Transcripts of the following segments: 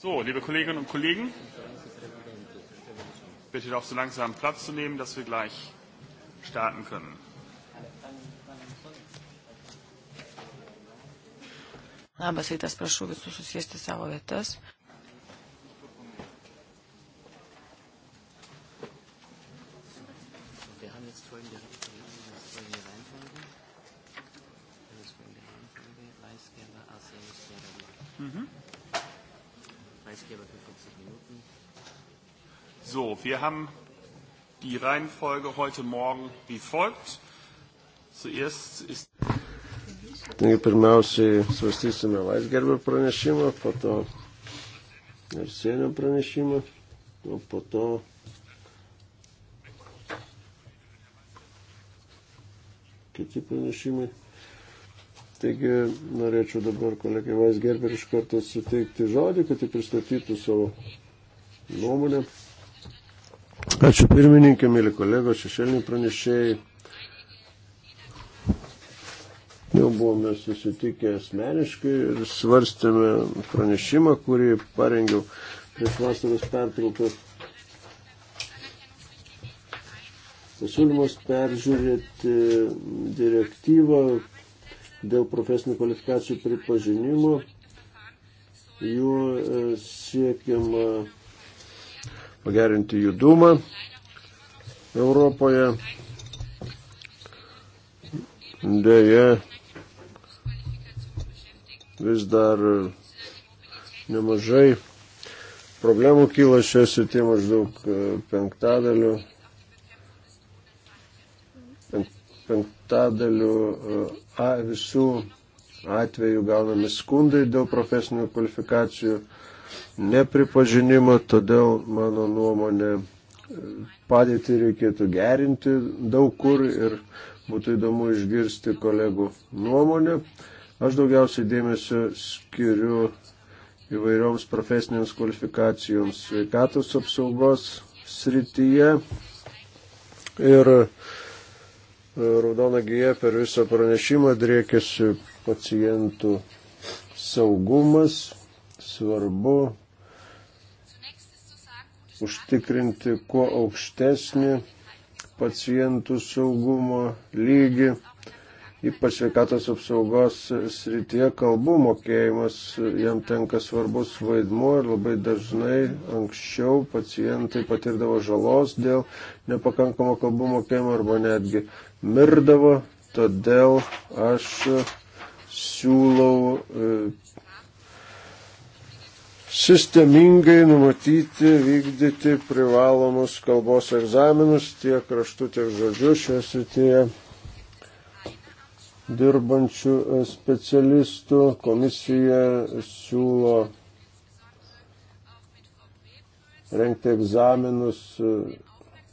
So, liebe Kolleginnen und Kollegen, bitte doch so langsam Platz zu nehmen, dass wir gleich starten können. Labas rytas, prašau visus susėsti savo vietas. Mhm. Preisgeber für 50 Minuten. So, wir haben die Reihenfolge heute Morgen wie folgt. Zuerst ist. Taigi pirmiausiai svarstysime Vaisgerbio pranešimą, po to Arsenio pranešimą, o po to kiti pranešimai. Taigi norėčiau dabar kolegai Vaisgerber iš karto suteikti žodį, kad jį pristatytų savo nuomonę. Ačiū pirmininkė, mėly kolegos, šešėliniai pranešėjai. Jau buvome susitikę asmeniškai ir svarstėme pranešimą, kurį parengiau prieš vasaros pertrauką. Pasiūlymas peržiūrėti direktyvą, dėl profesinių kvalifikacijų pripažinimo. Juo e, siekiama pagerinti judumą Europoje. Deja, vis dar nemažai problemų kyla šioje srityje maždaug e, penktadaliu, penktadaliu e, a, visų atvejų gaunami skundai dėl profesinių kvalifikacijų nepripažinimo, todėl mano nuomonė e, padėtį reikėtų gerinti daug kur ir būtų įdomu išgirsti kolegų nuomonę. Aš daugiausiai dėmesio skiriu įvairioms profesinėms kvalifikacijoms sveikatos apsaugos srityje ir raudona gyja per visą pranešimą driekiasi pacientų saugumas, svarbu užtikrinti kuo aukštesnį pacientų saugumo lygį, ypač sveikatos apsaugos srityje kalbų mokėjimas, jam tenka svarbus vaidmuo ir labai dažnai anksčiau pacientai patirdavo žalos dėl nepakankamo kalbų mokėjimo arba netgi mirdavo, todėl aš siūlau e, sistemingai numatyti, vykdyti privalomus kalbos egzaminus tiek raštu, tiek žodžiu šioje srityje dirbančių e, specialistų. Komisija siūlo renkti egzaminus e,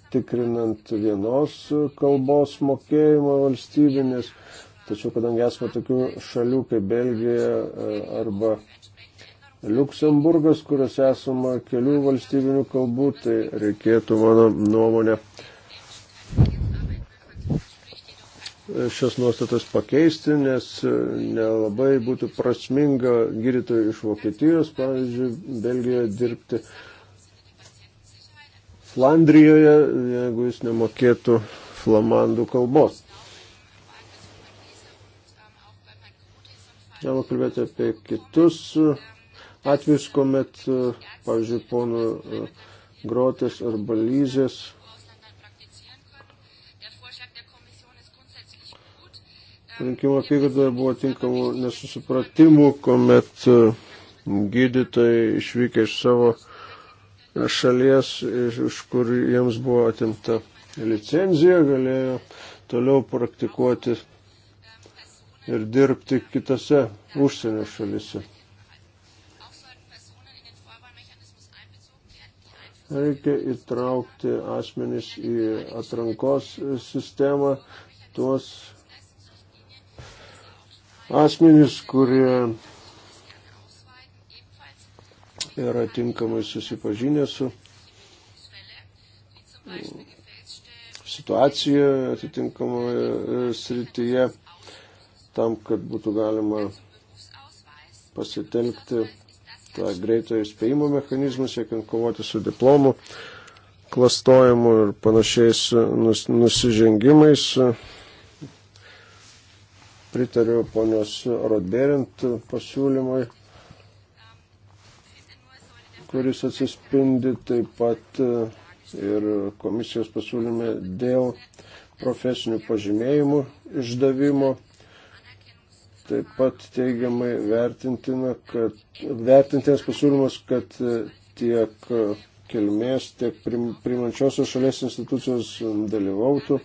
užtikrinant vienos kalbos mokėjimą valstybinės. Tačiau kadangi esame tokių šalių kaip Belgija e, arba Luksemburgas, kuriuose esama kelių valstybinių kalbų, tai reikėtų mano nuomonė šias nuostatas pakeisti, nes nelabai būtų prasminga gydytojai iš Vokietijos, pavyzdžiui, Belgijoje dirbti Flandrijoje, jeigu jis nemokėtų flamandų kalbos. Galima kalbėti apie kitus uh, atvejus, kuomet, uh, pavyzdžiui, ponų uh, grotės arba lyzės rinkimo apygardoje buvo tinkamų nesusipratimų, kuomet gydytojai išvykę iš savo šalies, iš kur jiems buvo atimta licenzija, galėjo toliau praktikuoti ir dirbti kitose užsienio šalise. Reikia įtraukti asmenys į atrankos sistemą, tuos asmenys, kurie yra tinkamai susipažinę su situacija atitinkamoje e, srityje, tam, kad būtų galima pasitelkti tą greitojo įspėjimo mechanizmą, siekiant kovoti su diplomu, klastojimu ir panašiais e, nus, nusižengimais. Pritariu ponios Rodberint pasiūlymui kuris atsispindi taip pat e, ir komisijos pasiūlyme dėl profesinių pažymėjimų išdavimo. Taip pat teigiamai vertintina, kad vertintinas pasiūlymas, kad e, tiek kilmės, tiek prim, primančiosios šalies institucijos dalyvautų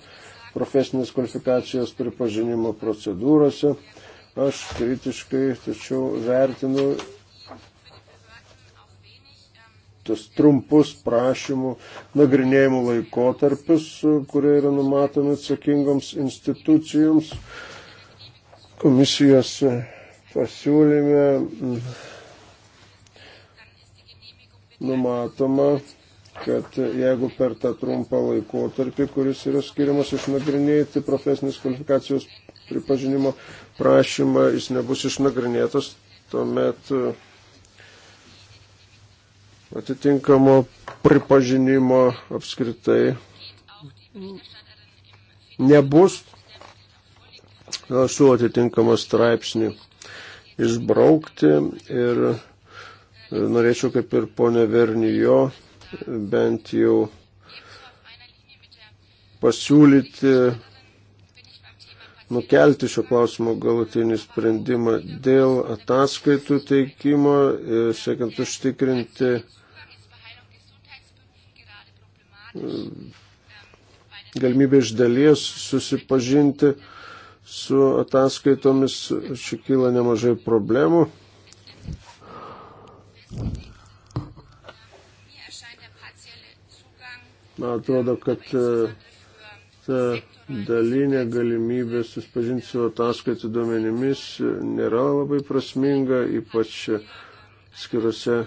profesinės kvalifikacijos pripažinimo procedūrose. Aš kritiškai tačiau vertinu tos trumpus prašymų nagrinėjimų laikotarpius, kurie yra numatomi atsakingoms institucijoms. Komisijos pasiūlyme numatoma, kad jeigu per tą trumpą laikotarpį, kuris yra skiriamas išnagrinėti profesinės kvalifikacijos pripažinimo prašymą, jis nebus išnagrinėtas, tuomet uh, atitinkamo pripažinimo apskritai nebus. Su atitinkamą straipsnį išbraukti ir e, norėčiau kaip ir ponė Vernijo bent jau pasiūlyti nukelti šio klausimo galutinį sprendimą dėl ataskaitų teikimo, e, siekiant užtikrinti galimybė iš dalies susipažinti su ataskaitomis, čia kyla nemažai problemų. Man atrodo, kad e, ta dalinė galimybė susipažinti su ataskaitų duomenimis e, nėra labai prasminga, ypač e, skiriuose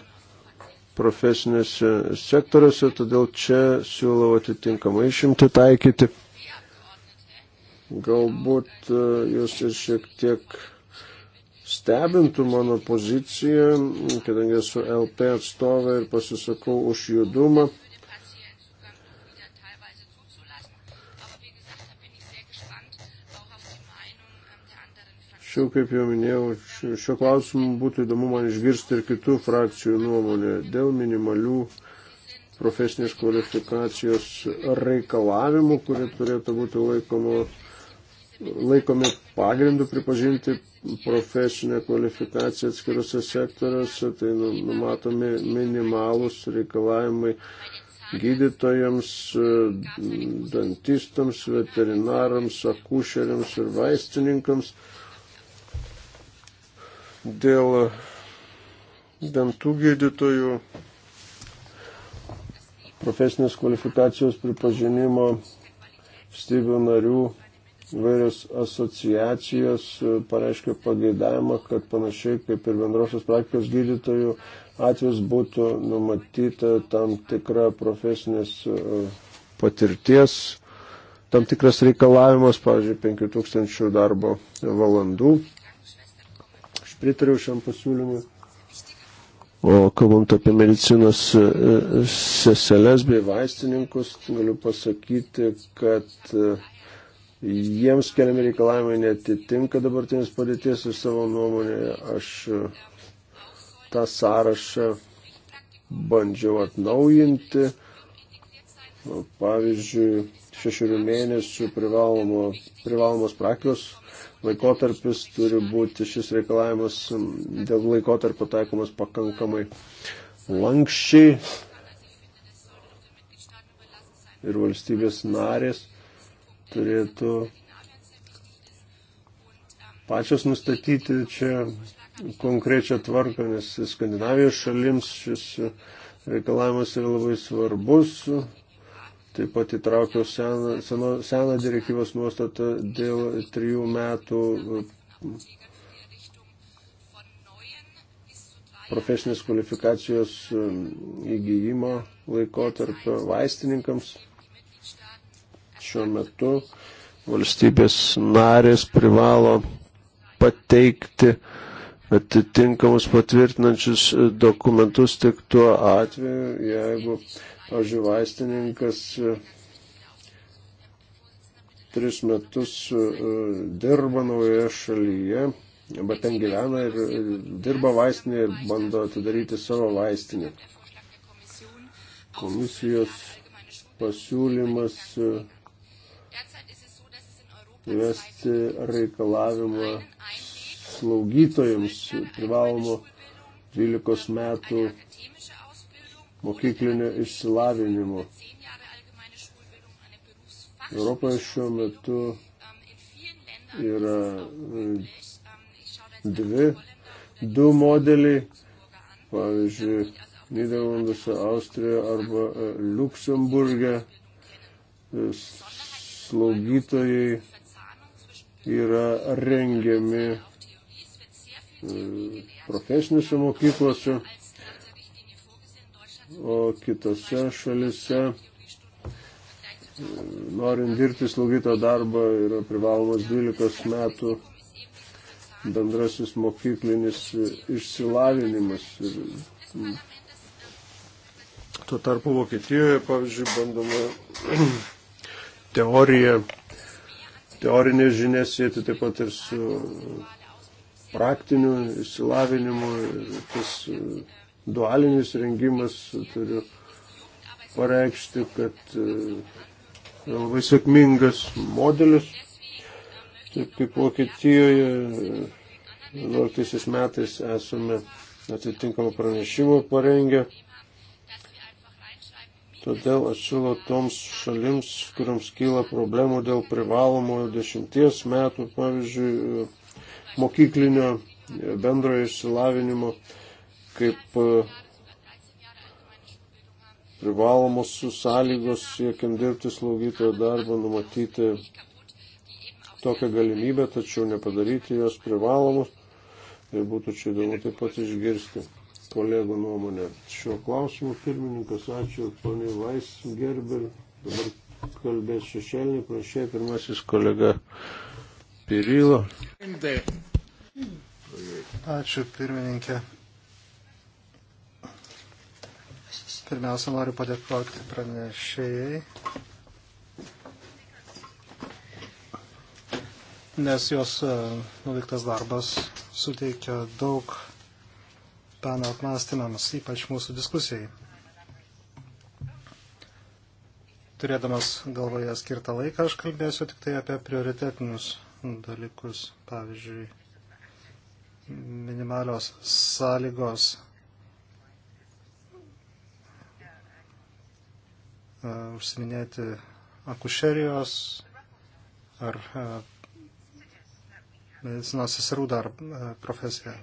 profesinėse sektoriuose, todėl čia siūlau atitinkamai išimti taikyti. Galbūt e, jūs ir šiek tiek stebintų mano poziciją, kadangi esu LP atstovė ir pasisakau už judumą Šiuo, kaip jau minėjau, šiuo klausimu būtų įdomu man išgirsti ir kitų frakcijų nuomonę dėl minimalių profesinės kvalifikacijos reikalavimų, kurie turėtų būti laikomo, laikomi pagrindu pripažinti profesinę kvalifikaciją atskiriuose sektoriuose, tai nu, numatomi minimalus reikalavimai gydytojams, dantistams, veterinarams, akušeriams ir vaistininkams dėl dantų gydytojų profesinės kvalifikacijos pripažinimo valstybių narių įvairios asociacijos e, pareiškia pageidavimą, kad panašiai kaip ir bendrosios praktikos gydytojų atvejs būtų numatyta tam tikra profesinės e, patirties, tam tikras reikalavimas, pavyzdžiui, 5000 darbo valandų pritariau šiam pasiūlymui. O kalbant apie medicinos e, seseles bei vaistininkus, galiu pasakyti, kad e, jiems keliami reikalavimai netitinka dabartinės padėties ir savo nuomonėje aš e, tą sąrašą bandžiau atnaujinti. Pavyzdžiui, šešių mėnesių privalomos praktikos laikotarpis turi būti šis reikalavimas dėl laikotarpio taikomas pakankamai lankščiai ir valstybės narės turėtų pačios nustatyti čia konkrečią tvarką, nes Skandinavijos šalims šis reikalavimas yra labai svarbus, Taip pat įtraukiau seną, seną, seną direktyvos nuostatą dėl trijų metų uh, profesinės kvalifikacijos um, įgyjimo laikotarpio vaistininkams. Šiuo metu valstybės narės privalo pateikti atitinkamus patvirtinančius uh, dokumentus tik tuo atveju, jeigu Pavyzdžiui, vaistininkas e, tris metus e, dirba naujoje šalyje, arba ten gyvena ir e, dirba vaistinėje ir bando atidaryti savo vaistinę. Komisijos pasiūlymas įvesti reikalavimą slaugytojams privalomo 12 metų mokyklinio išsilavinimo. Europoje šiuo metu yra e, dvi, du modeliai, pavyzdžiui, Niderlanduose, Austrijoje arba e, Luksemburgė e, slaugytojai yra rengiami profesinėse mokyklose o kitose šalise, norint dirbti slaugyto darbą, yra privalomas 12 metų bendrasis mokyklinis išsilavinimas. Ir, mm, tuo tarpu Vokietijoje, pavyzdžiui, bandoma teoriją, teorinė žinia sėti taip pat ir su praktiniu išsilavinimu. Ir tas, dualinis rengimas, turiu pareikšti, kad e, yra labai sėkmingas modelis, taip kaip Vokietijoje 11 metais esame atitinkamą pranešimą parengę. Todėl aš siūlau toms šalims, kuriams kyla problemų dėl privalomojo dešimties metų, pavyzdžiui, mokyklinio bendrojo išsilavinimo, kaip e, privalomos sąlygos siekiant dirbti slaugytojo darbą, numatyti tokią galimybę, tačiau nepadaryti jos privalomus. Ir būtų čia įdomu taip pat išgirsti kolegų nuomonę. Šiuo klausimu pirmininkas, ačiū poniai Weisgerber. Dabar kalbės šešėlinį, prašė pirmasis kolega Pirilo. Ačiū pirmininkė. Pirmiausia, noriu padėkoti pranešėjai, nes jos e, nuveiktas darbas suteikia daug peno apmąstymams, ypač mūsų diskusijai. Turėdamas galvoje skirtą laiką, aš kalbėsiu tik tai apie prioritetinius dalykus, pavyzdžiui, minimalios sąlygos užsiminėti akušerijos ar medicinos seserų dar profesiją.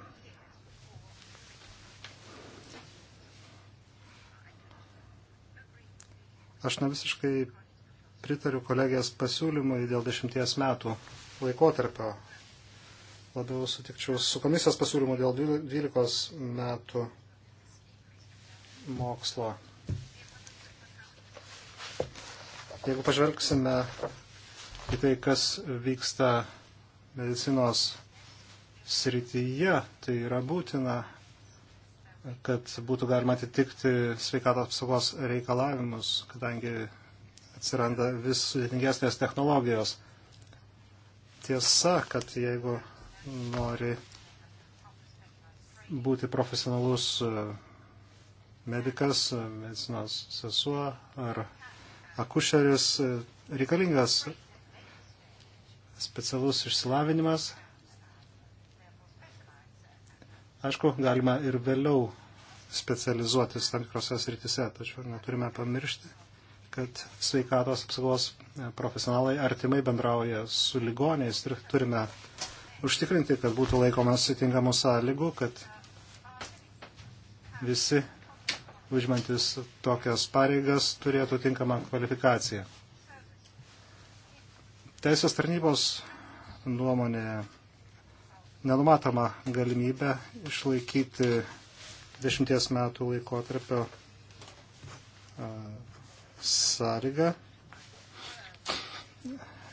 Aš ne visiškai pritariu kolegės pasiūlymui dėl dešimties metų laikotarpio. Labiau sutikčiau su komisijos pasiūlymu dėl dvylikos metų mokslo Jeigu pažvelgsime į tai, kas vyksta medicinos srityje, tai yra būtina, kad būtų galima atitikti sveikatos apsaugos reikalavimus, kadangi atsiranda vis sudėtingesnės technologijos. Tiesa, kad jeigu nori būti profesionalus e, medikas, e, medicinos sesuo ar akušeris e, reikalingas specialus išsilavinimas. Aišku, galima ir vėliau specializuotis tam tikrose sritise, tačiau neturime pamiršti, kad sveikatos apsaugos e, profesionalai artimai bendrauja su ligoniais ir turime užtikrinti, kad būtų laikomas įtinkamų sąlygų, kad visi užimantis tokias pareigas, turėtų tinkamą kvalifikaciją. Teisės tarnybos nuomonė nenumatoma galimybė išlaikyti dešimties metų laikotarpio sąlygą.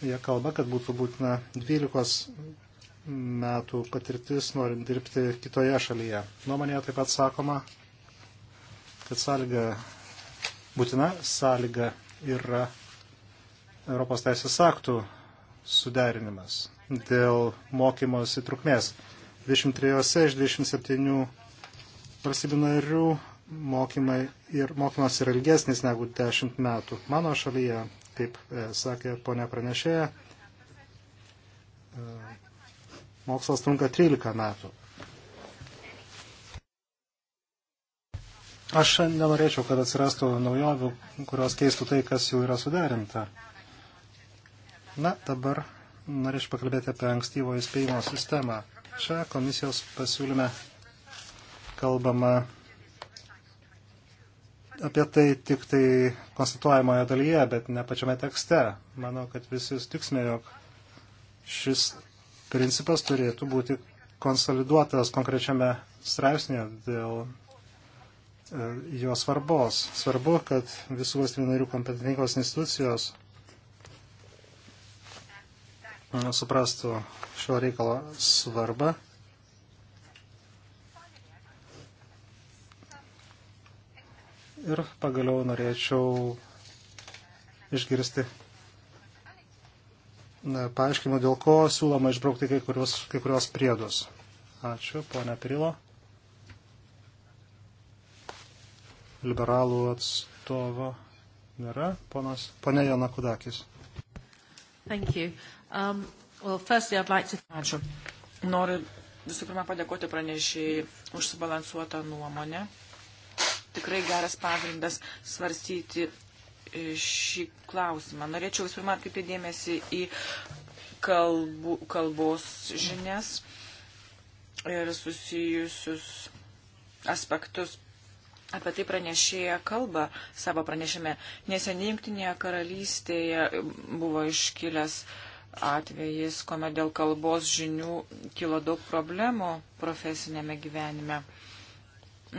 Jie kalba, kad būtų būtina 12 metų patirtis, norint dirbti kitoje šalyje. Nuomonėje taip pat sakoma, kad sąlyga, būtina sąlyga yra Europos teisės aktų suderinimas dėl mokymosi trukmės. 23 iš 27 valstybių narių mokymai ir mokymas yra ilgesnis negu 10 metų. Mano šalyje, kaip e, sakė ponia pranešėja, e, mokslas trunka 13 metų. Aš nenorėčiau, kad atsirastų naujovių, kurios keistų tai, kas jau yra suderinta. Na, dabar norėčiau pakalbėti apie ankstyvo įspėjimo sistemą. Čia komisijos pasiūlyme kalbama apie tai tik tai konstatuojamoje dalyje, bet ne pačiame tekste. Manau, kad visi sutiksime, jog šis principas turėtų būti konsoliduotas konkrečiame straipsnėje dėl jo svarbos. Svarbu, kad visų valstybių narių kompetentingos institucijos suprastų šio reikalo svarbą. Ir pagaliau norėčiau išgirsti paaiškinimą, dėl ko siūloma išbraukti kai kurios, kai kurios priedus. Ačiū, ponia Prilo. liberalų atstovo nėra. Ponas, ponė Jana Kudakis. Um, well, firstly, like to... Ačiū. Noriu visų pirma padėkoti pranešėjai už subalansuotą nuomonę. Tikrai geras pagrindas svarstyti e, šį klausimą. Norėčiau visų pirma atkreipti dėmesį į kalbų, kalbos žinias ir susijusius aspektus Apie tai pranešėja kalba savo pranešime. Neseniai Junktinėje karalystėje buvo iškilęs atvejis, kuomet dėl kalbos žinių kilo daug problemų profesinėme gyvenime.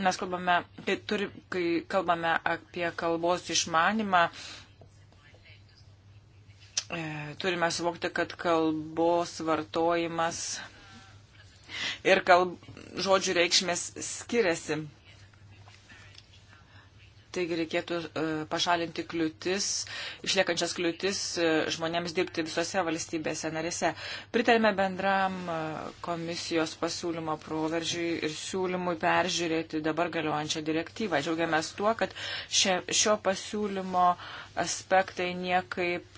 Mes kalbame, kai, turi, kai kalbame apie kalbos išmanimą, e, turime suvokti, kad kalbos vartojimas ir kalb, žodžių reikšmės skiriasi Taigi reikėtų e, pašalinti kliūtis, išliekančias kliūtis e, žmonėms dirbti visose valstybėse narėse. Pritarėme bendram e, komisijos pasiūlymo proveržiui ir siūlymui peržiūrėti dabar galiojančią direktyvą. Džiaugiamės tuo, kad šio, šio pasiūlymo aspektai niekaip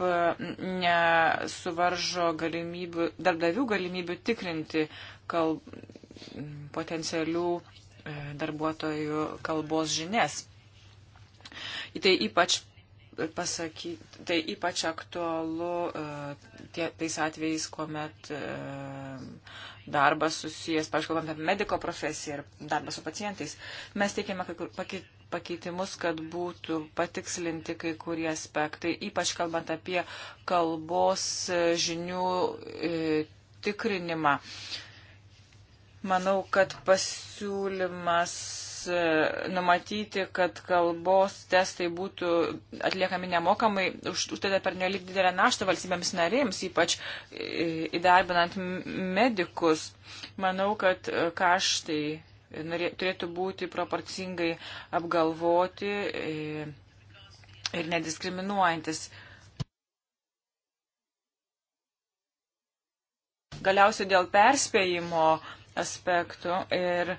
nesuvaržo galimybių, darbdavių galimybių tikrinti kalb, potencialių darbuotojų kalbos žinias. Tai ypač, pasaky, tai ypač aktualu e, tie, tais atvejais, kuomet e, darbas susijęs, paaiškalbant apie mediko profesiją ir darbą su pacientais. Mes teikėme pakeitimus, kad būtų patikslinti kai kurie aspektai, ypač kalbant apie kalbos e, žinių tikrinimą. Manau, kad pasiūlymas E, numatyti, kad kalbos testai būtų atliekami nemokamai, užtada per nelik didelę naštą valstybėms narėms, ypač e, įdarbinant medikus. Manau, kad e, kaštai turėtų būti proporcingai apgalvoti ir nediskriminuojantis. Galiausiai dėl perspėjimo aspektų ir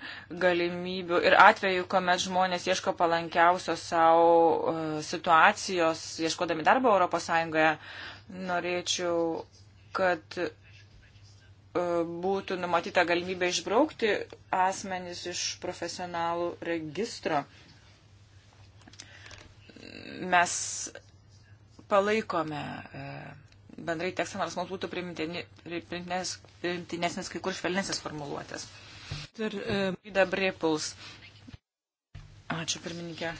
galimybių ir atvejų, kuomet žmonės ieško palankiausios savo e, situacijos, ieškodami darbo ES, norėčiau, kad e, būtų numatyta galimybė išbraukti asmenys iš profesionalų registro. Mes palaikome e, bendrai tekstą, nors mums būtų primtinesnis kai kur švelnesnis formuluotės. Ir dabar e, puls. Ačiū, pirmininkė.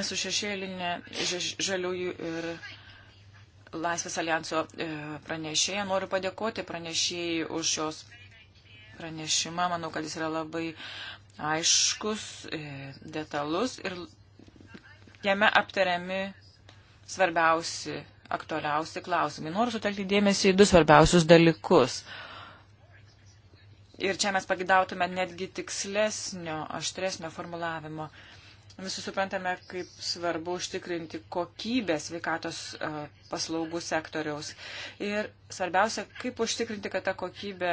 Esu šešėlinė žaliųjų ir Laisvės alijanso e, pranešėja. Noriu padėkoti pranešėjai už jos pranešimą. Manau, kad jis yra labai aiškus, e, detalus ir jame aptariami svarbiausi aktualiausi klausimai. Noriu sutelkti dėmesį į du svarbiausius dalykus. Ir čia mes pagidautume netgi tikslesnio, aštresnio formulavimo. Visi suprantame, kaip svarbu užtikrinti kokybę sveikatos e, paslaugų sektoriaus. Ir svarbiausia, kaip užtikrinti, kad ta kokybė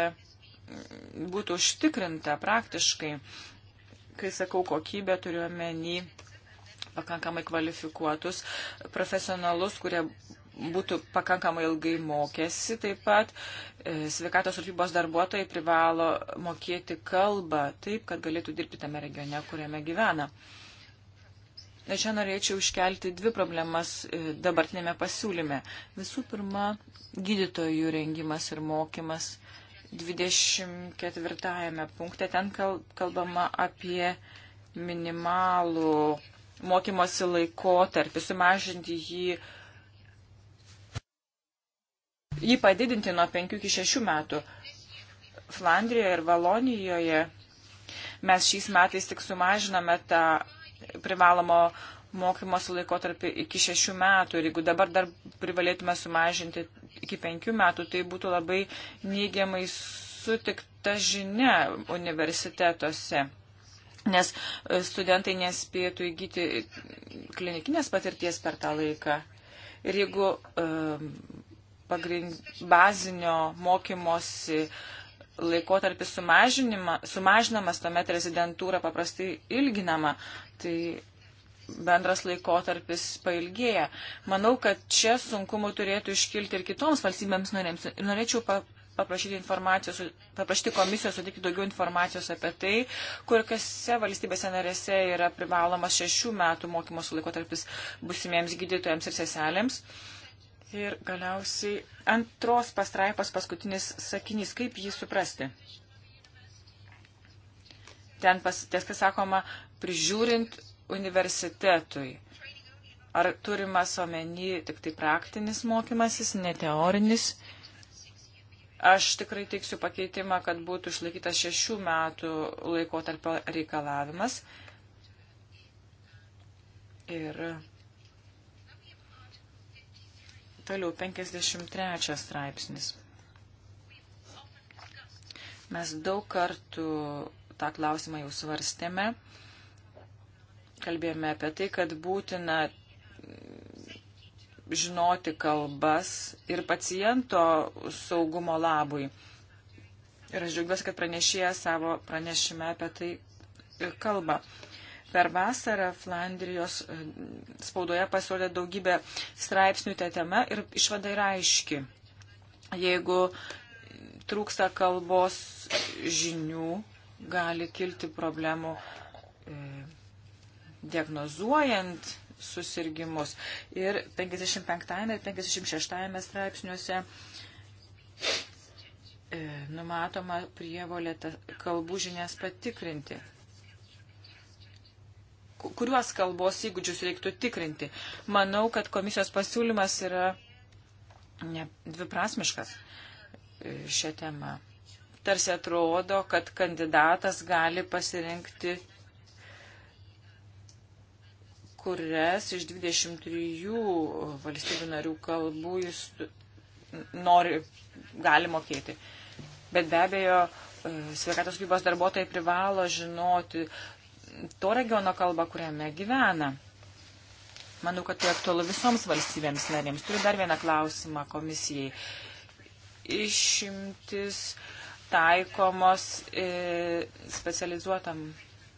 būtų užtikrinta praktiškai. Kai sakau kokybę, turiu omeny pakankamai kvalifikuotus profesionalus, kurie būtų pakankamai ilgai mokėsi taip pat. E, Sveikatos rūpybos darbuotojai privalo mokėti kalbą taip, kad galėtų dirbti tame regione, kuriame gyvena. Ir čia norėčiau iškelti dvi problemas e, dabartinėme pasiūlyme. Visų pirma, gydytojų rengimas ir mokymas. 24 punkte ten kalbama apie minimalų mokymosi laikotarpį, sumažinti jį jį padidinti nuo 5 iki 6 metų. Flandrijoje ir Valonijoje mes šiais metais tik sumažiname tą privalomo mokymosi laikotarpį iki šešių metų ir jeigu dabar dar privalėtume sumažinti iki penkių metų, tai būtų labai neigiamai sutikta žinia universitetuose. Nes e, studentai nespėtų įgyti klinikinės patirties per tą laiką. Ir jeigu um, pagrind, bazinio mokymosi laikotarpis sumažinamas, tuomet rezidentūra paprastai ilginama, tai bendras laikotarpis pailgėja. Manau, kad čia sunkumų turėtų iškilti ir kitoms valstybėms norėms. Norėčiau pa, paprašyti, paprašyti komisijos sutikti daugiau informacijos apie tai, kur kose valstybėse narėse yra privalomas šešių metų mokymosi laikotarpis busimiems gydytojams ir seselėms. Uh, Ir galiausiai antros pastraipos paskutinis sakinys, kaip jį suprasti. Ten pasiteskai sakoma, prižiūrint universitetui. Ar turimas omeny tik tai praktinis mokymasis, ne teorinis? Aš tikrai teiksiu pakeitimą, kad būtų išlaikytas šešių metų laikotarpio reikalavimas. Ir Toliau 53 straipsnis. Mes daug kartų tą klausimą jau svarstėme. Kalbėjome apie tai, kad būtina žinoti kalbas ir paciento saugumo labui. Ir aš džiaugiuosi, kad pranešėja savo pranešime apie tai kalba. Per vasarą Flandrijos e, spaudoje pasirodė daugybė straipsnių tą temą ir išvada yra aiški. Jeigu trūksta kalbos žinių, gali kilti problemų e, diagnozuojant susirgymus. Ir 55 ir 56 straipsniuose e, numatoma prievolė kalbų žinias patikrinti kuriuos kalbos įgūdžius reiktų tikrinti. Manau, kad komisijos pasiūlymas yra ne, dviprasmiškas e, šią temą. Tarsi atrodo, kad kandidatas gali pasirinkti, kurias iš 23 valstybių narių kalbų jis nori, gali mokėti. Bet be abejo, e, sveikatos gyvybos darbuotojai privalo žinoti, to regiono kalbą, kuriame gyvena. Manau, kad tai aktualu visoms valstybėms narėms. Turiu dar vieną klausimą komisijai. Išimtis taikomos e, specializuotam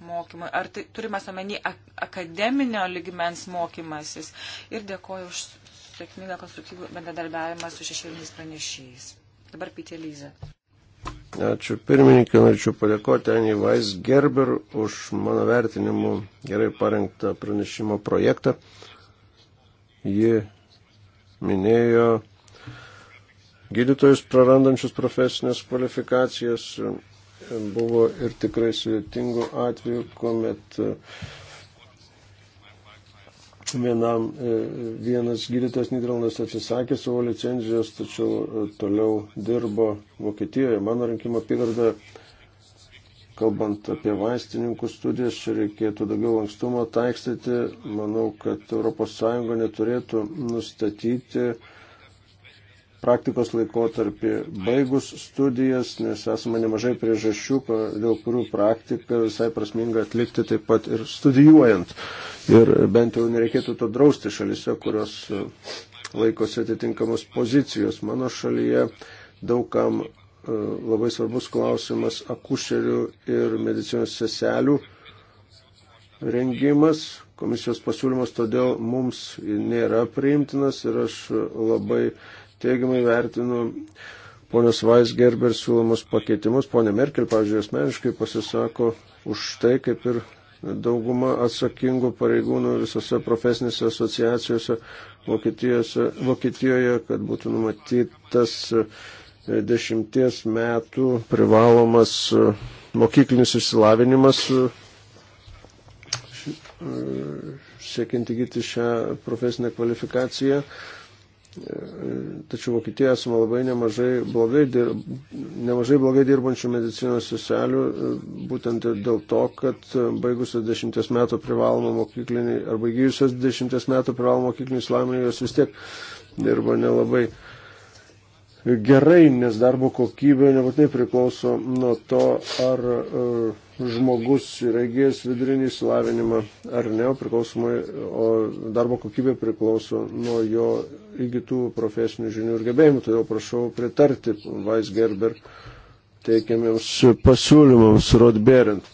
mokymui. Ar tai, turimas omeny akademinio ligmens mokymasis? Ir dėkoju už sėkmingą konstruktyvų bendradarbiavimą su šešėliniais pranešėjais. Dabar Pitė Lyza. Ačiū pirmininkai, norėčiau padėkoti Anijai Vais Gerber už mano vertinimu gerai parengtą pranešimo projektą. Ji minėjo gydytojus prarandančius profesinės kvalifikacijas. Buvo ir tikrai sudėtingų atvejų, kuomet vienam, e, vienas gydytojas Niderlandas atsisakė savo licenzijos, tačiau e, toliau dirbo Vokietijoje, mano rinkimo apygardoje. Kalbant apie vaistininkų studijas, čia reikėtų daugiau lankstumo taikstyti. Manau, kad ES neturėtų nustatyti uh, praktikos laikotarpį, baigus studijas, nes esame nemažai priežasčių, dėl kurių praktiką visai prasminga atlikti taip pat ir studijuojant. Ir bent jau nereikėtų to drausti šalise, kurios e, laikosi atitinkamos pozicijos. Mano šalyje daugam e, labai svarbus klausimas akušerių ir medicinos seselių rengimas, komisijos pasiūlymas todėl mums nėra priimtinas ir aš labai teigiamai vertinu ponios Weisgerber siūlomus pakeitimus. Pone Merkel, pavyzdžiui, asmeniškai pasisako už tai, kaip ir dauguma atsakingų pareigūnų visose profesinėse asociacijose Vokietijoje, kad būtų numatytas dešimties metų privalomas mokyklinis išsilavinimas siekiant įgyti šią profesinę kvalifikaciją. Tačiau Vokietijoje esame labai nemažai blogai, dirb, nemažai blogai dirbančių medicinos seselių, būtent ir dėl to, kad baigusios dešimties metų privalomą mokyklinį arba įgyjusios dešimties metų privalomą mokyklinį įslaminį jos vis tiek dirba nelabai gerai, nes darbo kokybė nebūtinai priklauso nuo to, ar uh, žmogus yra įgyjęs vidurinį išsilavinimą ar ne, priklausomai, o darbo kokybė priklauso nuo jo įgytų profesinių žinių ir gebėjimų. Todėl prašau pritarti Weisgerber teikiamiems pasiūlymams Rodberint.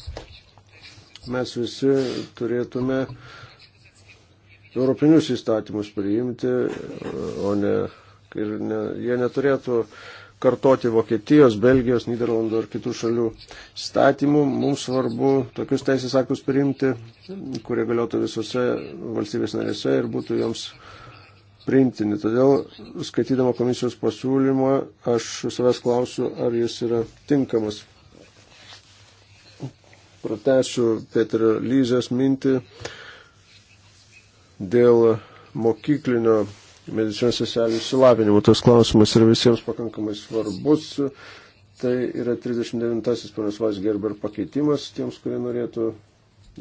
Mes visi turėtume europinius įstatymus priimti, o ne, ne jie neturėtų uh, kartoti Vokietijos, Belgijos, Niderlandų ar kitų šalių statymų. Mums svarbu tokius teisės aktus priimti, kurie galėtų visose valstybės narėse ir būtų joms priimtini. Todėl, skaitydama komisijos pasiūlymą, aš savęs klausiu, ar jis yra tinkamas. Pratesiu Petrio Lyzės mintį dėl mokyklinio medicinos seselį išsilavinimą. Tas klausimas yra visiems pakankamai svarbus. Tai yra 39-asis panas Vasgerber pakeitimas tiems, kurie norėtų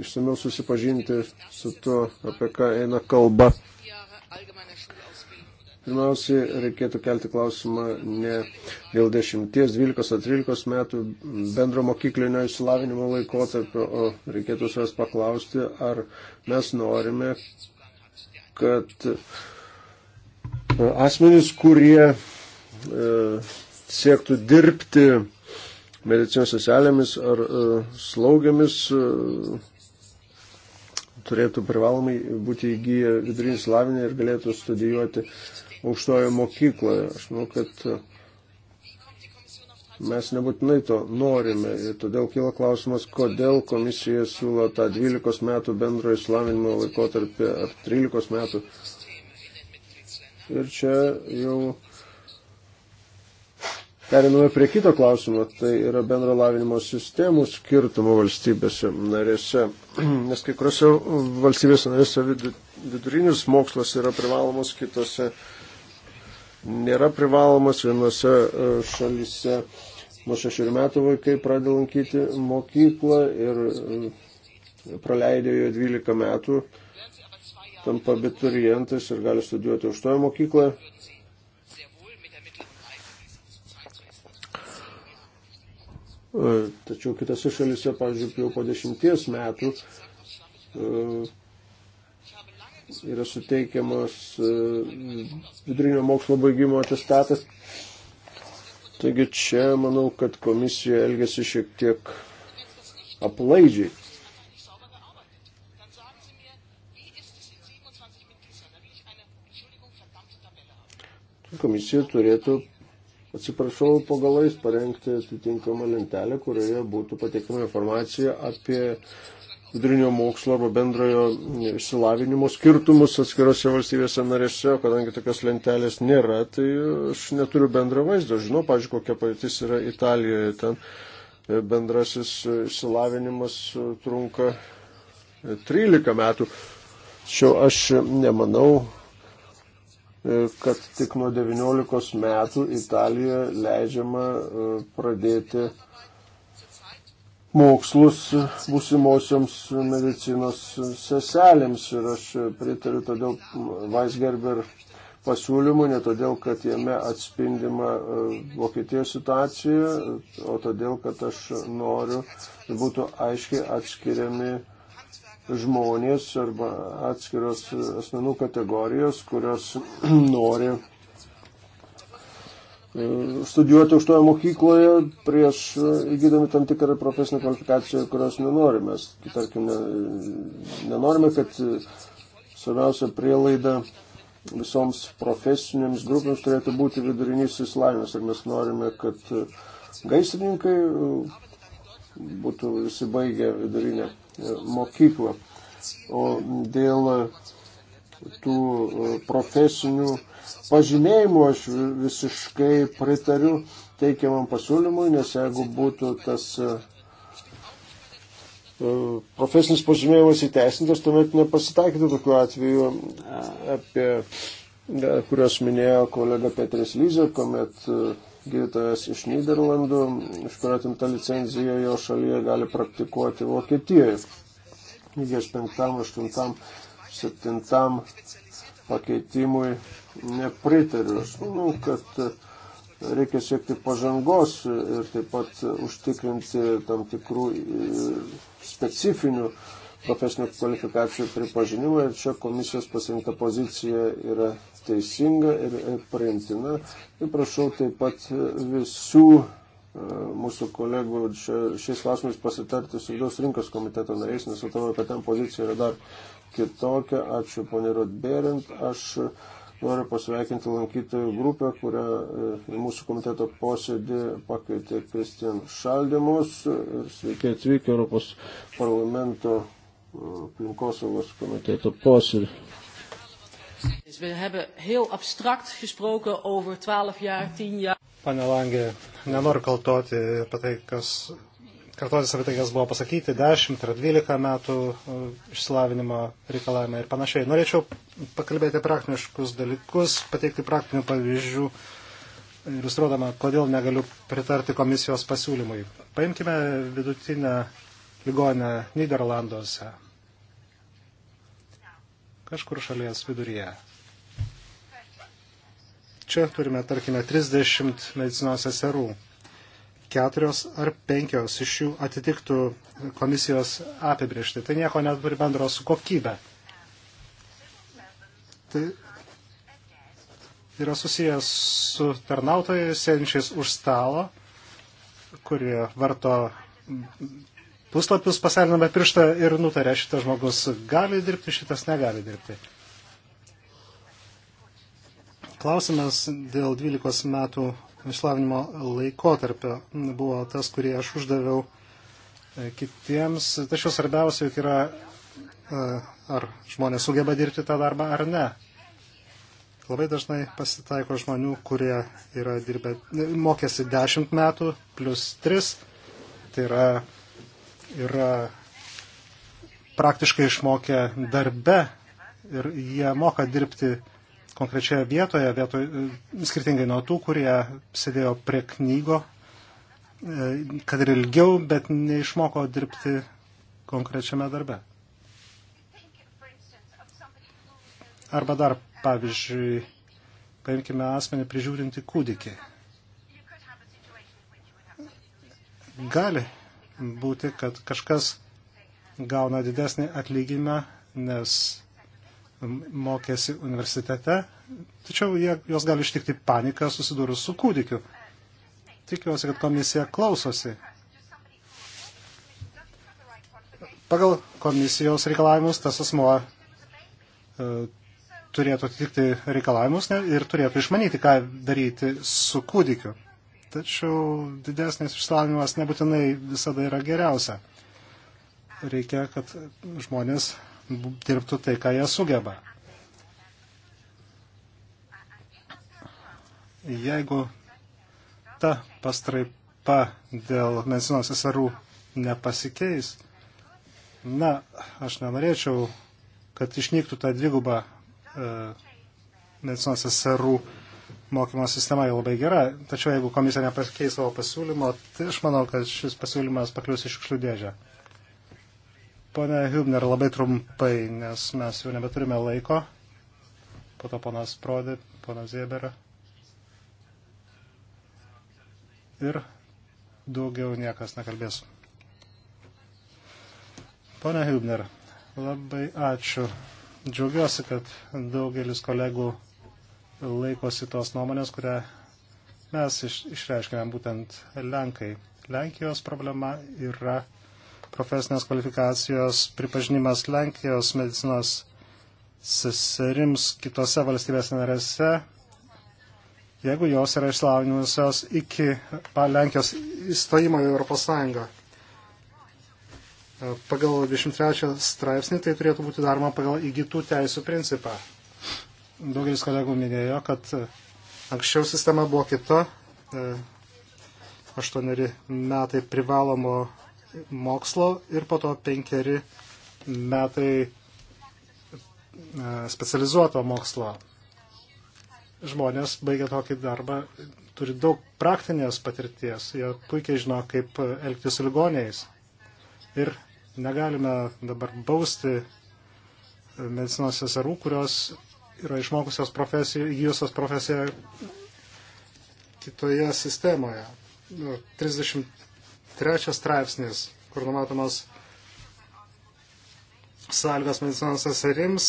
išsamiau susipažinti su tuo, apie ką eina kalba. Pirmiausiai reikėtų kelti klausimą ne dėl 10, 12 ar 13 metų bendro mokyklinio išsilavinimo laikotarpio, o reikėtų savęs paklausti, ar mes norime, kad uh, asmenys, kurie e, siektų dirbti medicinos seselėmis ar e, slaugiamis, e, turėtų privalomai būti įgyję vidurinį slavinį ir galėtų studijuoti aukštojo mokykloje. Aš manau, kad mes nebūtinai to norime ir todėl kyla klausimas, kodėl komisija siūlo tą 12 metų bendro įslavinimo laikotarpį ar 13 metų Ir čia jau periname prie kito klausimo, tai yra bendro lavinimo sistemų skirtumų valstybėse narėse. Nes kai kuriuose valstybėse narėse vidurinis mokslas yra privalomas, kitose nėra privalomas, vienose e, šalise nuo šešių metų vaikai pradeda lankyti mokyklą ir e, praleido jo 12 metų tampa abiturientais ir gali studijuoti aukštoje mokykloje. E, tačiau kitose šalise, pavyzdžiui, jau po dešimties metų e, yra suteikiamas e, vidurinio mokslo baigimo atestatas. Taigi čia manau, kad komisija elgesi šiek tiek aplaidžiai. komisija turėtų, atsiprašau, po galais parengti atitinkamą lentelę, kurioje būtų pateikama informacija apie vidurinio mokslo arba bendrojo išsilavinimo skirtumus atskirose valstybėse narėse, kadangi tokios lentelės nėra, tai aš neturiu bendro vaizdo. Žinau, pažiūrėjau, kokia patys yra Italijoje. Ten e, bendrasis e, išsilavinimas e, trunka 13 metų. Tačiau aš nemanau, E, kad tik nuo 19 metų Italijoje leidžiama e, pradėti mokslus būsimosioms medicinos seselėms. Ir aš pritariu todėl Weisgerber pasiūlymų, ne todėl, kad jame atspindima e, Vokietijos situacija, o todėl, kad aš noriu, kad būtų aiškiai atskiriami žmonės arba atskiros asmenų kategorijos, kurios nori e, studijuoti aukštoje mokykloje prieš e, įgydami tam tikrą profesinę kvalifikaciją, kurios nenorime. Mes, tarkime, nenorime, kad e, svarbiausia prielaida visoms profesinėms grupėms turėtų būti vidurinis įsilavinimas. Ir mes norime, kad gaisrininkai būtų visi baigę vidurinę mokyklą. O dėl tų e, profesinių pažymėjimų aš visiškai pritariu teikiamam pasiūlymui, nes jeigu būtų tas e, e, profesinis pažymėjimas įteisintas, tuomet nepasitaikytų tokiu atveju, apie kuriuos minėjo kolega Petris Lyzė, kuomet gydytojas iš Niderlandų, iš kurio atimta licencija jo šalyje gali praktikuoti Vokietijoje. Lygės 5, 8, 7 pakeitimui nepritariu. Aš manau, kad reikia siekti pažangos ir taip pat užtikrinti tam tikrų e, specifinių uh, profesinių kvalifikacijų pripažinimą ir čia komisijos pasirinkta pozicija yra teisinga ir priimtina. Ir prašau taip pat visų e, mūsų kolegų šiais klausimais pasitarti su vidaus rinkos komiteto nariais, nes atrodo, kad ten pozicija yra dar kitokia. Ačiū, ponė Rodberint. Aš noriu pasveikinti lankytojų grupę, kurią e, mūsų komiteto posėdį pakeitė Kristian Šaldimus ir sveiki atvykę Europos parlamento aplinkosaugos komiteto posėdį. We hebben heel abstract gesproken over 12 jaar, 10 jaar. Pane Langė, nenoriu kaltoti apie tai, kas, kartotis apie tai, kas buvo pasakyti, 10 ar 12 metų e, išsilavinimo reikalavimai ir panašiai. Norėčiau pakalbėti praktiniškus dalykus, pateikti praktinių pavyzdžių, iliustruodama, kodėl negaliu pritarti komisijos pasiūlymui. Paimkime vidutinę ligonę Niderlanduose, kažkur šalies viduryje. Čia turime, tarkime, 30 medicinos seserų. Keturios ar penkios iš jų atitiktų komisijos apibriešti. Tai nieko neturi bendro su kokybe. Tai yra susijęs su tarnautojais sėdinčiais už stalo, kurie varto puslapius, pasarname pirštą ir nutarė, šitas žmogus gali dirbti, šitas negali dirbti. Klausimas dėl 12 metų išlavinimo laikotarpio buvo tas, kurį aš uždaviau e, kitiems. Tačiau svarbiausia juk yra, e, ar žmonės sugeba dirbti tą darbą ar ne. Labai dažnai pasitaiko žmonių, kurie yra dirbę, mokėsi 10 metų plus 3, tai yra yra praktiškai išmokę darbe ir jie moka dirbti konkrečioje vietoje, vietoj, e, skirtingai nuo tų, kurie sėdėjo prie knygo, e, kad ir ilgiau, bet neišmoko dirbti konkrečiame darbe. Arba dar, pavyzdžiui, paimkime asmenį prižiūrinti kūdikį. Gali būti, kad kažkas gauna didesnį atlyginimą, nes mokėsi universitete, tačiau jie, jos gali ištikti paniką susidūrus su kūdikiu. Tikiuosi, kad komisija klausosi. Pagal komisijos reikalavimus tas asmo e, turėtų atitikti reikalavimus ne, ir turėtų išmanyti, ką daryti su kūdikiu. Tačiau didesnis išsilavinimas nebūtinai visada yra geriausia. Reikia, kad žmonės dirbtų tai, ką jie sugeba. Jeigu ta pastraipa dėl medicinos seserų nepasikeis, na, aš nenorėčiau, kad išnyktų ta dviguba e, medicinos seserų e, mokymo sistema jau labai gera, tačiau jeigu komisija nepakeis savo pasiūlymo, tai aš manau, kad šis pasiūlymas paklius į šiukšlių dėžę. Pone Hübner, labai trumpai, nes mes jau nebeturime laiko. Po to ponas Prodė, ponas Ziebera. Ir daugiau niekas nekalbės. Pone Hübner, labai ačiū. Džiaugiuosi, kad daugelis kolegų laikosi tos nuomonės, kurią mes iš, išreiškėme būtent Lenkai. Lenkijos problema yra profesinės kvalifikacijos pripažinimas Lenkijos medicinos seserims kitose valstybės narėse, jeigu jos yra išsilavinusios iki Lenkijos įstojimo į Europos Sąjungą. Pagal 23 straipsnį tai turėtų būti daroma pagal įgytų teisų principą. Daugelis kolegų minėjo, kad e, anksčiau sistema buvo kita. E, aštuoneri metai privalomo mokslo ir po to penkeri metai e, specializuoto mokslo. Žmonės baigia tokį darbą, turi daug praktinės patirties, jie puikiai žino, kaip elgtis su ligoniais. Ir negalime dabar bausti medicinos seserų, kurios yra išmokusios profesiją, įgyjusios profesiją kitoje sistemoje. 33 nu, straipsnis, kur numatomas sąlygas medicinos seserims.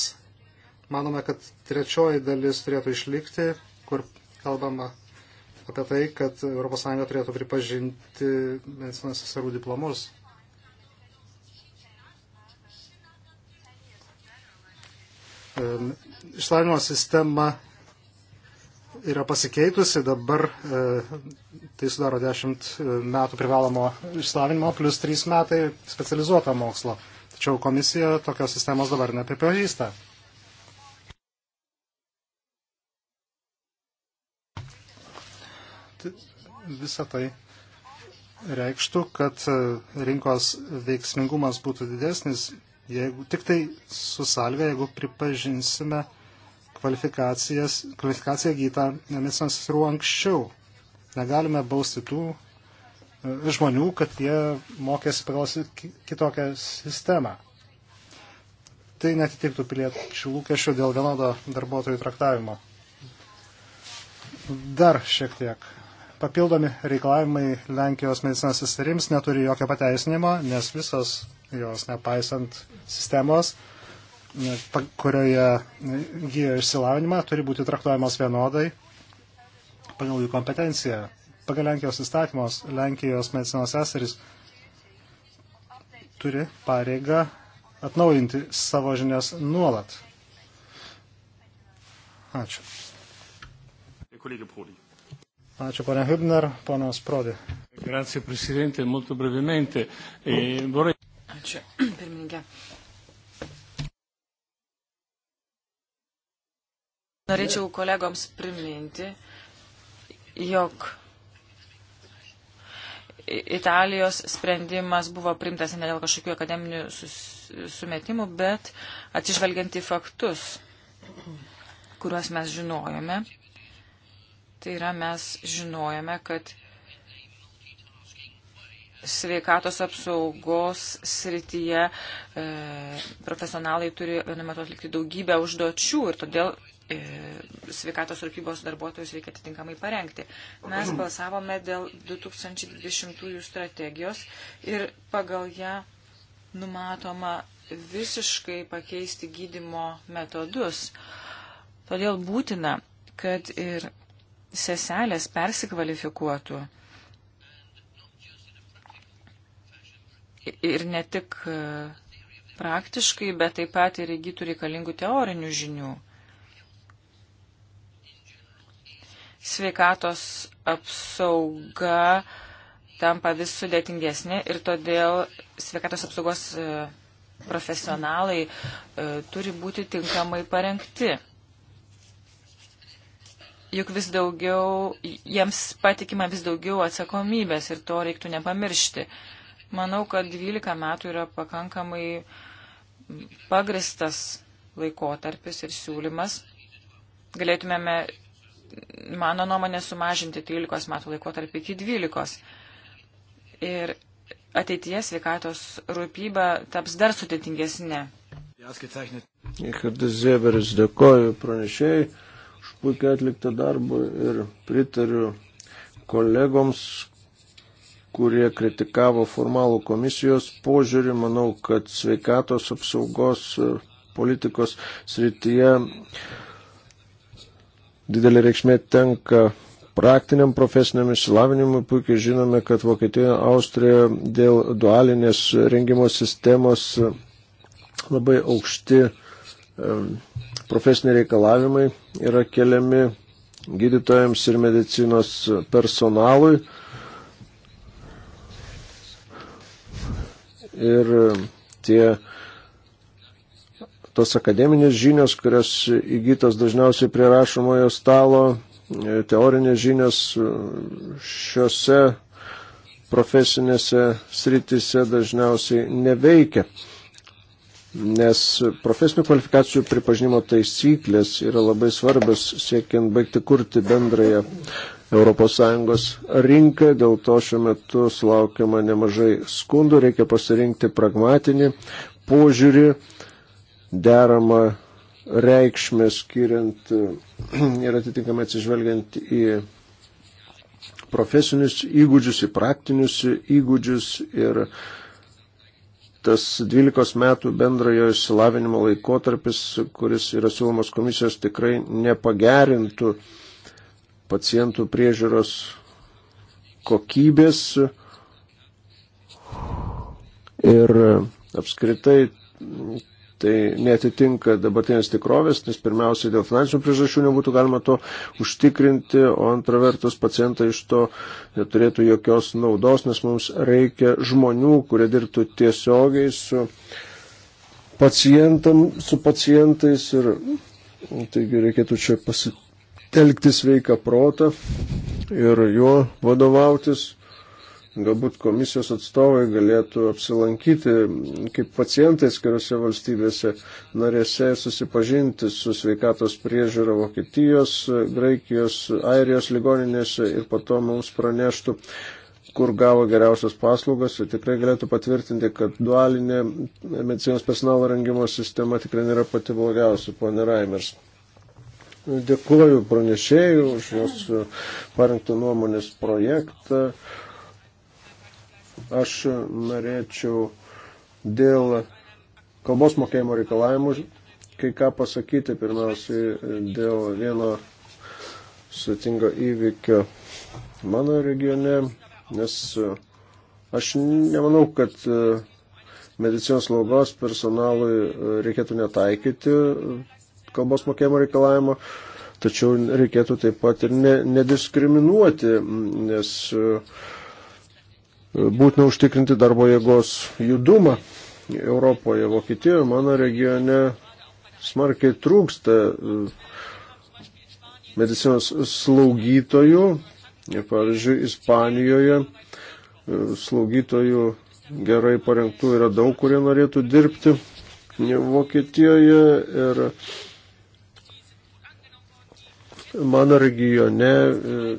Manome, kad trečioji dalis turėtų išlikti, kur kalbama apie tai, kad ES turėtų pripažinti medicinos seserų diplomus išsilavinimo sistema yra pasikeitusi, dabar e, tai sudaro 10 e, metų privalomo išsilavinimo plus 3 metai specializuoto mokslo. Tačiau komisija tokios sistemos dabar nepripažįsta. Visą tai reikštų, kad e, rinkos veiksmingumas būtų didesnis jeigu tik tai su salvė, jeigu pripažinsime kvalifikaciją gytą medicinos seserų anksčiau. Negalime bausti tų e, žmonių, kad jie mokėsi pagal kitokią sistemą. Tai netitiktų piliečių lūkesčių dėl vienodo darbuotojų traktavimo. Dar šiek tiek. Papildomi reikalavimai Lenkijos medicinos seserims neturi jokio pateisinimo, nes visos jos nepaisant sistemos, e, kurioje e, gyja išsilavinimą, turi būti traktuojamos vienodai pagal jų kompetenciją. Pagal Lenkijos įstatymos Lenkijos medicinos seserys turi pareigą atnaujinti savo žinias nuolat. Ačiū. Ačiū, ponia Hübner, ponas Prodi. Grazie, Presidente, molto brevemente. E, vorrei... Ačiū, pirmininkė. Norėčiau kolegoms priminti, jog Italijos sprendimas buvo primtas ne dėl kažkokių akademinių sumetimų, bet atsižvelgiant į faktus, kuriuos mes žinojome. Tai yra, mes žinojame, kad sveikatos apsaugos srityje e, profesionalai turi vienu metu atlikti daugybę užduočių ir todėl e, sveikatos rūpybos darbuotojus reikia atitinkamai parengti. Mes mhm. balsavome dėl 2020 strategijos ir pagal ją numatoma visiškai pakeisti gydimo metodus. Todėl būtina, kad ir seselės persikvalifikuotų ir ne tik e, praktiškai, bet taip pat ir įgytų reikalingų teorinių žinių. Sveikatos apsauga tampa vis sudėtingesnė ir todėl sveikatos apsaugos e, profesionalai e, turi būti tinkamai parengti. Juk vis daugiau, jiems patikima vis daugiau atsakomybės ir to reiktų nepamiršti. Uh, Manau, kad 12 metų yra pakankamai pagristas laikotarpis ir siūlymas. Galėtumėme, mano nuomonė, sumažinti 13 metų laikotarpį iki 12. Ir ateityje sveikatos rūpyba taps dar sudėtingesnė. Richardas Zieberis dėkoju pranešėjai už puikiai atliktą darbą ir pritariu kolegoms, kurie kritikavo formalų komisijos požiūrį. Manau, kad sveikatos apsaugos e, politikos srityje didelė reikšmė tenka praktiniam profesiniam išsilavinimui. Puikiai žinome, kad Vokietijoje, Austrijoje dėl dualinės rengimo sistemos e, labai aukšti e, profesiniai reikalavimai yra keliami gydytojams ir medicinos personalui. ir e, tie tos akademinės žinios, kurios įgytos dažniausiai prie rašomojo stalo, e, teorinės žinios e, šiuose profesinėse sritise dažniausiai neveikia. Nes profesinių kvalifikacijų pripažinimo taisyklės yra labai svarbios siekiant baigti kurti bendrąją ES rinką, dėl to šiuo metu sulaukiama nemažai skundų, reikia pasirinkti pragmatinį požiūrį, deramą reikšmę skiriant ir atitinkamai atsižvelgiant į profesinius įgūdžius, į praktinius įgūdžius ir tas 12 metų bendrojo išsilavinimo laikotarpis, kuris yra siūlomas komisijos, tikrai nepagerintų uh, pacientų priežiūros kokybės ir apskritai tai netitinka dabartinės tikrovės, nes pirmiausiai dėl finansinių priežasčių nebūtų galima to užtikrinti, o antra vertus pacientai iš to neturėtų jokios naudos, nes mums reikia žmonių, kurie dirbtų tiesiogiai su, pacientam, su pacientais ir taigi reikėtų čia pasi, telkti sveiką protą ir juo vadovautis. Galbūt komisijos atstovai galėtų apsilankyti kaip pacientai skiriuose valstybėse narėse ir susipažinti su sveikatos priežiūra Vokietijos, Graikijos, Airijos ligoninėse ir po to mums praneštų, kur gavo geriausias paslaugas ir tikrai galėtų patvirtinti, kad dualinė medicinos personalo rengimo sistema tikrai nėra pati blogiausia, ponė Raimers. Dėkuoju pranešėjų už jos e, parengtą nuomonės projektą. Aš norėčiau dėl kalbos mokėjimo reikalavimų kai ką pasakyti, pirmiausiai e, dėl vieno sutingo įvykio mano regione, nes e, aš nemanau, kad medicinos slaugos personalui reikėtų netaikyti kalbos mokėjimo reikalavimo, tačiau reikėtų taip pat ir ne, nediskriminuoti, nes e, būtina užtikrinti darbo jėgos judumą Europoje, Vokietijoje, mano regione smarkiai trūksta e, medicinos slaugytojų, pavyzdžiui, Ispanijoje e, slaugytojų gerai parengtų yra daug, kurie norėtų dirbti Vokietijoje ir Mano regione e,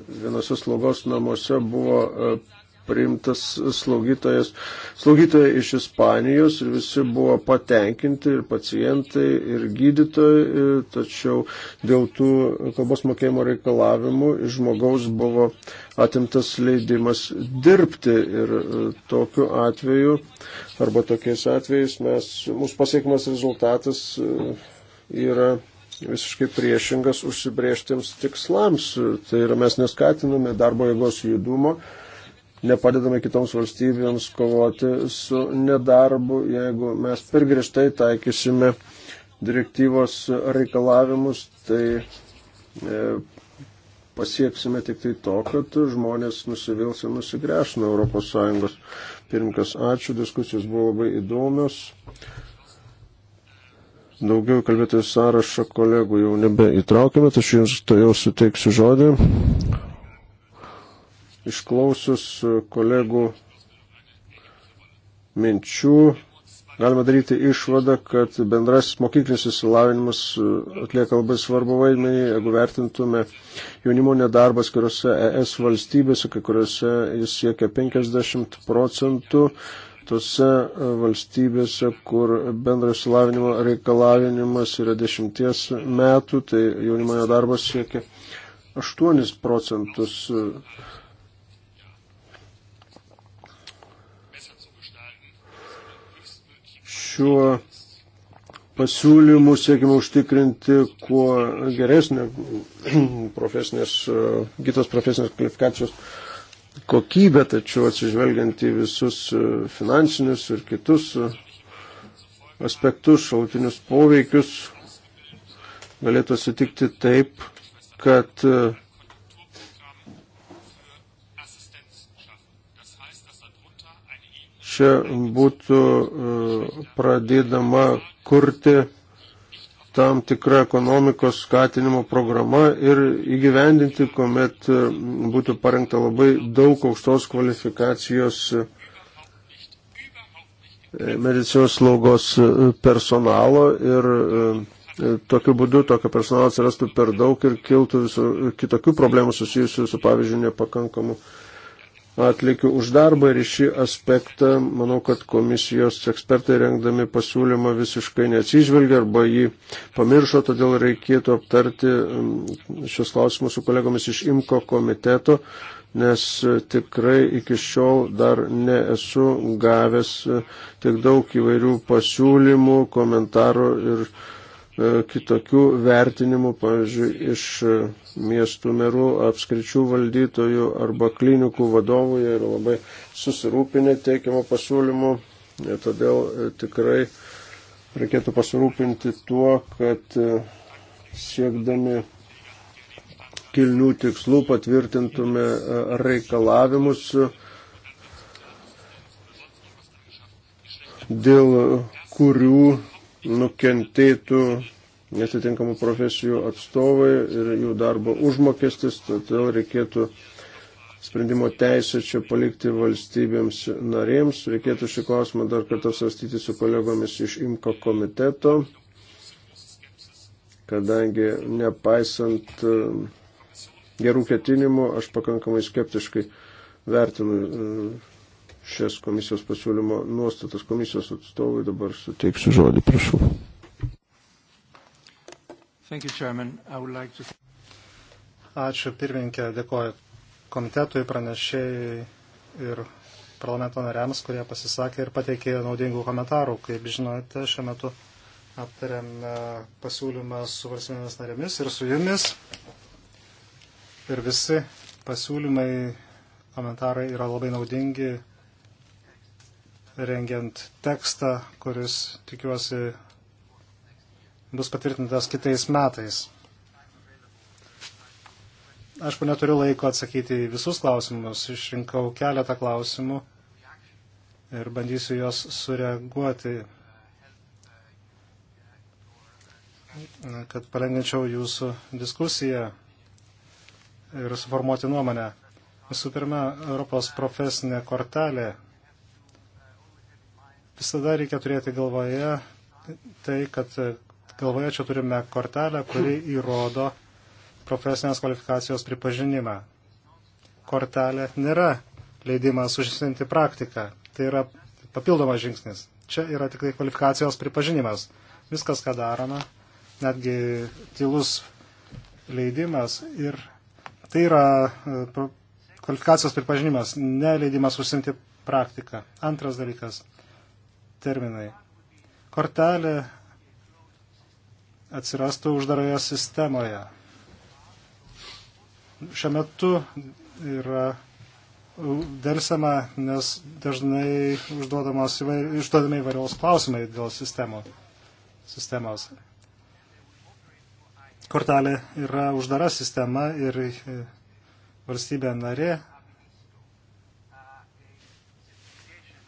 vienose slaugos namuose buvo e, priimtas slaugytojas, slaugytoja iš Ispanijos ir visi buvo patenkinti ir pacientai, ir gydytojai, e, tačiau dėl tų kalbos mokėjimo reikalavimų iš žmogaus buvo atimtas leidimas dirbti ir tokiu atveju arba tokiais atvejais mes, mūsų pasiekmas rezultatas yra visiškai priešingas užsibrieštiems tikslams. Tai yra mes neskatiname darbo jėgos judumo, nepadedame kitoms valstybėms kovoti su nedarbu, jeigu mes per griežtai taikysime direktyvos reikalavimus, tai e, pasieksime tik tai to, kad žmonės nusivils ir nusigręš nuo ES. Pirmkas, ačiū, diskusijos buvo labai įdomios. Daugiau kalbėtojų sąrašo kolegų jau nebeįtraukime, tačiau jums to jau suteiksiu žodį. Išklausus kolegų minčių, galima daryti išvadą, kad bendrasis mokyklinis įsilavinimas atlieka labai svarbu vaidmenį, jeigu vertintume jaunimo nedarbas, kuriuose ES valstybėse, kai kuriuose jis siekia 50 procentų, tose e, valstybėse, kur bendro išsilavinimo reikalavimas yra dešimties metų, tai jaunimo nedarbas siekia 8 procentus. Šiuo pasiūlymu siekime užtikrinti kuo geresnę profesinės, e, kitos profesinės kvalifikacijos kokybę, tačiau atsižvelgiant į visus e, finansinius ir kitus e, aspektus, šaltinius poveikius, galėtų atsitikti taip, kad e, čia būtų pradėdama kurti tam tikra ekonomikos skatinimo programa ir įgyvendinti, kuomet e, būtų parengta labai daug aukštos kvalifikacijos e, medicinos slaugos e, personalo ir tokiu būdu tokio personalo atsirastų per daug ir kiltų visų kitokių problemų susijusių su, pavyzdžiui, nepakankamu atlikiu už darbą ir į šį aspektą manau, kad komisijos ekspertai rengdami pasiūlymą visiškai neatsižvelgia arba jį pamiršo, todėl reikėtų aptarti um, šios klausimus su kolegomis iš IMKO komiteto, nes uh, tikrai iki šiol dar nesu gavęs uh, tiek daug įvairių pasiūlymų, komentarų ir E, kitokių vertinimų, pavyzdžiui, iš e, miestų merų, apskričių valdytojų arba klinikų vadovų jie yra labai susirūpinę teikiamo pasiūlymu. Ir todėl e, tikrai reikėtų pasirūpinti tuo, kad siekdami kilnių tikslų patvirtintume reikalavimus dėl kurių nukentėtų netitinkamų profesijų atstovai ir jų darbo užmokestis, todėl reikėtų sprendimo teisę čia palikti valstybėms narėms. Reikėtų šį klausimą dar kartą svarstyti su kolegomis iš IMKO komiteto, kadangi nepaisant e, gerų ketinimų aš pakankamai skeptiškai vertinu e, šias komisijos pasiūlymo nuostatas komisijos atstovui dabar suteiksiu žodį, prašau. Thank you, Chairman. I would like to... Ačiū pirmininkė, dėkoju komitetui, pranešėjai ir parlamento nariams, kurie pasisakė ir pateikė naudingų komentarų. Kaip žinote, šiuo metu aptariam pasiūlymą su valstybėmis narėmis ir su jumis. Ir visi pasiūlymai, komentarai yra labai naudingi rengiant tekstą, kuris, tikiuosi, bus patvirtintas kitais metais. Aš neturiu laiko atsakyti į visus klausimus, išrinkau keletą klausimų ir bandysiu juos sureaguoti, kad palengvinčiau jūsų diskusiją ir suformuoti nuomonę. Visų pirma, Europos profesinė kortelė Visada reikia turėti galvoje tai, kad e, galvoje čia turime kortelę, kuri įrodo profesinės kvalifikacijos pripažinimą. Kortelė nėra leidimas užsinti praktiką. Tai yra papildomas žingsnis. Čia yra tik tai kvalifikacijos pripažinimas. Viskas, ką darome, netgi tylus leidimas ir tai yra e, kvalifikacijos pripažinimas, ne leidimas užsimti praktiką. Antras dalykas terminai. Kortelė atsirastų uždaroje sistemoje. Šiuo metu yra dėlsama, nes dažnai užduodami įvairiaus klausimai dėl sistemo, sistemos. Kortelė yra uždara sistema ir valstybė narė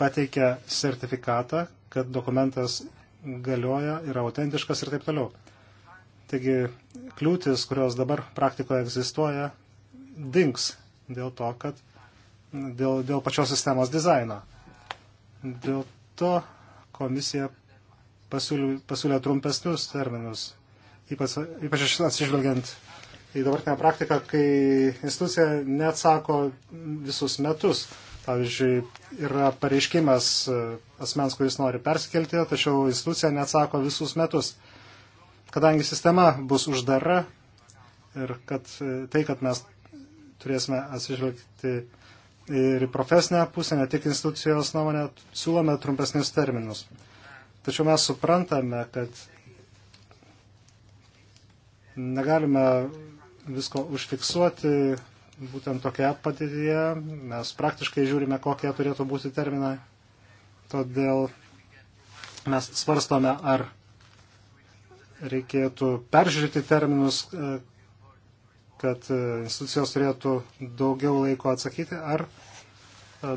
pateikia sertifikatą, kad dokumentas galioja, yra autentiškas ir taip toliau. Taigi kliūtis, kurios dabar praktikoje egzistuoja, dinks dėl to, kad dėl, dėl pačios sistemos dizaino. Dėl to komisija pasiūlė, pasiūlė trumpesnius terminus, ypač, ypač atsižvelgiant į dabartinę praktiką, kai institucija neatsako visus metus. Pavyzdžiui, yra pareiškimas e, asmens, kuris nori persikelti, tačiau institucija neatsako visus metus. Kadangi sistema bus uždara ir kad e, tai, kad mes turėsime atsižvelgti ir į profesinę pusę, ne tik institucijos nuomonę, siūlome trumpesnius terminus. Tačiau mes suprantame, kad negalime visko užfiksuoti, būtent tokia patirtyje. Mes praktiškai žiūrime, kokie turėtų būti terminai. Todėl mes svarstome, ar reikėtų peržiūrėti terminus, kad institucijos turėtų daugiau laiko atsakyti, ar e,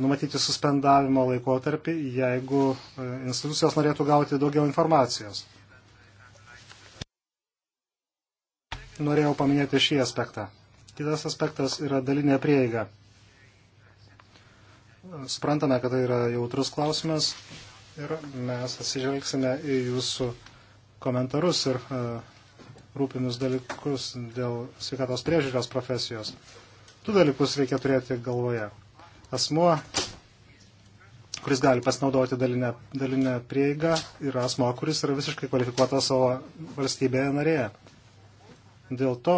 numatyti suspendavimo laikotarpį, jeigu e, institucijos norėtų gauti daugiau informacijos. Norėjau paminėti šį aspektą. Kitas aspektas yra dalinė prieiga. Suprantame, kad tai yra jautrus klausimas ir mes atsižvelgsime į jūsų komentarus ir e, rūpinus dalykus dėl sveikatos priežiūros profesijos. Tu dalykus reikia turėti galvoje. Asmuo, kuris gali pasinaudoti dalinę, dalinę prieigą, yra asmuo, kuris yra visiškai kvalifikuotas savo valstybėje narėje. Dėl to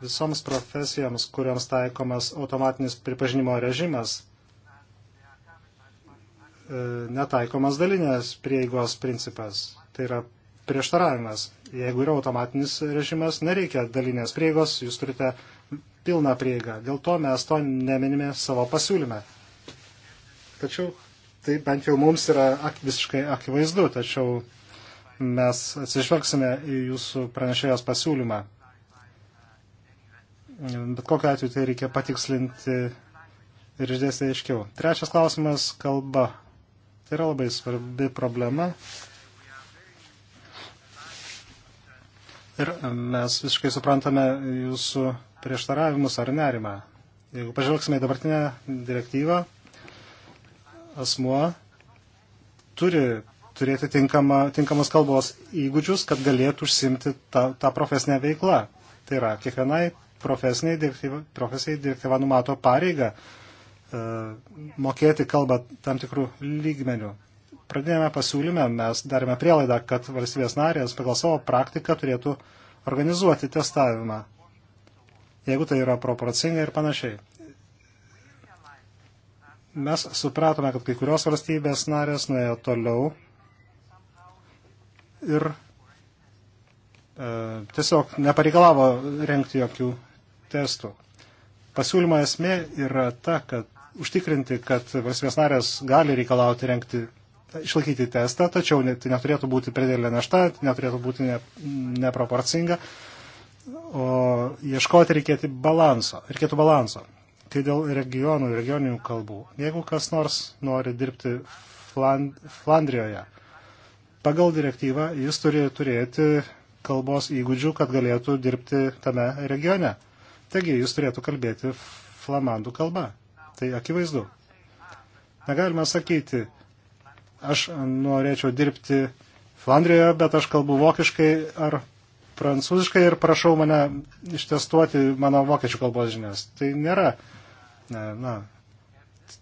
visoms profesijoms, kuriams taikomas automatinis pripažinimo režimas, e, netaikomas dalinės prieigos principas. Tai yra prieštaravimas. Jeigu yra automatinis režimas, nereikia dalinės prieigos, jūs turite pilną prieigą. Dėl to mes to neminime savo pasiūlyme. Tačiau tai bent jau mums yra ak, visiškai akivaizdu, tačiau mes atsižvelgsime į jūsų pranešėjos pasiūlymą bet kokiu atveju tai reikia patikslinti ir išdėsti aiškiau. Trečias klausimas - kalba. Tai yra labai svarbi problema. Ir mes visiškai suprantame jūsų prieštaravimus ar nerimą. Jeigu pažvelgsime į dabartinę direktyvą, asmuo turi turėti tinkama, tinkamas kalbos įgūdžius, kad galėtų užsimti tą, tą profesinę veiklą. Tai yra, kiekvienai profesiniai direktyva, profesiniai direktyva numato pareigą e, mokėti kalbą tam tikrų lygmenių. Pradinėme pasiūlyme mes darėme prielaidą, kad valstybės narės pagal savo praktiką turėtų organizuoti testavimą, jeigu tai yra proporcinga ir panašiai. Mes supratome, kad kai kurios valstybės narės nuėjo toliau ir e, tiesiog nepareikalavo renkti jokių testų. Pasiūlymo esmė yra ta, kad užtikrinti, kad valstybės narės gali reikalauti renkti, išlaikyti testą, tačiau tai neturėtų būti pridėlė našta, neturėtų būti ne, neproporcinga, o ieškoti reikėtų balanso. Reikėtų balanso. Tai dėl regionų ir regioninių kalbų. Jeigu kas nors nori dirbti Fland, Flandrijoje, pagal direktyvą jis turi turėti kalbos įgūdžių, kad galėtų dirbti tame regione. Taigi jis turėtų kalbėti flamandų kalba. Tai akivaizdu. Negalima sakyti, aš norėčiau dirbti Flandrijoje, bet aš kalbu vokiškai ar prancūziškai ir prašau mane ištestuoti mano vokiečių kalbos žinias. Tai nėra, na,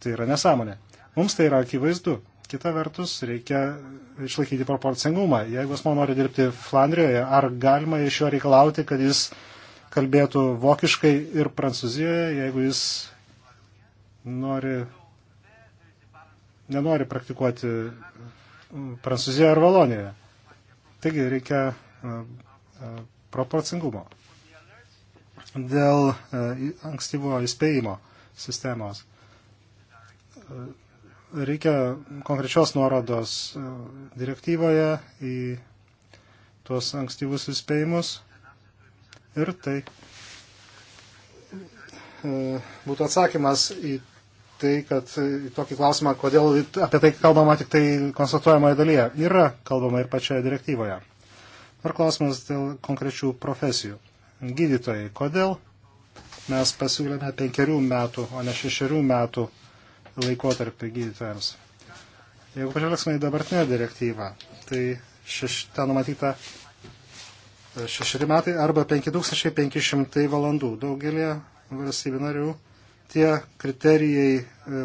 tai yra nesąmonė. Mums tai yra akivaizdu. Kita vertus, reikia išlaikyti proporcingumą. Jeigu asmo nori dirbti Flandrijoje, ar galima iš jo reikalauti, kad jis uh, kalbėtų vokiškai ir prancūzijoje, jeigu jis nori, nenori praktikuoti mm, prancūzijoje ar valonijoje. Taigi reikia e, e, proporcingumo. Dėl e, ankstyvo įspėjimo sistemos reikia konkrečios nuorodos direktyvoje į tuos ankstyvus įspėjimus. Ir tai e, būtų atsakymas į tai, kad į tokį klausimą, kodėl apie tai kalbama tik tai konstatuojamoje dalyje, yra kalbama ir pačioje direktyvoje. Ar klausimas dėl konkrečių profesijų. Gydytojai, kodėl mes pasiūlėme penkerių metų, o ne šešerių metų laikotarpį gydytojams? Jeigu pažvelgsime į dabartinę direktyvą, tai šeš, ten numatyta šešeri metai arba 5500 valandų. Daugelį valstybių narių tie kriterijai e,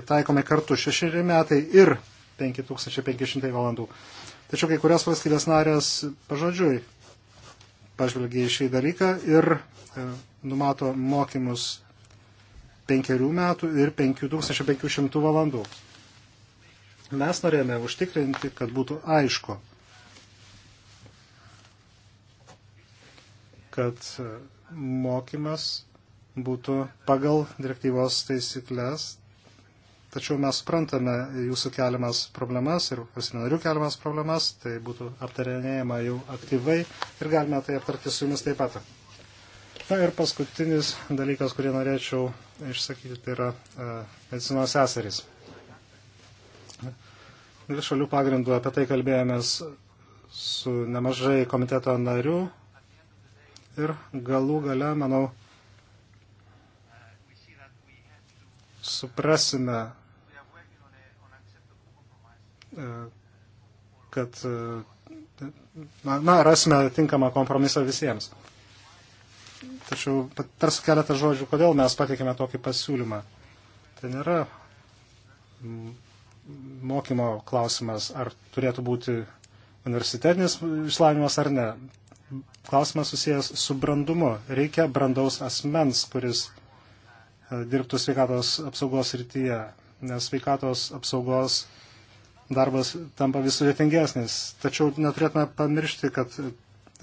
taikomi kartu šešeri metai ir 5500 valandų. Tačiau kai kurios valstybės narės pažodžiui pažvelgia į šį dalyką ir e, numato mokymus penkerių metų ir 5500 valandų. Mes norėjome užtikrinti, kad būtų aišku, kad mokymas būtų pagal direktyvos taisyklės, tačiau mes suprantame jūsų keliamas problemas ir asmenarių keliamas problemas, tai būtų aptarinėjama jau aktyvai ir galime tai aptarti su jumis taip pat. Na ir paskutinis dalykas, kurį norėčiau išsakyti, tai yra e, medicinos seserys. Dvi šalių pagrindų apie tai kalbėjomės su nemažai komiteto narių ir galų gale, manau, suprasime, e, kad, e, na, rasime tinkamą kompromisą visiems. Tačiau tarsi keletą žodžių, kodėl mes pateikėme tokį pasiūlymą. Tai nėra mokymo klausimas, ar turėtų būti universitetinis išlavinimas ar ne klausimas susijęs su brandumu. Reikia brandaus asmens, kuris e, dirbtų sveikatos apsaugos rytyje, nes sveikatos apsaugos darbas tampa vis sudėtingesnis. Tačiau neturėtume pamiršti, kad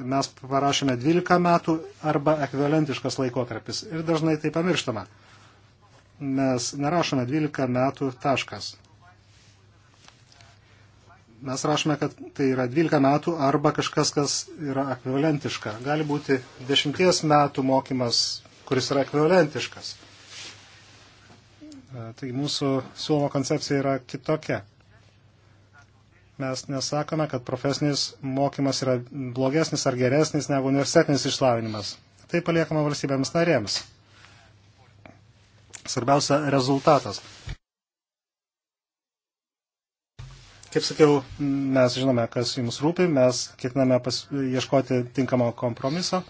mes parašėme 12 metų arba ekvivalentiškas laikotarpis ir dažnai tai pamirštama. Mes nerašome 12 metų taškas mes rašome, kad tai yra 12 metų arba kažkas, kas yra ekvivalentiška. Gali būti 10 metų mokymas, kuris yra ekvivalentiškas. E, tai mūsų siūloma koncepcija yra kitokia. Mes nesakome, kad profesinis mokymas yra blogesnis ar geresnis negu universitetinis išlavinimas. Tai paliekama valstybėms narėms. Svarbiausia rezultatas. Kaip sakiau, mes žinome, kas jums rūpi, mes ketiname pas, ieškoti tinkamo kompromiso.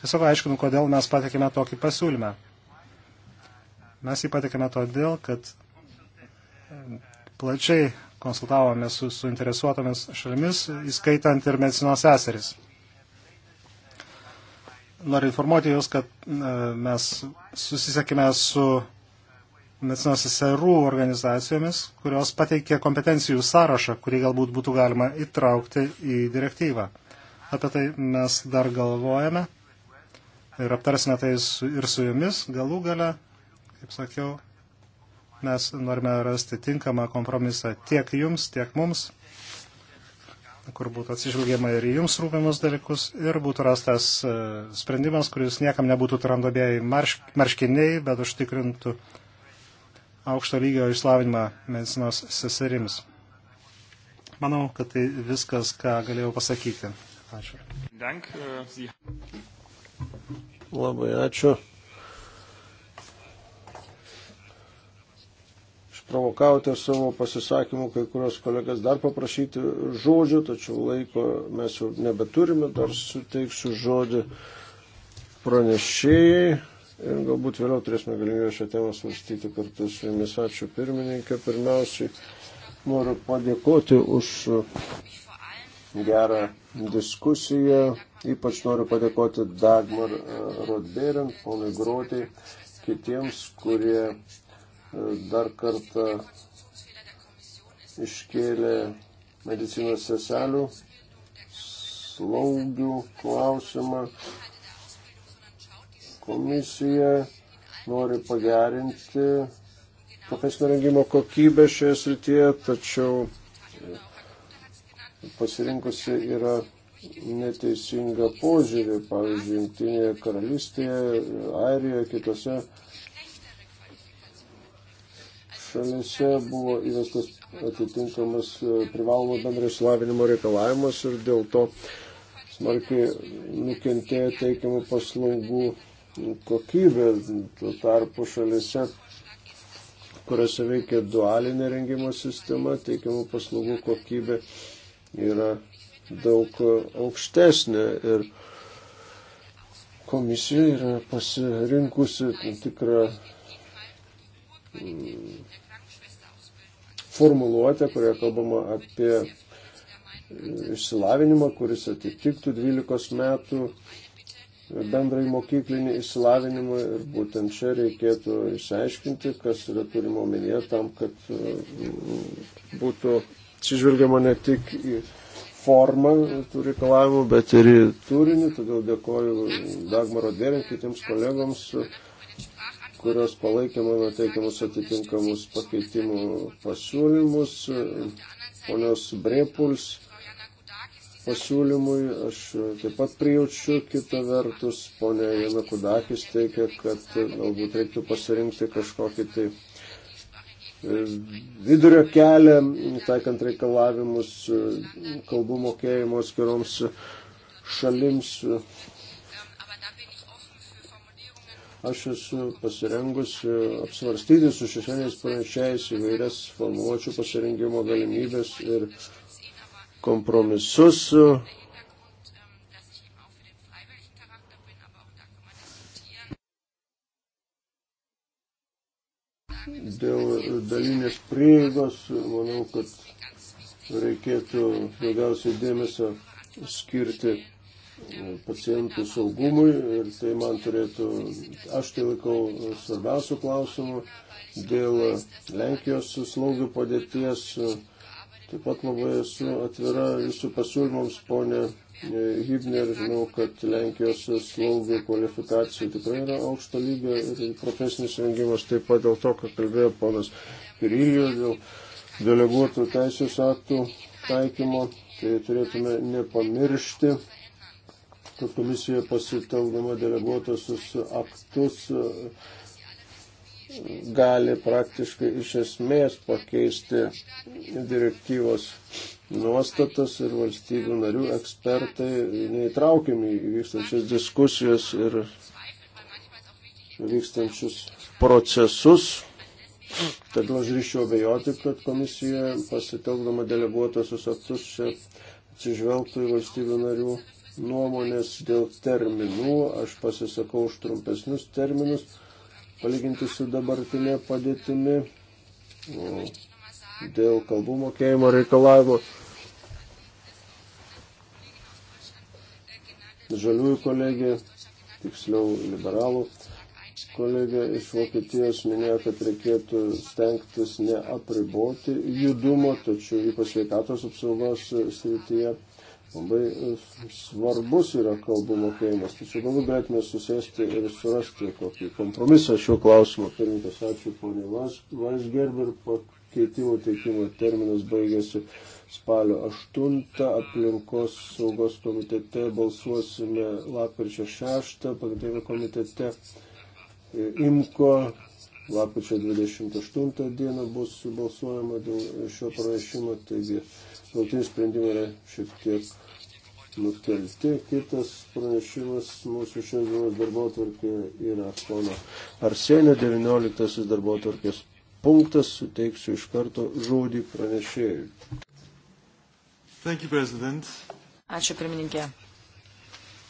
Tiesiog aiškinu, kodėl mes patikėme tokį pasiūlymą. Mes jį patikėme todėl, kad e, plačiai konsultavome su suinteresuotomis šalimis, įskaitant ir medicinos seseris. Noriu informuoti Jūs, kad e, mes susisiekime su medicinos seserų organizacijomis, kurios pateikė kompetencijų sąrašą, kurį galbūt būtų galima įtraukti į direktyvą. Apie tai mes dar galvojame ir aptarsime tai su, ir su jumis. Galų gale, kaip sakiau, mes norime rasti tinkamą kompromisą tiek jums, tiek mums, kur būtų atsižvelgiama ir į jums rūpimus dalykus ir būtų rastas e, sprendimas, kuris niekam nebūtų trandobėjai marš, marškiniai, bet užtikrintų aukšto lygio išslavinimą medicinos seserims. Manau, kad tai viskas, ką galėjau pasakyti. Ačiū. Dank, e, Labai ačiū. Išprovokavote savo pasisakymų kai kurios kolegas dar paprašyti žodžio, tačiau laiko mes jau nebeturime, dar suteiksiu žodį pranešėjai. Ir galbūt vėliau turėsime galimybę šią temą svarstyti kartu su jumis. Ačiū pirmininkė. Pirmiausiai noriu padėkoti už gerą diskusiją. Ypač noriu padėkoti Dagmar e, Rodbėrin, ponui Grotį, kitiems, kurie e, dar kartą iškėlė medicinos seselių slaugių klausimą Komisija nori pagerinti profesinio rengimo kokybę šioje srityje, tačiau pasirinkusi yra neteisingą požiūrį, pavyzdžiui, Junktinėje karalystėje, Airijoje, kitose šalise buvo įvestas atitinkamas e, privalomo bendro išsilavinimo reikalavimas ir dėl to smarkiai nukentėjo teikiamų paslaugų kokybę. Tuo tarpu šalise, kuriuose veikia dualinė rengimo sistema, teikiamų paslaugų kokybė yra daug aukštesnė. Ir komisija yra pasirinkusi tikrą mm, formuluotę, kurioje kalbama apie išsilavinimą, kuris atitiktų 12 metų bendrai mokyklinį išsilavinimą ir būtent čia reikėtų išsiaiškinti, kas yra turimo omenyje tam, kad uh, būtų atsižvelgiama ne tik į formą tų reikalavimų, bet ir į turinį. Todėl dėkoju Dagmaro Dėrin, kitiems kolegoms, kurios palaikė mano teikiamus atitinkamus pakeitimų pasiūlymus. Ponios Brepuls pasiūlymui. Aš taip pat prijaučiu kitą vertus. Pone Jana Kudakis teikia, kad galbūt reiktų pasirinkti kažkokį tai e, vidurio kelią, taikant reikalavimus e, kalbų mokėjimo atskiroms šalims. Aš esu pasirengusi apsvarstyti su šešėliais pranešėjais įvairias formuočių pasirinkimo galimybės ir uh, kompromisus. Dėl dalinės prieigos, manau, kad reikėtų daugiausiai dėmesio skirti pacientų saugumui ir tai man turėtų, aš tai laikau svarbiausių klausimų dėl Lenkijos slaugių padėties Taip pat labai esu atvira jūsų pasiūlymams, ponė e, Hibner, žinau, kad Lenkijos slaugių kvalifikacija tikrai yra aukšto lygio ir profesinis rengimas taip pat dėl to, kad kalbėjo ponas Pirilijus dėl deleguotų teisės aktų taikymo, tai turėtume nepamiršti kad komisija pasitelkdama deleguotusius aktus gali praktiškai iš esmės pakeisti direktyvos nuostatas ir valstybių narių ekspertai neįtraukiami į vykstančias diskusijas ir vykstančius procesus. Todėl aš ryšiu abejoti, kad komisija pasitelkdama deleguotosius aktus čia atsižvelgtų į valstybių narių nuomonės dėl terminų. Aš pasisakau už trumpesnius terminus palyginti su dabartinė padėtimi dėl kalbų mokėjimo reikalavimo. Žaliųjų kolegė, tiksliau liberalų kolegė iš Vokietijos minėjo, kad reikėtų stengtis neapriboti judumo, tačiau ypač sveikatos apsaugos srityje Labai e, svarbus yra kalbų mokėjimas, tačiau galbūt galėtume susėsti ir surasti kokį kompromisą šiuo klausimu. Pirmininkas, ačiū ponė Vaisgerber, pakeitimų teikimo terminas baigėsi spalio 8, aplinkos saugos komitete balsuosime lapkričio 6, pagrindinio komitete e, IMKO lapkričio 28 dieną bus balsuojama dėl šio pranešimo, taigi galtinis sprendimai yra šiek tiek nukelti. Kitas pranešimas mūsų šiandienos darbo atvarkėje yra pono Arsenio 19 darbo atvarkės punktas. Suteiksiu iš karto žodį pranešėjui. You, Ačiū pirmininkė.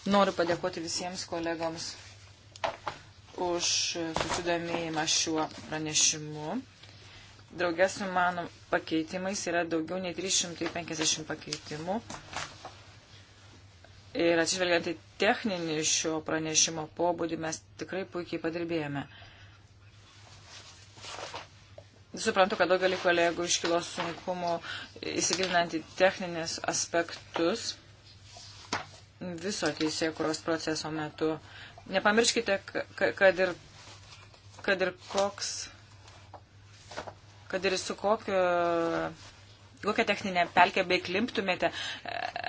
Noriu padėkoti visiems kolegoms už susidomėjimą šiuo pranešimu draugės su mano pakeitimais yra daugiau nei 350 pakeitimų, Ir atsižvelgiant į techninį šio pranešimo pobūdį, mes tikrai puikiai padirbėjome. Suprantu, kad daugelį kolegų iškilo sunkumų įsigilinant į techninės aspektus viso teisėkuros proceso metu. Nepamirškite, kad ir, kad ir koks, kad ir su kokiu kokią techninę pelkę bei klimptumėte,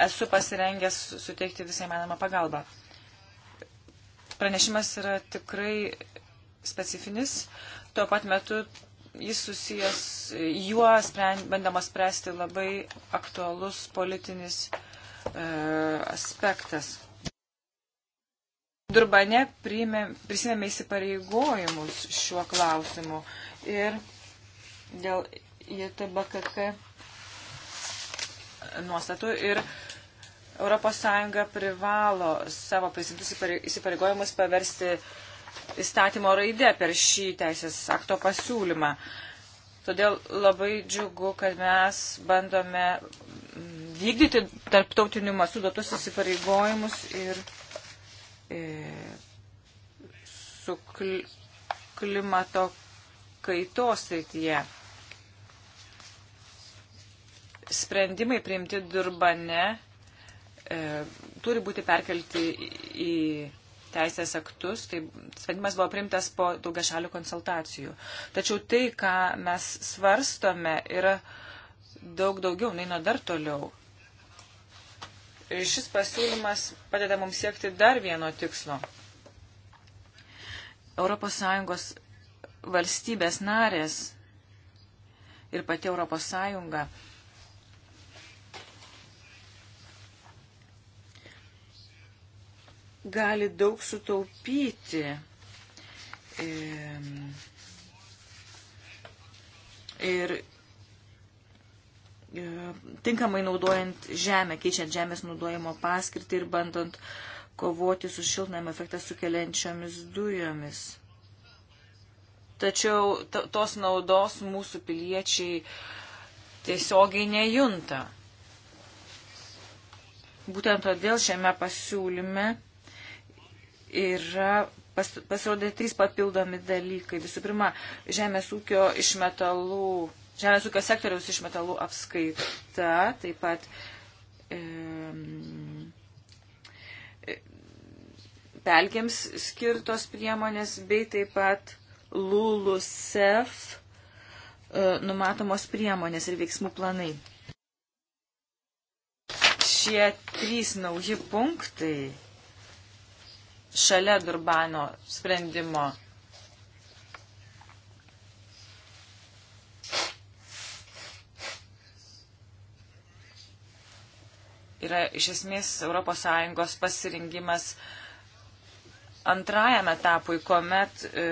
esu pasirengęs suteikti visą įmanomą pagalbą. Pranešimas yra tikrai specifinis, tuo pat metu jis susijęs, juo sprend, bandamas spręsti labai aktualus politinis e, aspektas. Durbane prisimėme įsipareigojimus šiuo klausimu ir dėl JTBKK nuostatų ir ES privalo savo prisimtus įsipareigojimus paversti įstatymo raidę per šį teisės akto pasiūlymą. Todėl labai džiugu, kad mes bandome vykdyti tarptautiniu masu duotus įsipareigojimus ir e, su kl klimato kaitos srityje. Tai sprendimai priimti Durbane e, turi būti perkelti į teisės aktus. Tai sprendimas buvo priimtas po daugia šalių konsultacijų. Tačiau tai, ką mes svarstome, yra daug daugiau, neina dar toliau. Ir šis pasiūlymas padeda mums siekti dar vieno tikslo. ES valstybės narės ir pati ES gali daug sutaupyti. Ir e, tinkamai naudojant žemę, keičiant žemės naudojimo paskirtį ir bandant kovoti su šiltnamio efektą sukeliančiomis dujomis. Tačiau tos naudos mūsų piliečiai tiesiogiai nejunta. Būtent todėl šiame pasiūlyme yra pas, pasirodė trys papildomi dalykai. Visų pirma, žemės ūkio iš metalų, žemės ūkio sektoriaus iš metalų apskaita, taip pat e, pelkėms skirtos priemonės, bei taip pat LULUSEF e, numatomos priemonės ir veiksmų planai. Šie trys nauji punktai šalia Durbano sprendimo. Yra iš esmės ES pasirinkimas antrajam etapui, kuomet e,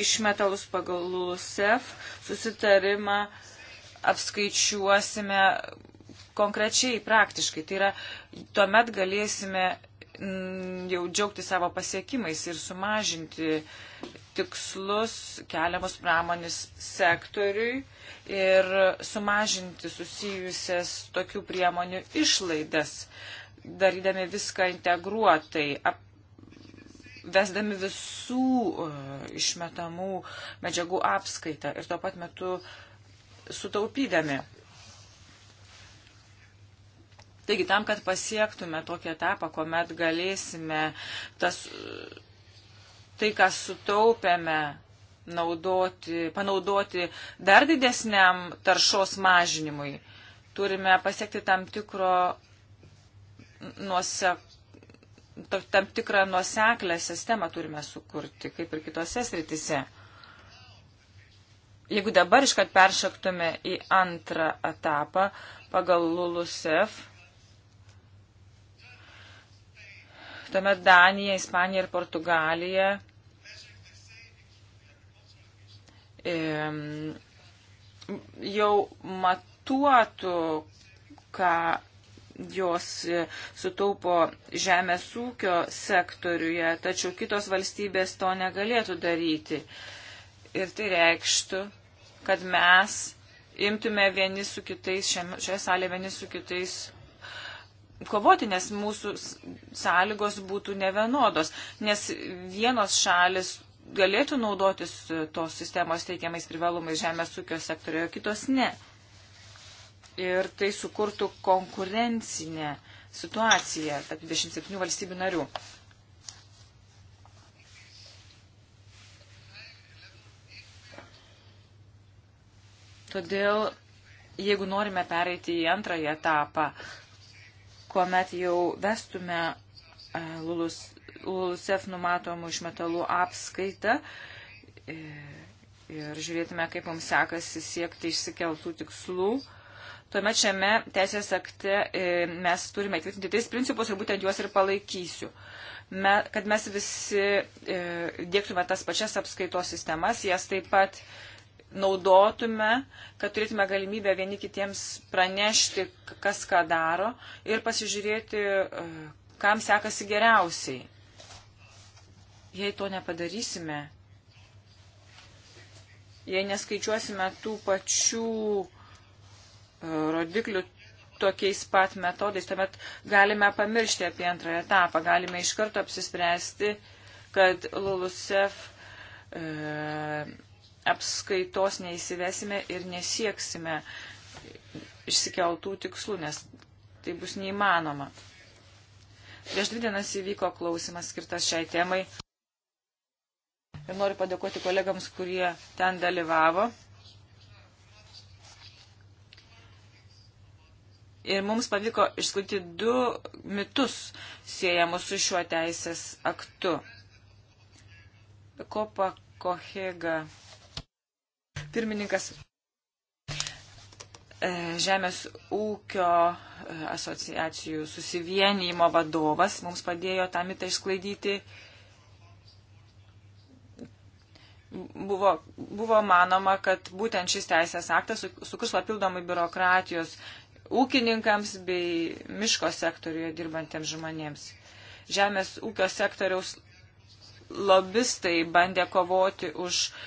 išmetalus pagal LUSEF susitarimą apskaičiuosime konkrečiai, praktiškai. Tai yra, tuomet galėsime Mm, jau džiaugti savo pasiekimais ir sumažinti tikslus keliamus pramonės sektoriui ir sumažinti susijusias tokių priemonių išlaidas, darydami viską integruotai, ap, vesdami visų e, išmetamų medžiagų apskaitą ir tuo pat metu sutaupydami. Taigi tam, kad pasiektume tokį etapą, kuomet galėsime tas, tai, ką sutaupėme, naudoti, panaudoti dar didesniam taršos mažinimui, turime pasiekti tam tikro nuosek tam tikrą nuoseklę sistemą turime sukurti, kaip ir kitose sritise. Jeigu dabar iškart peršoktume į antrą etapą pagal LULUSEF, Tuomet Danija, Ispanija ir Portugalija jau matuotų, ką jos e, sutaupo žemės ūkio sektoriuje, tačiau kitos valstybės to negalėtų daryti. Ir tai reikštų, kad mes imtume vieni su kitais, šioje salėje vieni su kitais kovoti, nes mūsų sąlygos būtų nevienodos, nes vienos šalis galėtų naudotis e, tos sistemos teikiamais privalumais žemės ūkio sektorioje, kitos ne. Ir tai sukurtų konkurencinę situaciją tarp 27 valstybių narių. Todėl, jeigu norime pereiti į antrąją etapą, kuomet jau vestume e, Lulus, LULUSEF numatomų išmetalų apskaitą e, ir žiūrėtume, kaip mums sekasi siekti išsikeltų tikslų. Tuomet šiame teisės akte e, mes turime įtvirtinti tris principus ir būtent juos ir palaikysiu. Me, kad mes visi e, dėktume tas pačias apskaitos sistemas, jas taip pat e, naudotume, kad turėtume galimybę vieni kitiems pranešti, kas ką daro ir pasižiūrėti, e, kam sekasi geriausiai. Jei to nepadarysime, jei neskaičiuosime tų pačių e, rodiklių tokiais pat metodais, tuomet galime pamiršti apie antrąją etapą, galime iš karto apsispręsti, kad LULUSEF e, apskaitos neįsivesime ir nesieksime išsikeltų tikslų, nes tai bus neįmanoma. Prieš dvi dienas įvyko klausimas skirtas šiai temai. Ir noriu padėkoti kolegams, kurie ten dalyvavo. Ir mums pavyko išskuti du mitus siejamus su šiuo teisės aktu. Kopa Kohega Pirmininkas e, Žemės ūkio e, asociacijų susivienijimo vadovas mums padėjo tą mitą išsklaidyti. Buvo, buvo manoma, kad būtent šis teisės aktas sukurs papildomai biurokratijos ūkininkams bei miško sektoriuje dirbantiems žmonėms. Žemės ūkio sektoriaus lobistai bandė kovoti už uh,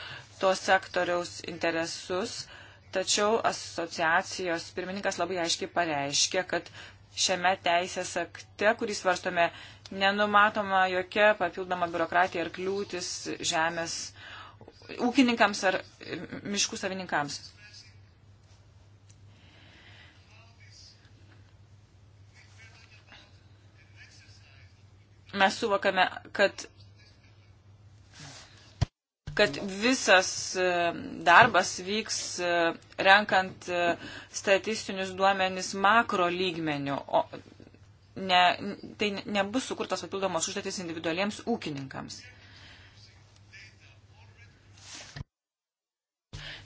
to sektoriaus interesus, tačiau asociacijos pirmininkas labai aiškiai pareiškė, kad šiame teisės akte, kurį svarstome, nenumatoma jokia papildoma biurokratija ir kliūtis žemės ūkininkams ar miškų savininkams. Mes suvokame, kad kad visas e, darbas vyks e, renkant e, statistinius duomenis makro lygmenių, o ne, tai nebus sukurtas papildomos užduotis individualiems ūkininkams.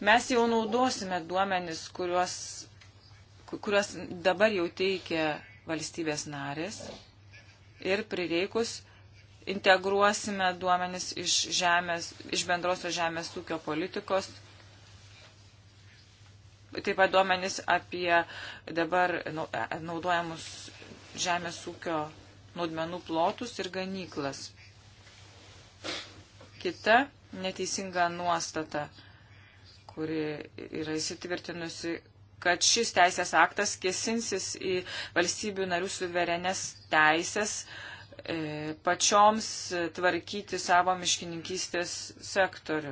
Mes jau naudosime duomenis, kuriuos, kuriuos dabar jau teikia valstybės narės ir prireikus integruosime duomenis iš, žemės, iš bendrosios žemės ūkio politikos, taip pat duomenis apie dabar e, naudojamus žemės ūkio nuodmenų plotus ir ganyklas. Kita neteisinga nuostata, kuri yra įsitvirtinusi kad šis teisės aktas kėsinsis į valstybių narių suverenės teisės uh, E, pačioms tvarkyti savo miškininkystės sektorių.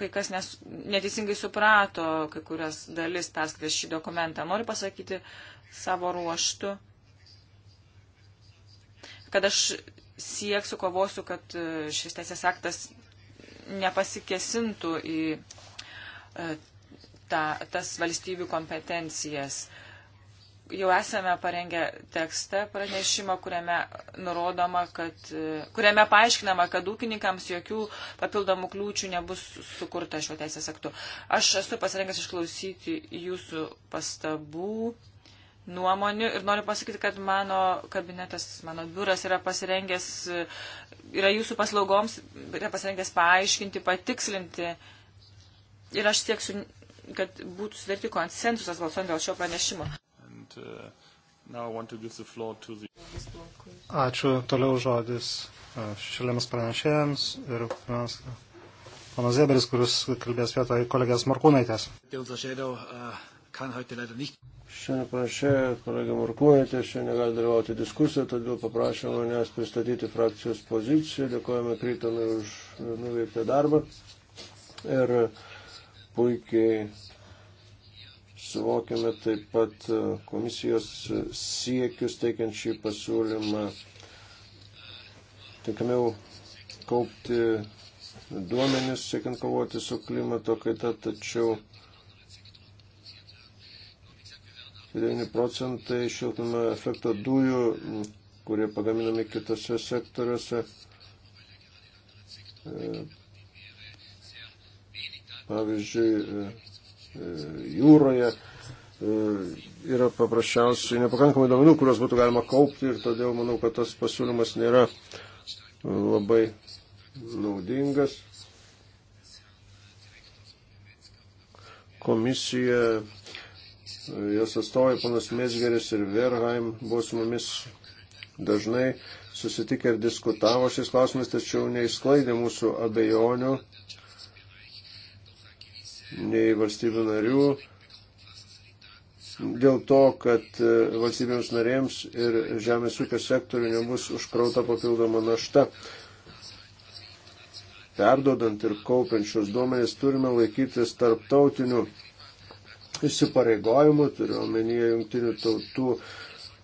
Kai kas nes, neteisingai suprato, kai kurias dalis perskaitęs šį dokumentą, noriu pasakyti savo ruoštų, kad aš sieksiu, kovosiu, kad e, šis teisės aktas nepasikesintų į e, ta, tas valstybių kompetencijas. Uh, jau esame parengę tekstą pranešimo, kuriame, nurodoma, kad, kuriame paaiškinama, kad ūkininkams jokių papildomų kliūčių nebus sukurta šiuo teisės aktu. Aš esu pasirengęs išklausyti jūsų pastabų, nuomonių ir noriu pasakyti, kad mano kabinetas, mano biuras yra pasirengęs, yra jūsų paslaugoms, yra pasirengęs paaiškinti, patikslinti. Ir aš sieksiu kad būtų sudaryti konsensusas balsuojant dėl šio pranešimo. Uh, the... Ačiū. Toliau žodis uh, šešėlėms pranešėjams ir panas, panas Zeberis, kuris kalbės vietoj kolegės Markūnaitės. Šiandien prašė kolegė Markūnaitė, šiandien negali dalyvauti diskusiją, todėl paprašė manęs pristatyti frakcijos poziciją. Dėkojame Krytonui už nuveiktą darbą ir puikiai suvokiame taip pat e, komisijos siekius teikiant šį pasiūlymą tinkamiau kaupti duomenis, siekiant kovoti su klimato kaita, tačiau 9 procentai šiltnamio efekto dujų, kurie pagaminami kitose sektoriuose, e, pavyzdžiui, e, E, jūroje e, yra paprasčiausiai nepakankamai duomenų, kuriuos būtų galima kaupti ir todėl manau, kad tas pasiūlymas nėra labai naudingas. Komisija, jos atstovai, panas Mesgeris ir Verheim, buvo su mumis dažnai susitikę ir diskutavo šiais klausimais, tačiau neįsklaidė mūsų abejonių nei valstybių narių dėl to, kad e, valstybėms narėms ir žemės ūkio sektoriu nebus užkrauta papildoma našta. Perdodant ir kaupiančius duomenys turime laikytis tarptautinių įsipareigojimų, turiu omenyje jungtinių tautų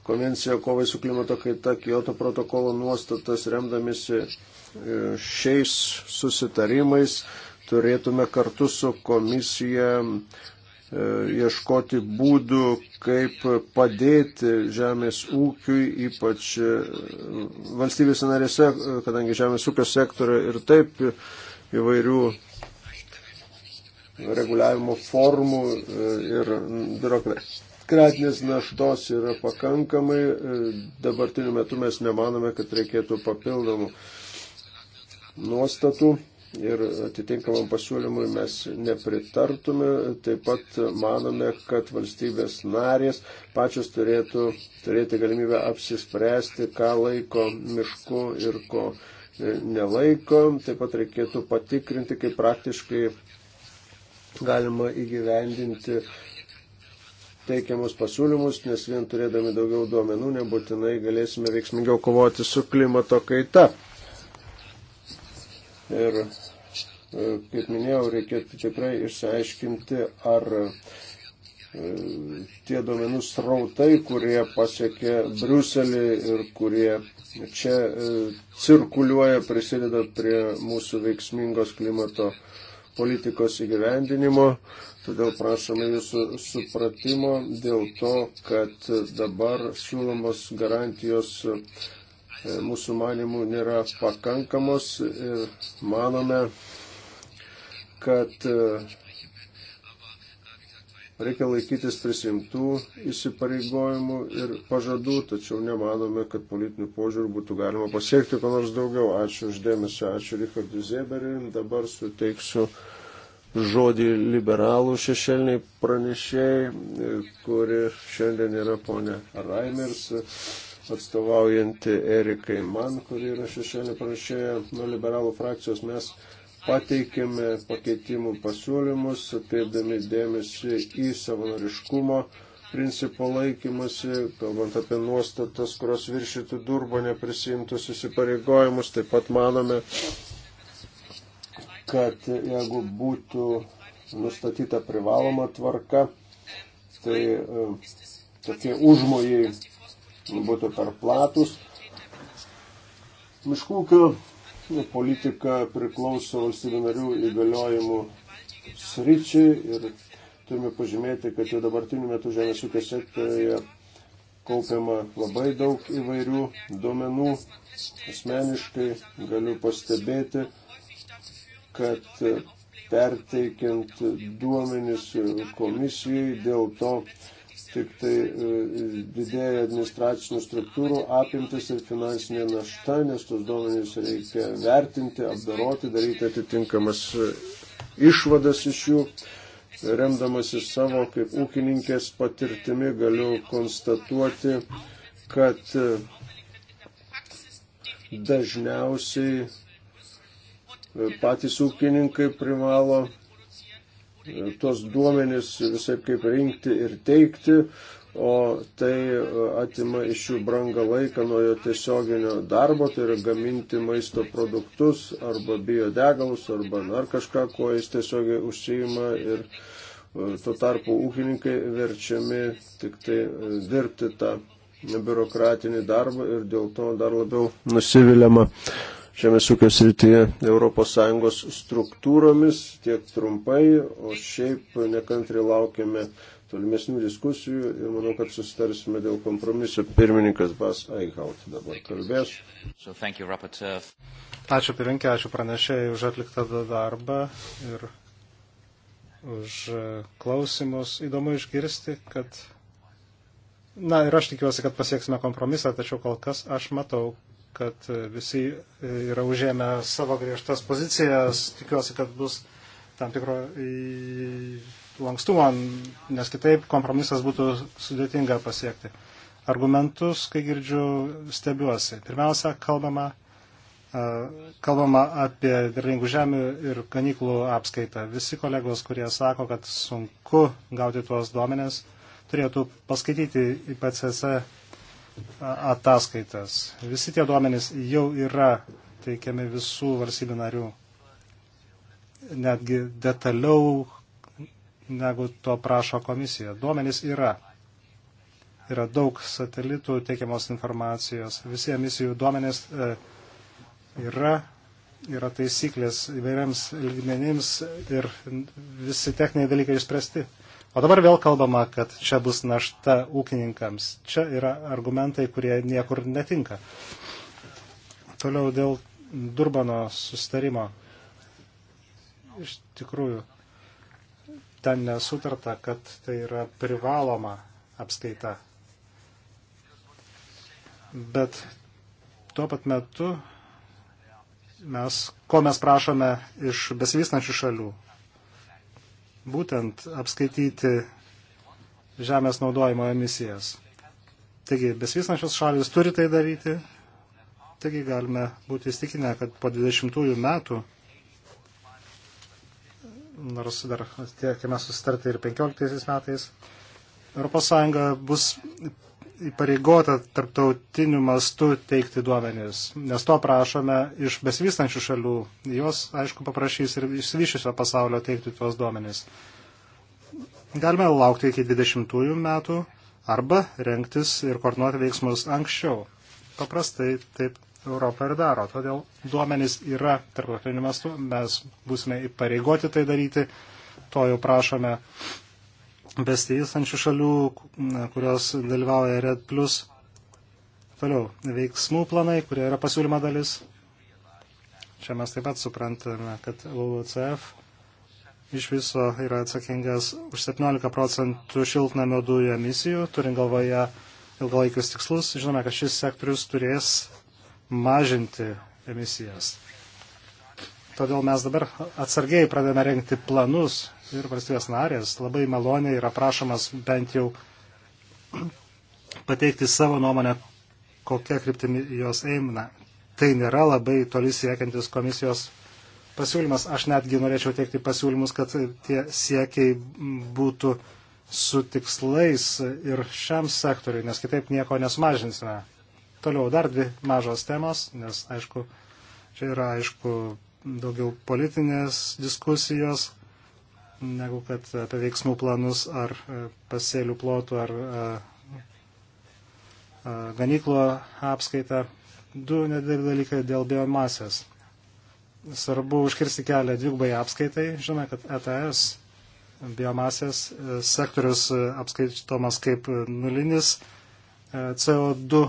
konvenciją kovai su klimato kaita, Kyoto protokolo nuostatas, remdamėsi e, šiais susitarimais turėtume kartu su komisija e, ieškoti būdų, kaip padėti žemės ūkiui, ypač e, valstybės narėse, e, kadangi žemės ūkio sektorio ir taip įvairių reguliavimo formų ir biurokratinės naštos yra pakankamai. Dabartiniu metu mes nemanome, kad reikėtų papildomų nuostatų ir atitinkamam pasiūlymui mes nepritartume. Taip pat manome, kad valstybės narės pačios turėtų turėti galimybę apsispręsti, ką laiko mišku ir ko nelaiko. Taip pat reikėtų patikrinti, kaip praktiškai galima įgyvendinti teikiamus pasiūlymus, nes vien turėdami daugiau duomenų nebūtinai galėsime veiksmingiau kovoti su klimato kaita. Ir, e, kaip minėjau, reikėtų tikrai išsiaiškinti, ar e, tie duomenų srautai, kurie pasiekė Briuselį ir kurie čia e, cirkuliuoja, prisideda prie mūsų veiksmingos klimato politikos įgyvendinimo. Todėl prašome jūsų supratimo dėl to, kad dabar siūlomos garantijos E, mūsų manimų nėra pakankamos ir manome, kad e, reikia laikytis prisimtų įsipareigojimų ir pažadų, tačiau nemanome, kad politinių požiūrų būtų galima pasiekti ko nors daugiau. Ačiū uždėmesi, ačiū Richardui Zeberiui. Dabar suteiksiu žodį liberalų šešelniai pranešėjai, kuri šiandien yra ponė Raimers atstovaujanti Erikai Man, kuri yra šešėlė pranešėja nuo liberalų frakcijos, mes pateikėme pakeitimų pasiūlymus, atkreipdami dėmesį į savanoriškumo principo laikymasi, kalbant apie nuostatas, kurios viršytų durbo neprisimtus įsipareigojimus, taip pat manome, kad jeigu būtų nustatyta privaloma tvarka, tai e, tokie užmojai būtų per platus. Miškūkio politika priklauso valstybių narių įgaliojimų sričiai ir turime pažymėti, kad jau dabartiniu metu žemės ūkio sektoriuje kaupiama labai daug įvairių duomenų. Asmeniškai galiu pastebėti, kad perteikiant duomenis komisijai dėl to, tik tai e, didėja administracinių struktūrų apimtis ir finansinė našta, nes tos duomenys reikia vertinti, apdaroti, daryti atitinkamas e, išvadas iš jų. Remdamasis savo kaip ūkininkės patirtimi galiu konstatuoti, kad e, dažniausiai patys ūkininkai privalo tuos duomenis visai kaip rinkti ir teikti, o tai e, atima iš jų brangą laiką nuo jo tiesioginio darbo, tai yra gaminti maisto produktus arba biodegalus arba dar kažką, kuo jis tiesiogiai užsijima ir e, tuo tarpu ūkininkai verčiami tik tai e, dirbti tą biurokratinį darbą ir dėl to dar labiau nusiviliama žemės ūkio srityje ES struktūromis, tiek trumpai, o šiaip nekantri laukiame tolimesnių diskusijų ir manau, kad susitarsime dėl kompromiso. Pirmininkas Bas Aigaut dabar kalbės. So you, ačiū pirmininkė, ačiū pranešėjai už atliktą darbą ir už klausimus. Įdomu išgirsti, kad. Na ir aš tikiuosi, kad pasieksime kompromisą, tačiau kol kas aš matau, kad visi yra užėmę savo griežtas pozicijas. Tikiuosi, kad bus tam tikro lankstumo, nes kitaip kompromisas būtų sudėtinga pasiekti. Argumentus, kai girdžiu, stebiuosi. Pirmiausia, kalbama, kalbama apie derlingų žemių ir kaniklų apskaitą. Visi kolegos, kurie sako, kad sunku gauti tuos duomenės, turėtų paskaityti IPCC ataskaitas. Visi tie duomenys jau yra teikiami visų valstybių narių, netgi detaliau negu to prašo komisija. Duomenys yra. Yra daug satelitų teikiamos informacijos. Visi emisijų duomenys e, yra. Yra taisyklės įvairiams lygmenims ir visi techniniai dalykai išspręsti. O dabar vėl kalbama, kad čia bus našta ūkininkams. Čia yra argumentai, kurie niekur netinka. Toliau dėl Durbano sustarimo. Iš tikrųjų, ten nesutarta, kad tai yra privaloma apskaita. Bet tuo pat metu mes, ko mes prašome iš besivystančių šalių, būtent apskaityti žemės naudojimo emisijas. Taigi, besvysnačios šalis turi tai daryti, taigi galime būti įstikinę, kad po 20 metų, nors dar tiekime susitarti ir 15 metais, ES bus įpareigota tarptautiniu mastu teikti duomenis, nes to prašome iš besivystančių šalių. Jos, aišku, paprašys ir išsivyšusio pasaulio teikti tuos duomenis. Galime laukti iki 20 metų arba renktis ir koordinuoti veiksmus anksčiau. Paprastai taip Europą ir daro. Todėl duomenys yra tarptautiniu mastu, mes būsime įpareigoti tai daryti, to jau prašome besivystančių šalių, kurios dalyvauja Red Plus. Toliau, veiksmų planai, kurie yra pasiūlyma dalis. Čia mes taip pat suprantame, kad LULCF iš viso yra atsakingas už 17 procentų šiltnamio dujų emisijų, turint galvoje ilgalaikius tikslus. Žinome, kad šis sektorius turės mažinti emisijas. Todėl mes dabar atsargiai pradedame rengti planus ir valstybės narės labai maloniai yra prašomas bent jau pateikti savo nuomonę, kokia kryptimi jos eina. Tai nėra labai toli siekiantis komisijos pasiūlymas. Aš netgi norėčiau teikti pasiūlymus, kad tie siekiai būtų su tikslais ir šiam sektoriui, nes kitaip nieko nesmažinsime. Toliau dar dvi mažos temos, nes aišku, čia yra aišku daugiau politinės diskusijos, negu kad apie veiksmų planus ar e, pasėlių plotų ar e, e, ganyklo apskaitą. Du nedideli dalykai dėl biomasės. Svarbu užkirsti kelią dvigubai apskaitai. Žinome, kad ETS biomasės sektorius apskaitomas kaip nulinis CO2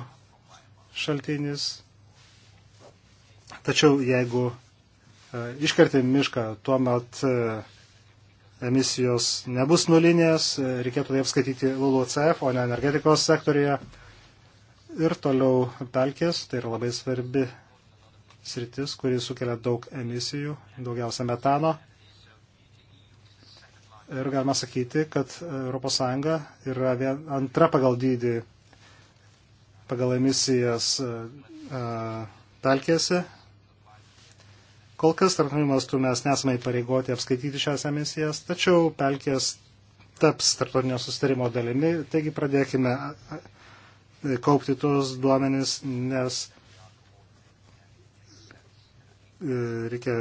šaltinis. Tačiau jeigu iškerti mišką, tuomet emisijos nebus nulinės, reikėtų tai apskaityti LULUCF, o ne energetikos sektorija. Ir toliau pelkės, tai yra labai svarbi sritis, kuri sukelia daug emisijų, daugiausia metano. Ir galima sakyti, kad ES yra vien, antra pagal dydį pagal emisijas e, pelkėse Kol kas tarptautiniu mastu mes nesame įpareigoti apskaityti šias emisijas, tačiau pelkės taps tarptautinio sustarimo dalimi, taigi pradėkime kaupti tuos duomenis, nes e, reikia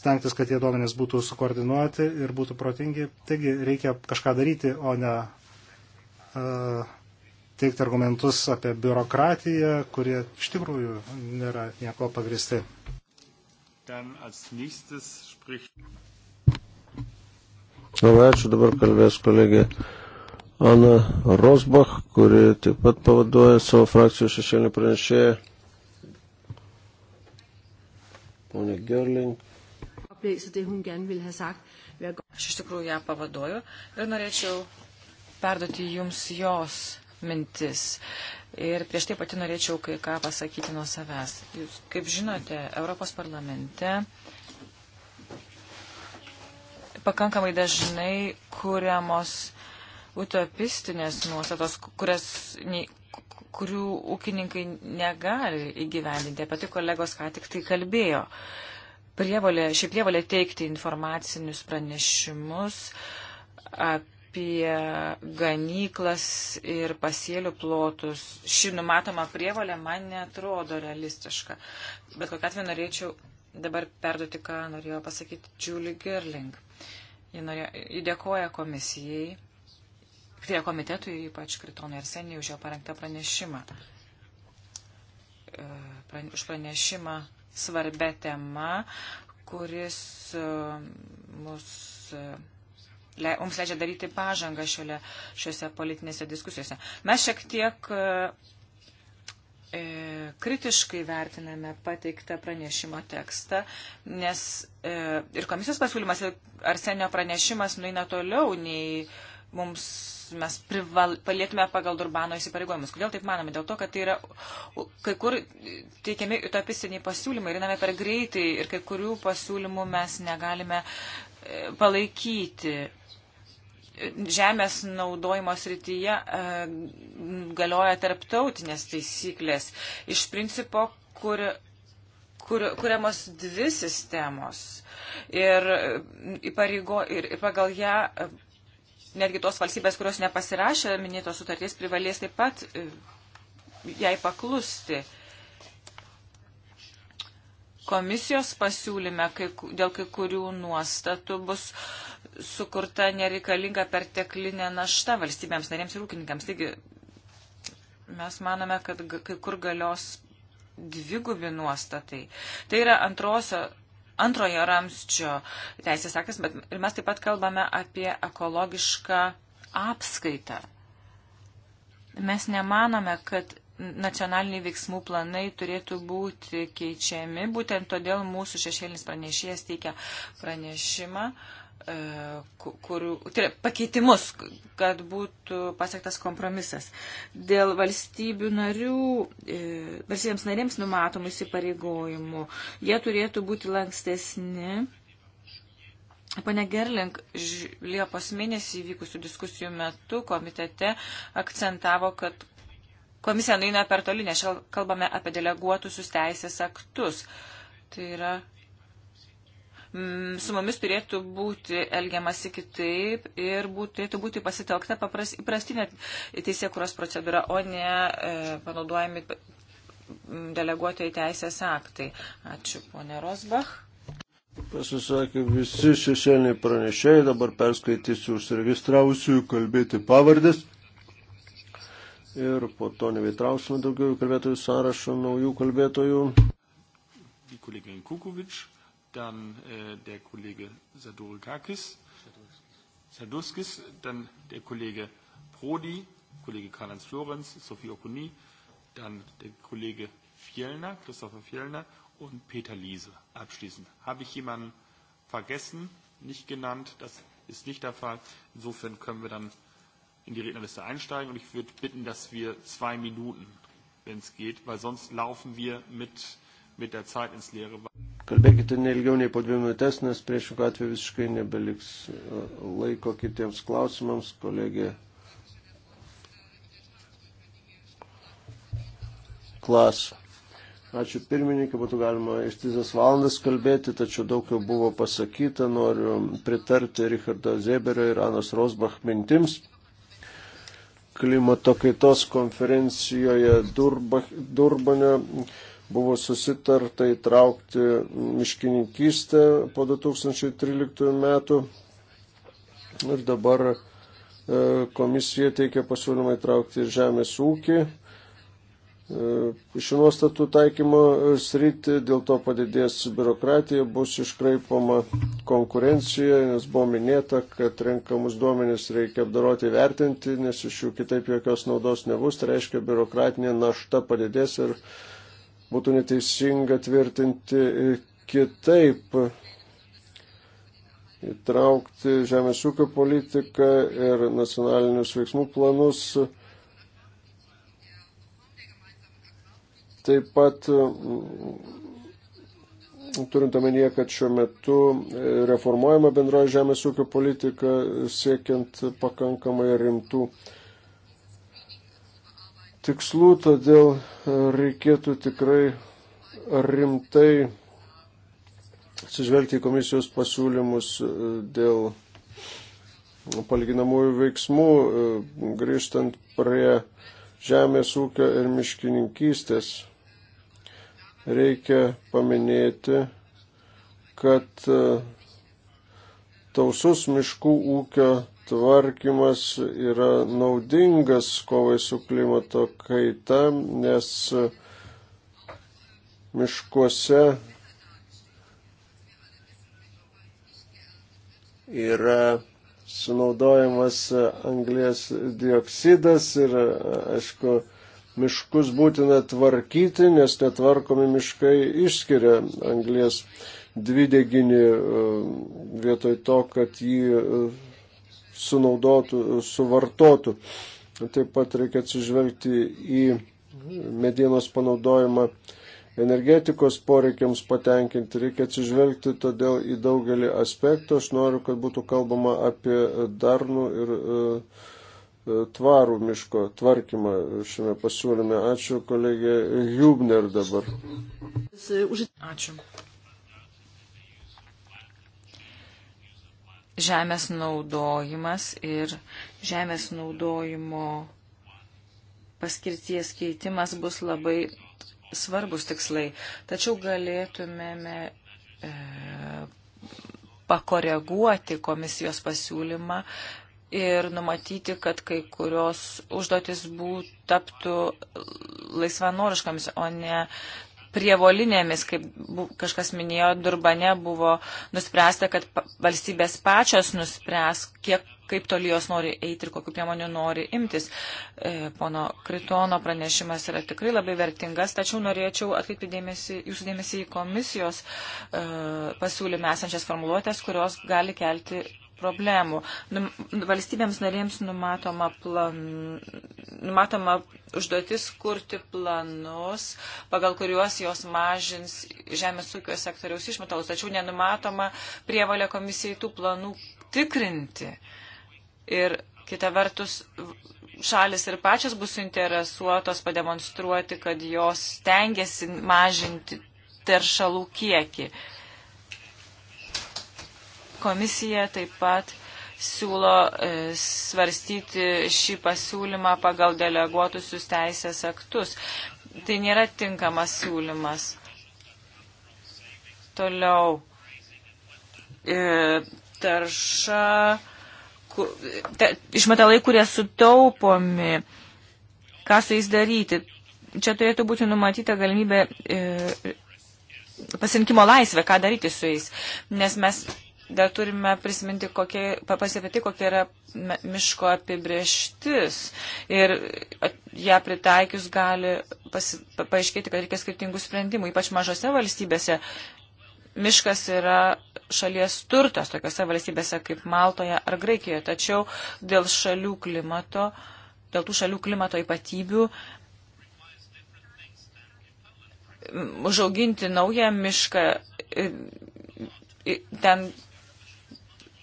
stengtis, kad tie duomenys būtų sukoordinuoti ir būtų protingi. Taigi reikia kažką daryti, o ne uh, teikti argumentus apie biurokratiją, kurie iš tikrųjų nėra nieko pagristi. Dann als nächstes spricht. Labai ačiū, dabar kalbės kolegė Ana Rosbach, kuri taip pat pavaduoja savo frakcijų šešėlį pranešėją. Pone Gerling. Aš iš tikrųjų ją pavaduoju ir norėčiau perduoti jums jos mintis. Ir prieš tai pati norėčiau kai ką pasakyti nuo savęs. Jūs, kaip žinote, Europos parlamente pakankamai dažnai kuriamos utopistinės nuostatos, kurias, kurių ūkininkai negali įgyvendinti. Apie tai kolegos ką tik tai kalbėjo. Prievolė, ši prievolė teikti informacinius pranešimus apie apie ganyklas ir pasėlių plotus. Ši numatoma prievalė man netrodo realistiška. Bet kokią atveju norėčiau dabar perduoti, ką norėjo pasakyti Julie Gerling. Ji, norėjo, ji dėkoja komisijai, tai komitetui, ypač Kritonui Arsenijai, už jo parengtą pranešimą. E, prane, už pranešimą svarbia tema, kuris e, mus. Uh, le, mums leidžia daryti pažangą šiole, šiuose politinėse diskusijose. Mes šiek tiek e, e, kritiškai vertiname pateiktą pranešimo tekstą, nes e, ir komisijos pasiūlymas, ir Arsenio pranešimas nueina toliau nei mums mes prival, palietume pagal Durbano įsipareigojimus. Kodėl taip manome? Dėl to, kad tai yra kai kur teikiami utopistiniai pasiūlymai, riname per greitai ir kai kurių pasiūlymų mes negalime e, palaikyti žemės naudojimo srityje e, galioja tarptautinės taisyklės. Iš principo, kur, kur, kuriamos dvi sistemos ir, e, įpareigo, ir, ir pagal ją e, netgi tos valstybės, kurios nepasirašė minėtos sutarties, privalės taip pat e, jai paklusti. Komisijos pasiūlyme kai, dėl kai kurių nuostatų bus uh, sukurta nereikalinga perteklinė našta valstybėms narėms ir ūkininkams. Taigi mes manome, kad kai kur galios dvigubi nuostatai. Tai yra antrosio, antrojo ramsčio teisės aktas, bet ir mes taip pat kalbame apie ekologišką apskaitą. Mes nemanome, kad nacionaliniai veiksmų planai turėtų būti keičiami. Būtent todėl mūsų šešėlinis pranešėjas teikia pranešimą, E, kurių, tai yra pakeitimus, kad būtų pasiektas kompromisas. Dėl valstybių narių, e, valstybėms narėms numatomų įsipareigojimų, jie turėtų būti lankstesni. Pane Gerling, Liepos mėnesį vykusių diskusijų metu komitete akcentavo, kad komisija nueina per toli, nes kalbame apie deleguotusius teisės aktus. Tai yra Mm, su mumis turėtų būti elgiamasi kitaip ir būt, turėtų būti pasitelkta įprastinė teisėkuros procedūra, o ne e, panaudojami mm, deleguotojai teisės aktai. Ačiū, ponė Rosbach. Pasisakė visi šešėliniai pranešėjai, dabar perskaitysiu užsiregistrausiu kalbėti pavardės. Ir po to neveitrausime daugiau kalbėtojų sąrašo naujų kalbėtojų. Kolega Inkukovič, dann äh, der Kollege Sadurikakis, Saduskis, dann der Kollege Prodi, Kollege Karl-Heinz Florenz, Sophie Okuni, dann der Kollege Fjellner, Christopher Fjellner und Peter Liese abschließend. Habe ich jemanden vergessen, nicht genannt? Das ist nicht der Fall. Insofern können wir dann in die Rednerliste einsteigen und ich würde bitten, dass wir zwei Minuten, wenn es geht, weil sonst laufen wir mit, mit der Zeit ins Leere. Kalbėkite neilgiau nei po dvi minutės, nes priešingų atveju visiškai nebeliks e, laiko kitiems klausimams. Kolegė Klas. Ačiū pirmininkai, būtų galima ištisas valandas kalbėti, tačiau daug jau buvo pasakyta. Noriu pritarti Richardo Zeberio ir Anos Rosbach mintims klimato kaitos konferencijoje Durbane buvo susitarta įtraukti miškininkystę po 2013 metų ir dabar e, komisija teikia pasiūlymą įtraukti ir žemės ūkį. E, iš nuostatų taikymo sritį dėl to padidės biurokratija, bus iškraipama konkurencija, nes buvo minėta, kad renkamus duomenis reikia apdaroti vertinti, nes iš jų kitaip jokios naudos nebus, tai reiškia biurokratinė našta padidės ir būtų neteisinga tvirtinti kitaip, įtraukti žemės ūkio politiką ir nacionalinius veiksmų planus. Taip pat mm, turint omenyje, kad šiuo metu reformuojama bendroji žemės ūkio politika siekiant pakankamai rimtų uh, tikslų, todėl reikėtų tikrai rimtai atsižvelgti į komisijos pasiūlymus e, dėl palyginamųjų veiksmų, e, grįžtant prie žemės ūkio ir miškininkystės. Reikia paminėti, kad e, tausus miškų ūkio tvarkymas yra naudingas kovai su klimato kaita, nes miškuose yra sunaudojamas anglės dioksidas ir, aišku, miškus būtina tvarkyti, nes netvarkomi miškai išskiria anglės dvideginį e, vietoj to, kad jį e, sunaudotų, suvartotų. Taip pat reikia atsižvelgti į medienos panaudojimą energetikos poreikiams patenkinti. Reikia atsižvelgti todėl į daugelį aspektų. Aš noriu, kad būtų kalbama apie darnų ir e, e, tvarų miško tvarkymą šiame pasiūlyme. Ačiū kolegė Hubner dabar. Ačiū. žemės naudojimas ir žemės naudojimo paskirties keitimas bus labai svarbus tikslai. Tačiau galėtumėme e, pakoreguoti komisijos pasiūlymą ir numatyti, kad kai kurios užduotis būtų taptų laisvanoriškams, o ne prievolinėmis, kaip kažkas minėjo, Durbane buvo nuspręsta, kad valstybės pačios nuspręs, kiek, kaip toli jos nori eiti ir kokiu priemonių nori imtis. E, pono Kritono pranešimas yra tikrai labai vertingas, tačiau norėčiau atkreipti dėmesį, jūsų dėmesį į komisijos e, pasiūlymę esančias formuluotės, kurios gali kelti problemų. Num, valstybėms narėms numatoma, plan, numatoma užduotis kurti planus, pagal kuriuos jos mažins žemės ūkio sektoriaus išmetalus, tačiau nenumatoma prievalė komisijai tų planų tikrinti. Ir kita vertus, šalis ir pačios bus suinteresuotos pademonstruoti, kad jos tengiasi mažinti teršalų kiekį. Uh, Komisija taip pat siūlo e, svarstyti šį pasiūlymą pagal deleguotusius teisės aktus. Tai nėra tinkamas siūlymas. Toliau. E, tarša. Išmetalai, kurie sutaupomi. Ką su jais daryti? Čia turėtų būti numatyta galimybė e, pasirinkimo laisvę, ką daryti su jais. Nes mes dar turime prisiminti, kokie, pasipėti, tai, kokia yra miško apibrieštis ir ją pritaikius gali pasi, paaiškėti, kad reikia skirtingų sprendimų, ypač mažose valstybėse. Miškas yra šalies turtas tokiose valstybėse kaip Maltoje ar Graikijoje, tačiau dėl šalių klimato, dėl tų šalių klimato ypatybių užauginti naują mišką ten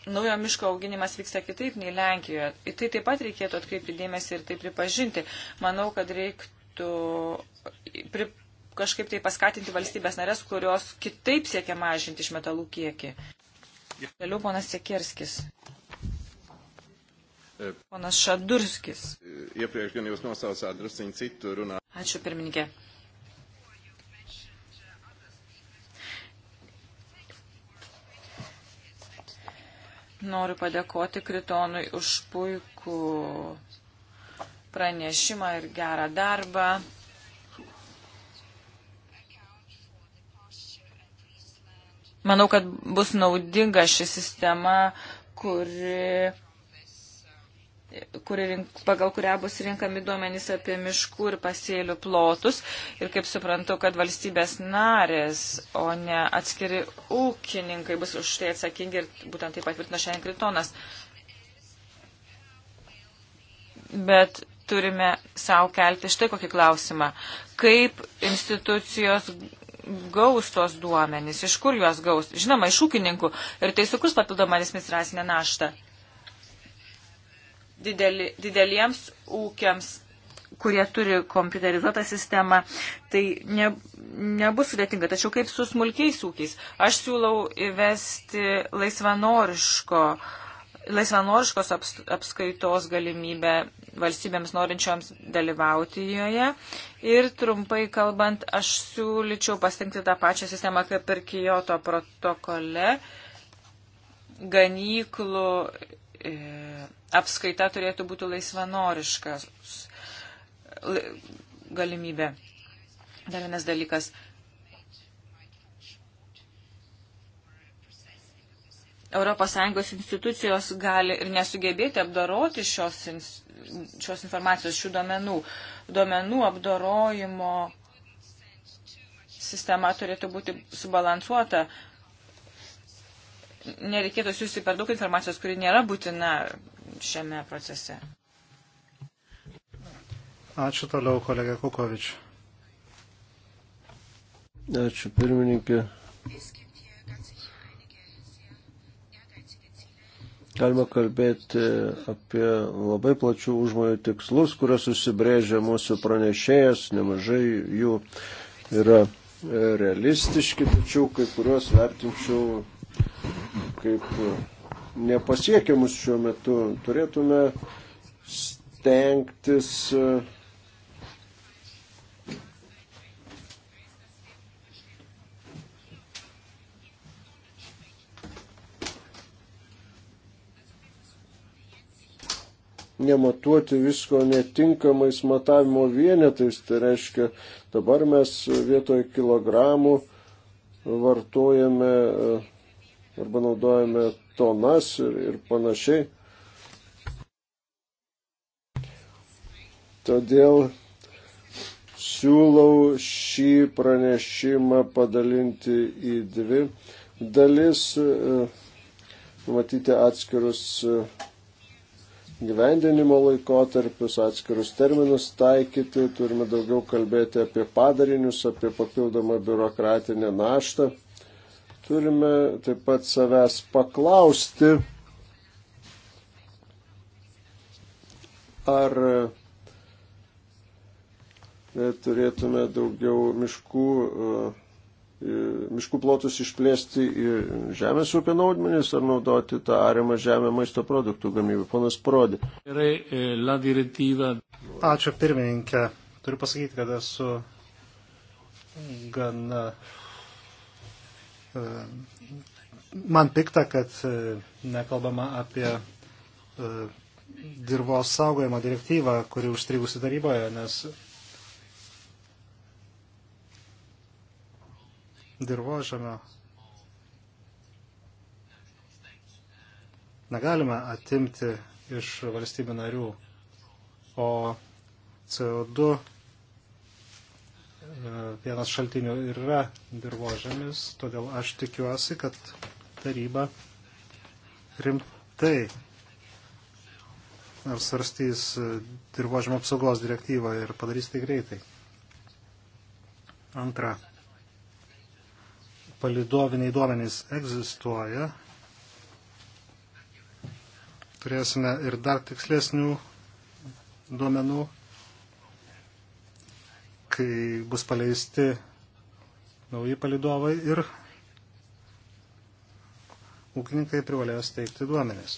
naujo miško auginimas vyksta kitaip nei Lenkijoje. Į tai taip pat reikėtų atkreipti dėmesį ir tai pripažinti. Manau, kad reiktų pri, kažkaip tai paskatinti valstybės narės, kurios kitaip siekia mažinti iš metalų kiekį. Vėliau ponas Sekirskis. E, ponas Šadurskis. E, Ačiū pirmininkė. Noriu padėkoti Kritonui už puikų pranešimą ir gerą darbą. Manau, kad bus naudinga ši sistema, kuri kuri, pagal kurią bus rinkami duomenys apie miškų ir pasėlių plotus. Ir kaip suprantu, kad valstybės narės, o ne atskiri ūkininkai bus už tai atsakingi ir būtent taip patvirtino šiandien Kritonas. Bet turime savo kelti štai kokį klausimą. Kaip institucijos gaus tos duomenys, iš kur juos gaus? Žinoma, iš ūkininkų. Ir tai sukurs papildomą administracinę naštą dideli, dideliems ūkiams kurie turi kompiuterizuotą sistemą, tai ne, nebus sudėtinga. Tačiau kaip su smulkiais ūkiais? Aš siūlau įvesti laisvanoriško, laisvanoriškos aps, apskaitos galimybę valstybėms norinčioms dalyvauti joje. Ir trumpai kalbant, aš siūlyčiau pasirinkti tą pačią sistemą kaip ir Kyoto protokole ganyklų e, apskaita turėtų būti laisvanoriška la, galimybė. Dar vienas dalykas. ES institucijos gali ir nesugebėti apdoroti šios, šios informacijos, šių duomenų. Duomenų apdorojimo sistema turėtų būti subalansuota. E, nereikėtų siūsti per daug informacijos, kuri nėra būtina šiame procese. Ačiū toliau, kolega Kukovič. Ačiū pirmininkė. Galima kalbėti apie labai plačių užmojų tikslus, kurias susibrėžia mūsų pranešėjas, nemažai jų yra realistiški, tačiau kai kuriuos vertinčiau kaip nepasiekiamus šiuo metu. Turėtume stengtis uh, nematuoti visko netinkamais matavimo vienetais. Tai reiškia, dabar mes vietoj kilogramų vartojame uh, arba naudojame tonas ir, ir panašiai. Todėl siūlau šį pranešimą padalinti į dvi dalis, e, matyti atskirus e, gyvendinimo laikotarpius, atskirus terminus taikyti, turime daugiau kalbėti apie padarinius, apie papildomą biurokratinę naštą. Turime taip pat savęs paklausti, ar e, turėtume daugiau miškų, e, miškų plotus išplėsti į žemės ūkio naudmenis ar naudoti tą ariamą žemę maisto produktų gamybą. Ponas Prodi. E, Ačiū pirmininkė. Turiu pasakyti, kad esu gana man pikta, kad e, nekalbama apie e, dirbos saugojimo direktyvą, kuri užstrigusi taryboje, nes dirbožėmio negalime atimti iš valstybių narių, o CO2 vienas šaltinių yra dirbožėmis, todėl aš tikiuosi, kad taryba rimtai ar svarstys dirbožėmio apsaugos direktyvą ir padarys tai greitai. Antra. Palidoviniai duomenys egzistuoja. Turėsime ir dar tikslesnių duomenų kai bus paleisti nauji palidovai ir ūkininkai privalės teikti duomenis.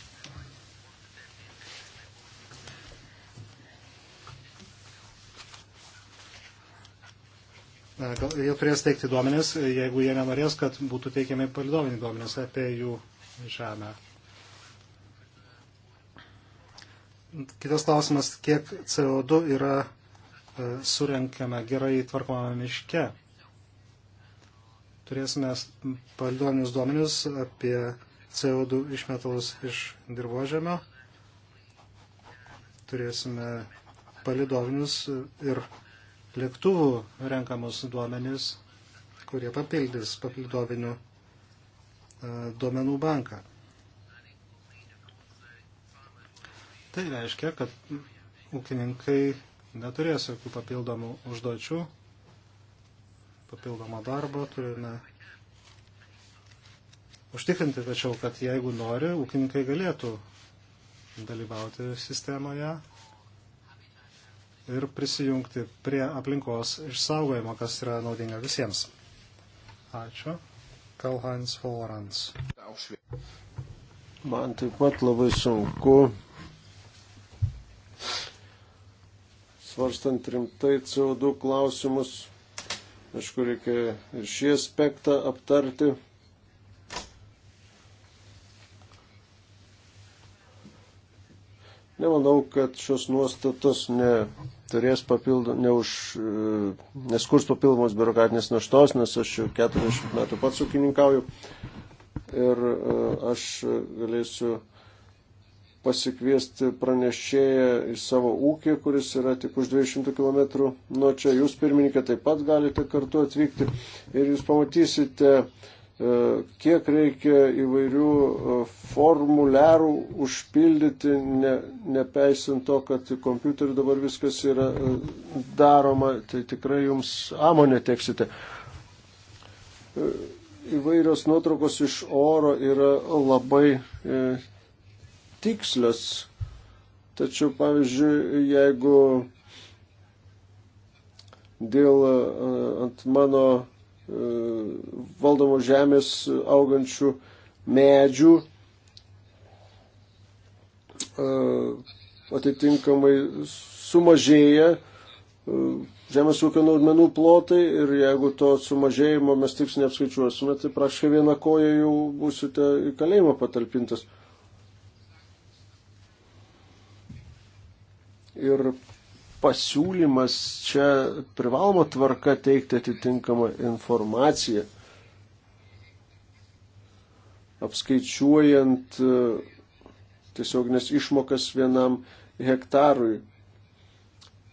Gal, jie turės teikti duomenis, jeigu jie nenorės, kad būtų teikiami palidoviniai duomenis apie jų žemę. Kitas klausimas, kiek CO2 yra E, surenkame gerai tvarkomame miške. Turėsime palidoninius duomenius apie CO2 išmetalus iš dirbožėmio. Turėsime palidovinius ir lėktuvų renkamus duomenis, kurie papildys palidovinių e, duomenų banką. Tai reiškia, kad ūkininkai neturės jokių papildomų užduočių, papildomą darbą turime užtikrinti, tačiau, kad jeigu nori, ūkininkai galėtų dalyvauti sistemoje ir prisijungti prie aplinkos išsaugojimo, kas yra naudinga visiems. Ačiū. Kalhans Florence. Man taip pat labai sunku svarstant rimtai CO2 klausimus. Aišku, reikia ir šį aspektą aptarti. Nemanau, kad šios nuostatos neturės papildo, ne už, e, neskurs papildomos biurokratinės naštos, nes aš jau 40 metų pats ūkininkauju ir e, aš galėsiu pasikviesti pranešėją į savo ūkį, kuris yra tik už 200 km nuo čia. Jūs, pirmininkė, taip pat galite kartu atvykti ir jūs pamatysite, e, kiek reikia įvairių e, formuliarų užpildyti, ne, nepeisint to, kad kompiuteriu dabar viskas yra e, daroma, tai tikrai jums amonę teksite įvairios nuotraukos iš oro yra labai tikslios. Tačiau, pavyzdžiui, jeigu dėl e, ant mano e, valdomos žemės augančių medžių e, atitinkamai sumažėja žemės ūkio naudmenų plotai ir jeigu to sumažėjimo mes tiksliai neapskaičiuosime, tai prašai vieną koją jau būsite į kalėjimą patalpintas. ir pasiūlymas čia privaloma tvarka teikti atitinkamą informaciją, apskaičiuojant e, tiesiog nes išmokas vienam hektarui.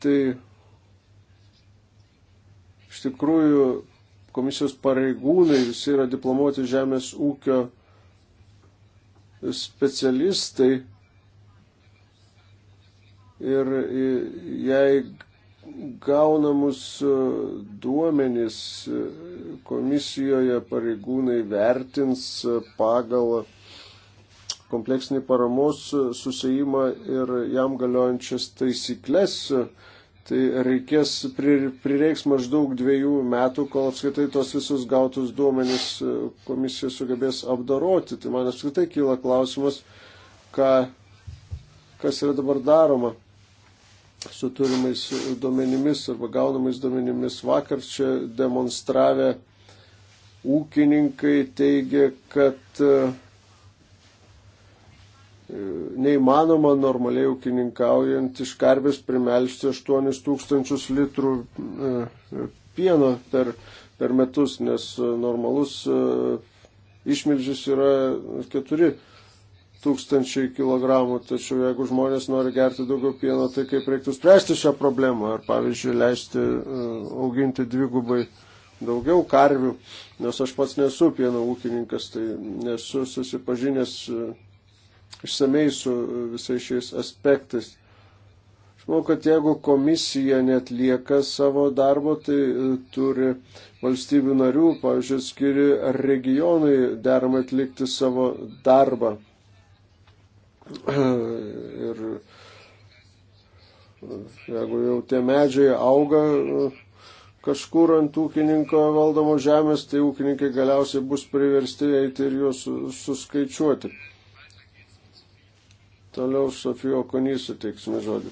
Tai iš tikrųjų komisijos pareigūnai visi yra diplomuoti žemės ūkio specialistai ir jei gaunamus e, duomenys e, komisijoje pareigūnai vertins e, pagal kompleksinį paramos susijimą ir jam galiojančias taisyklės, tai reikės, prireiks maždaug dviejų metų, kol apskaitai tos visus gautus duomenys komisija sugebės apdoroti. Tai man apskaitai kyla klausimas, ką, kas yra dabar daroma su turimais duomenimis arba gaunamais duomenimis vakar čia demonstravę ūkininkai teigia, kad e, neįmanoma normaliai ūkininkaujant iš karvės primelžti 8000 litrų e, pieno per, per metus, nes normalus e, išmilžis yra 4 tūkstančiai kilogramų, tačiau jeigu žmonės nori gerti daugiau pieno, tai kaip reiktų spręsti šią problemą, ar pavyzdžiui leisti e, auginti dvigubai daugiau karvių, nes aš pats nesu pieno ūkininkas, tai nesu susipažinęs e, išsamei su e, visais šiais aspektais. Aš manau, kad jeigu komisija netlieka savo darbo, tai turi valstybių narių, pavyzdžiui, skiri regionai deramai atlikti savo darbą. Ir jeigu jau tie medžiai auga e, kažkur ant ūkininko valdomo žemės, tai ūkininkai galiausiai bus priversti eiti ir juos suskaičiuoti. Toliau Sofijo Konys suteiksime žodį.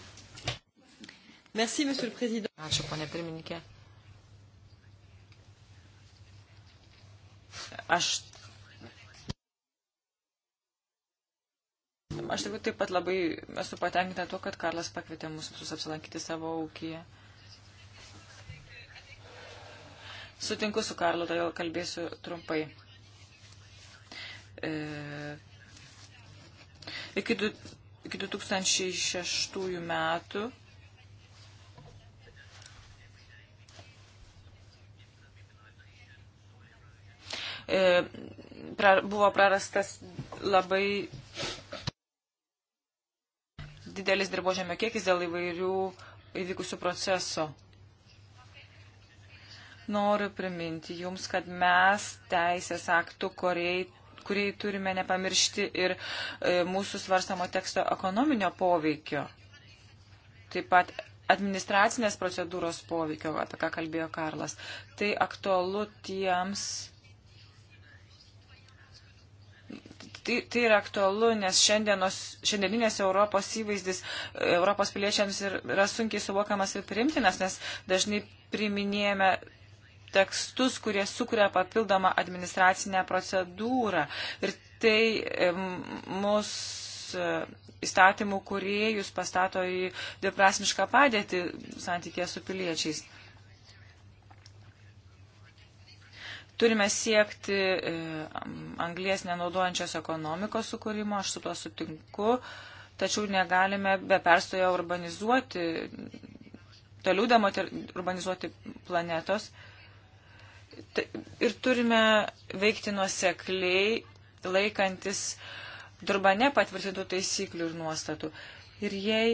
Merci, monsieur le président. Ačiū, ponė pirmininkė. Aš Aš taip, taip pat labai esu patenkinta tuo, kad Karlas pakvietė mus visus apsilankyti savo ūkiją. Sutinku su Karlu, todėl kalbėsiu trumpai. E, iki, du, iki 2006 metų e, pra, buvo prarastas labai didelis dirbožėmio kiekis dėl įvairių įvykusių procesų. Noriu priminti Jums, kad mes teisės aktų, kuriai, kuriai turime nepamiršti ir e, mūsų svarstamo teksto ekonominio poveikio. Taip pat administracinės procedūros poveikio, apie ką kalbėjo Karlas. Tai aktualu tiems tai, tai yra aktualu, nes šiandieninės Europos įvaizdis e, Europos piliečiams yra sunkiai suvokiamas ir primtinas, nes dažnai priminėjame tekstus, kurie sukuria papildomą administracinę procedūrą. Ir tai e, mus e, įstatymų kuriejus pastato į dviprasmišką padėtį santykė su piliečiais. Turime siekti e, anglės nenaudojančios ekonomikos sukūrimo, aš su tuo sutinku, tačiau negalime be perstojo urbanizuoti, toliau urbanizuoti planetos. Ir turime veikti nuosekliai, laikantis durbane patvirtintų taisyklių ir nuostatų. Ir jei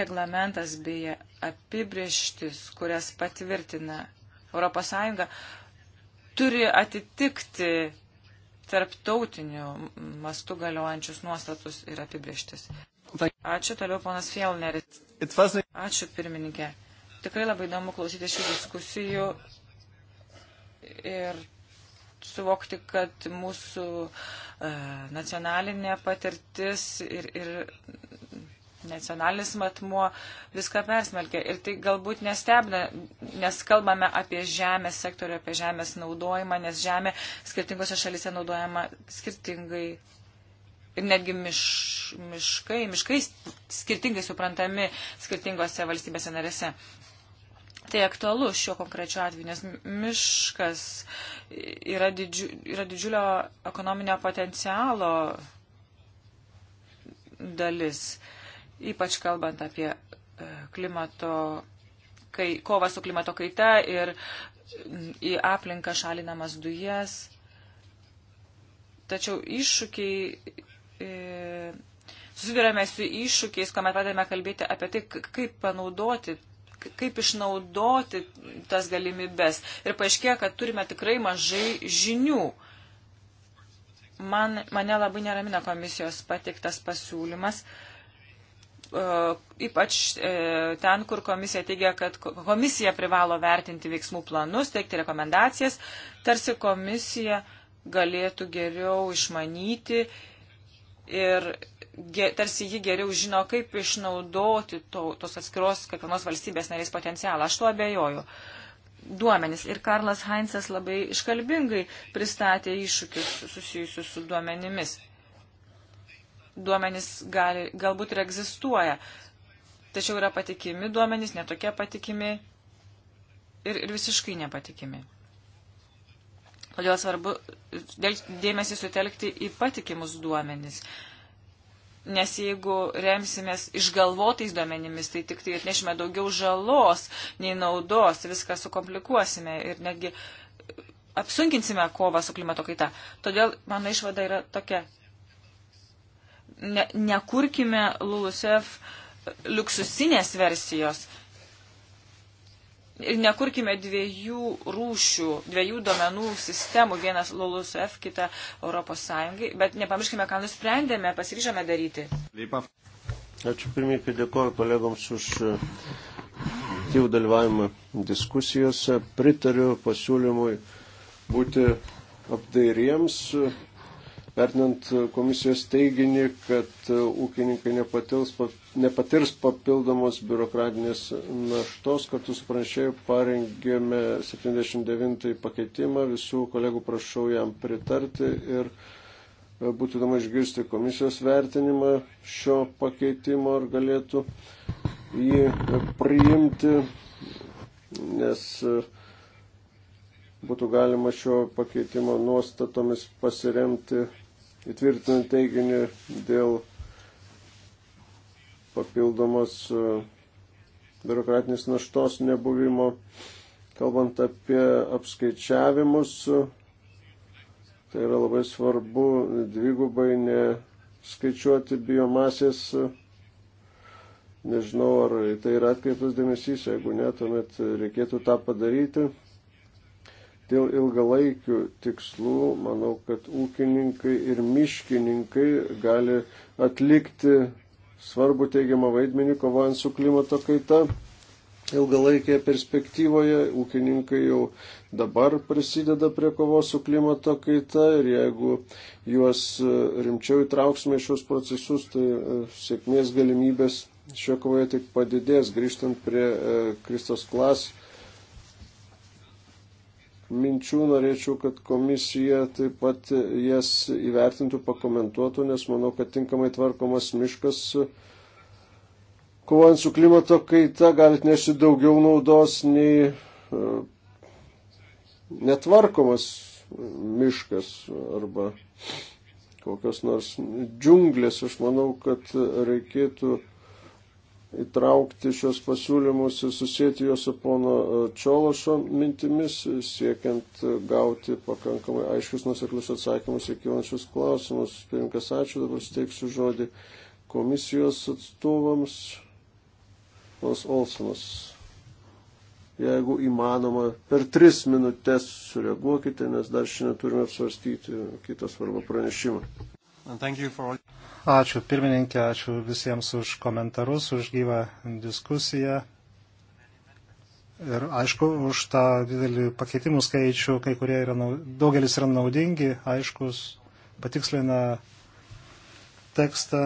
reglamentas bei apibrieštis, kurias patvirtina ES, turi atitikti tarptautinių mastų galiojančius nuostatus ir apibrieštis. Ačiū toliau, ponas Fielneris. Ačiū, pirmininkė. Tikrai labai įdomu klausyti šių diskusijų ir suvokti, kad mūsų uh, nacionalinė patirtis ir, ir nacionalinis matmuo viską persmelkia. Ir tai galbūt nestebina, nes kalbame apie žemės sektorių, apie žemės naudojimą, nes žemė skirtingose šalise naudojama skirtingai. Ir netgi miš, miškai, miškai skirtingai suprantami skirtingose valstybėse narėse. Tai aktualu šiuo konkrečiu atveju, nes miškas yra, didžiu, yra didžiulio ekonominio potencialo dalis ypač kalbant apie e, klimato, kai, kovą su klimato kaita ir į aplinką šalinamas dujas. Tačiau iššūkiai, e, susidurėme su iššūkiais, kuomet pradėjome kalbėti apie tai, kaip panaudoti kaip išnaudoti tas galimybės. Ir paaiškėjo, kad turime tikrai mažai žinių. Man, mane labai neramina komisijos pateiktas pasiūlymas. E, E, ypač e, ten, kur komisija teigia, kad komisija privalo vertinti veiksmų planus, teikti rekomendacijas, tarsi komisija galėtų geriau išmanyti ir tarsi ji geriau žino, kaip išnaudoti to, tos atskiros kiekvienos valstybės narės potencialą. Aš tuo abejoju. Duomenis. Ir Karlas Heinzas labai iškalbingai pristatė iššūkius susijusius su duomenimis duomenys gali, galbūt ir egzistuoja, tačiau yra patikimi duomenys, netokie patikimi ir, ir visiškai nepatikimi. Todėl svarbu dėmesį sutelkti į patikimus duomenys. Nes jeigu remsimės išgalvotais duomenimis, tai tik tai atnešime daugiau žalos nei naudos, viską sukomplikuosime ir netgi apsunkinsime kovą su klimato kaita. Todėl mano išvada yra tokia ne, nekurkime LULUSEF liuksusinės versijos ir nekurkime dviejų rūšių, dviejų domenų sistemų, vienas LULUSEF, kita Europos Sąjungai, bet nepamirškime, ką nusprendėme, pasiryžome daryti. Ačiū pirmininkai, dėkoju kolegoms už aktyvų e, dalyvavimą diskusijose. Pritariu pasiūlymui būti apdairiems vertinant komisijos teiginį, kad e, ūkininkai nepatils, nepatirs papildomos biurokratinės naštos. Kartu su pranešėju parengėme 79 pakeitimą. Visų kolegų prašau jam pritarti ir e, būtų įdomu išgirsti komisijos vertinimą šio pakeitimo ar galėtų jį priimti, nes e, būtų galima šio pakeitimo nuostatomis pasiremti įtvirtinant teiginį dėl papildomos e, biurokratinės naštos nebuvimo, kalbant apie apskaičiavimus, e, tai yra labai svarbu dvigubai neskaičiuoti biomasės. E, nežinau, ar tai yra atkreiptas dėmesys, jeigu ne, tuomet reikėtų tą padaryti. Dėl ilgalaikių tikslų manau, kad ūkininkai ir miškininkai gali atlikti svarbu teigiamą vaidmenį kovojant su klimato kaita. Ilgalaikėje perspektyvoje ūkininkai jau dabar prisideda prie kovos su klimato kaita ir jeigu juos e, rimčiau įtrauksime į šios procesus, tai e, sėkmės galimybės šio kovoje tik padidės. Grįžtant prie e, Kristos klas minčių, norėčiau, kad komisija taip pat jas įvertintų, pakomentuotų, nes manau, kad tinkamai tvarkomas miškas kovojant su klimato kaita gali nešti daugiau naudos nei e, netvarkomas miškas arba kokios nors džiunglės. Aš manau, kad reikėtų įtraukti šios pasiūlymus ir susijęti juos su pono e, Čiološo mintimis, siekiant e, gauti pakankamai aiškius nuseklius atsakymus į kilančius klausimus. Pirinkas, ačiū, dabar steiksiu žodį komisijos atstovams. Ponas Olsonas, jeigu įmanoma, per tris minutės sureaguokite, nes dar šiandien turime apsvarstyti kitą svarbą pranešimą. For... Ačiū pirmininkė, ačiū visiems už komentarus, už gyvą diskusiją. Ir aišku, už tą didelį pakeitimų skaičių, kai kurie yra, daugelis yra naudingi, aiškus, patikslina tekstą.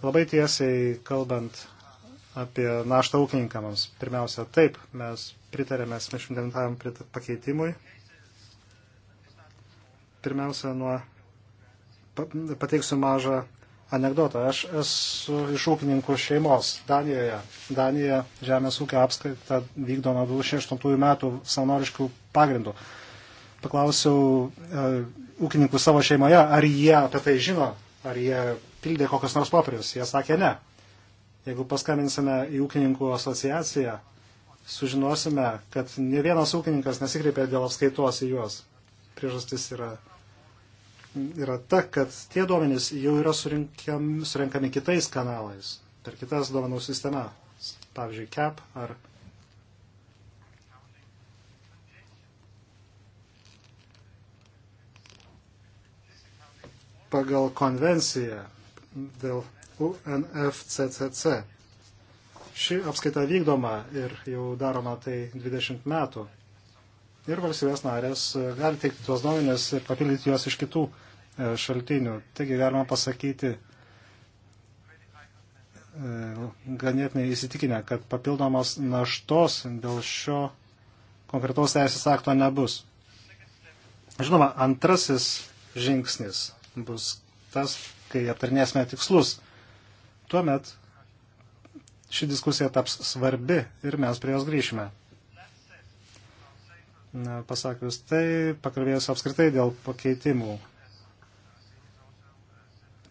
Labai tiesiai kalbant apie naštą ūkininkams. Pirmiausia, taip, mes pritarėme 79 pakeitimui. Pirmiausia, nuo pateiksiu mažą anegdotą. Aš esu iš ūkininkų šeimos Danijoje. Danija žemės ūkio apskaitą vykdo nuo 2008 metų savanoriškų pagrindų. Paklausiau e, ūkininkų savo šeimoje, ar jie apie tai žino, ar jie pildė kokius nors popierius. Jie sakė ne. Jeigu paskambinsime į ūkininkų asociaciją, sužinosime, kad ne vienas ūkininkas nesikreipė dėl apskaitos į juos. Priežastis yra yra ta, kad tie duomenys jau yra surinkami kitais kanalais, per kitas duomenų sistemas, pavyzdžiui, CAP ar. pagal konvenciją dėl UNFCCC. Ši apskaita vykdoma ir jau daroma tai 20 metų ir valstybės narės e, gali teikti tuos duomenis ir papildyti juos iš kitų e, šaltinių. Taigi galima pasakyti e, ganėtinai įsitikinę, kad papildomos naštos dėl šio konkretaus teisės akto nebus. Žinoma, antrasis žingsnis bus tas, kai aptarnėsime tikslus. Tuomet ši diskusija taps svarbi ir mes prie jos grįšime pasakius tai, pakalbėjus apskritai dėl pakeitimų.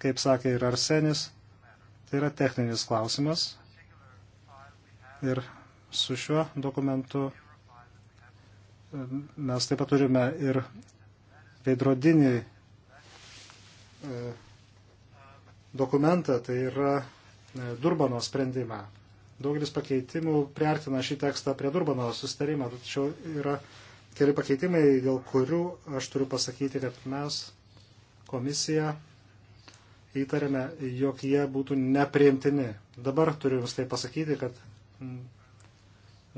Kaip sakė ir Arsenis, tai yra techninis klausimas. Ir su šiuo dokumentu e, mes taip pat turime ir veidrodinį e, dokumentą, tai yra e, Durbano sprendimą. Daugelis pakeitimų priartina šį tekstą prie Durbano sustarimo, tačiau yra keli pakeitimai, dėl kurių aš turiu pasakyti, kad mes komisija įtarėme, jog jie būtų nepriimtini. Dabar turiu jums tai pasakyti, kad mm,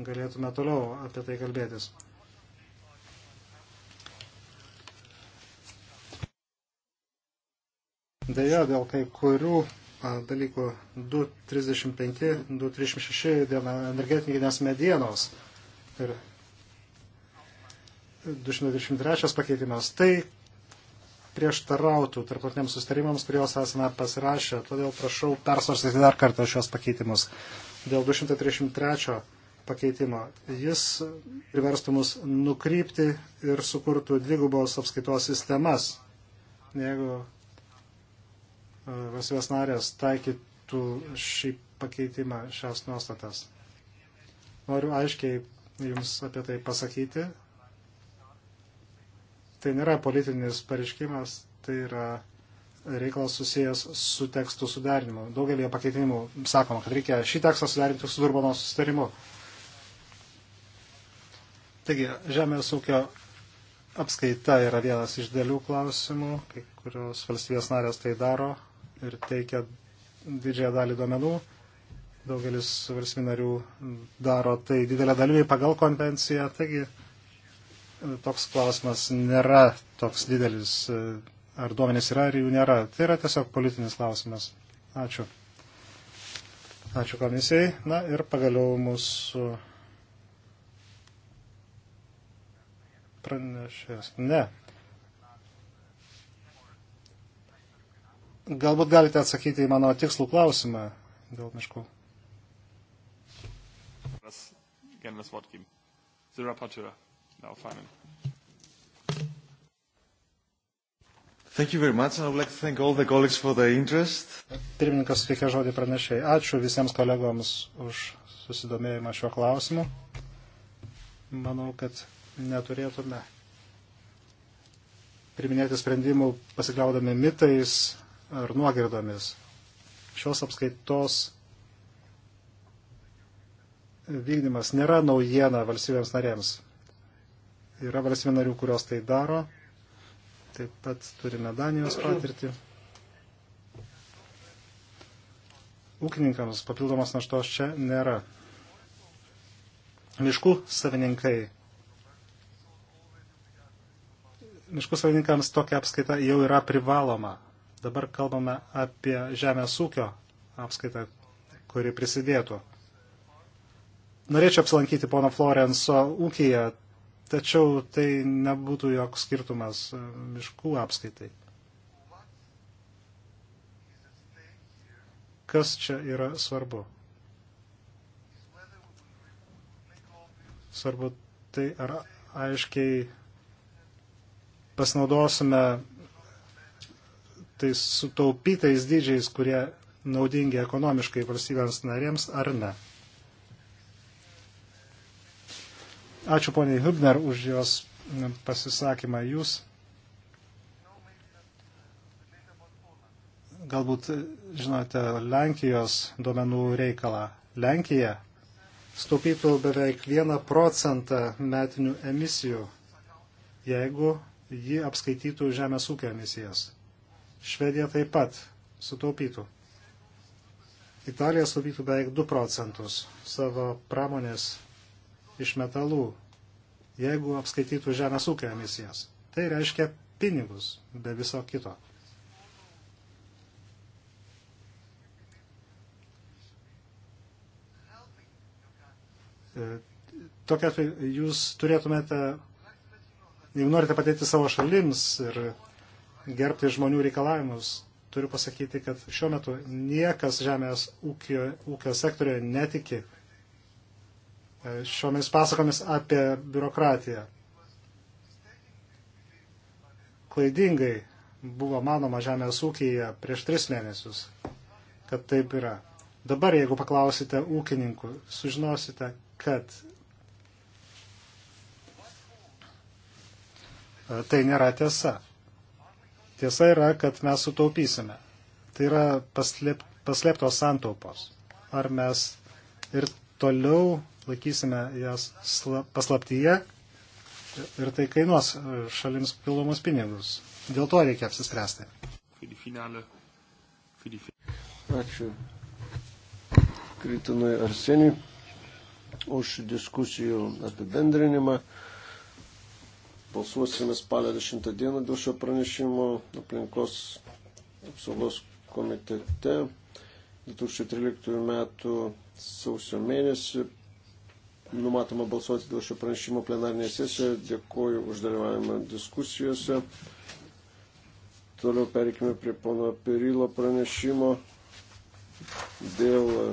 galėtume toliau apie tai kalbėtis. Deja, dėl kai kurių dalykų 235, 236 dėl energetinės medienos ir 223 pakeitimas. Tai prieštarautų tarptautiniams sustarimams, kuriuos esame pasirašę. Todėl prašau persvarstyti dar kartą šios pakeitimus. Dėl 233 pakeitimo. Jis priverstų mus nukrypti ir sukurtų dvigubos apskaitos sistemas. Jeigu e, valstybės narės taikytų šį pakeitimą, šias nuostatas. Noriu aiškiai Jums apie tai pasakyti, tai nėra politinis pareiškimas, tai yra reikalas susijęs su tekstų sudarinimu. Daugelį pakeitimų sakoma, kad reikia šį tekstą sudarinti su Durbono sustarimu. Taigi, žemės ūkio apskaita yra vienas iš dėlių klausimų, kai kurios valstybės narės tai daro ir teikia didžiąją dalį duomenų. Daugelis valstybių narių daro tai didelę dalį pagal konvenciją. Taigi, toks klausimas nėra toks didelis, ar duomenys yra, ar jų nėra. Tai yra tiesiog politinis klausimas. Ačiū. Ačiū komisijai. Na ir pagaliau mūsų pranešės. Ne. Galbūt galite atsakyti į mano tikslų klausimą dėl miškų. Gerbiamas Votkim. The rapporteur. Alfanen. Thank you very much. I would like to thank all the colleagues for their interest. Pirmininkas suteikia žodį pranešiai. Ačiū visiems kolegoms už susidomėjimą šiuo klausimu. Manau, kad neturėtume priminėti sprendimų pasikliaudami mitais ar nuogirdomis. Šios apskaitos vykdymas nėra naujiena valstybėms narėms. Yra valstybė narių, kurios tai daro. Taip pat turime Danijos patirtį. Ūkininkams papildomos naštos čia nėra. Miškų savininkai. Miškų savininkams tokia apskaita jau yra privaloma. Dabar kalbame apie žemės ūkio apskaitą, kuri prisidėtų. Norėčiau apsilankyti pono Florenso ūkiją, tačiau tai nebūtų joks skirtumas e, miškų apskaitai. Kas čia yra svarbu? Svarbu tai, ar aiškiai pasinaudosime tais sutaupytais dydžiais, kurie naudingi ekonomiškai valstybėms narėms ar ne. Ačiū poniai Hübner už jos pasisakymą. Jūs galbūt žinote Lenkijos duomenų reikalą. Lenkija stupytų beveik 1 procentą metinių emisijų, jeigu ji apskaitytų žemės ūkio emisijas. Švedija taip pat sutaupytų. Italija sutaupytų beveik 2 procentus savo pramonės iš metalų, jeigu apskaitytų žemės ūkio emisijas. Tai reiškia pinigus be viso kito. E, tokia jūs turėtumėte, jeigu norite padėti savo šalims ir gerbti žmonių reikalavimus, turiu pasakyti, kad šiuo metu niekas žemės ūkio, ūkio sektorioje netiki E, šiomis pasakomis apie biurokratiją. Klaidingai buvo manoma žemės ūkija prieš tris mėnesius, kad taip yra. Dabar, jeigu paklausite ūkininkų, sužinosite, kad e, tai nėra tiesa. Tiesa yra, kad mes sutaupysime. Tai yra paslėp, paslėptos santaupos. Ar mes ir toliau laikysime jas paslaptyje ir tai kainuos e, šalims pilomus pinigus. Dėl to reikia apsispręsti. Ačiū Kritinui Arseniui už diskusijų apibendrinimą. Balsuosime spalio 10 dieną dėl šio pranešimo aplinkos apsaugos komitete 2013 m. sausio mėnesį numatoma balsuoti dėl šio pranešimo plenarinėje sesijoje. Dėkuoju už dalyvavimą diskusijose. Toliau perikime prie pono Perilo pranešimo dėl e,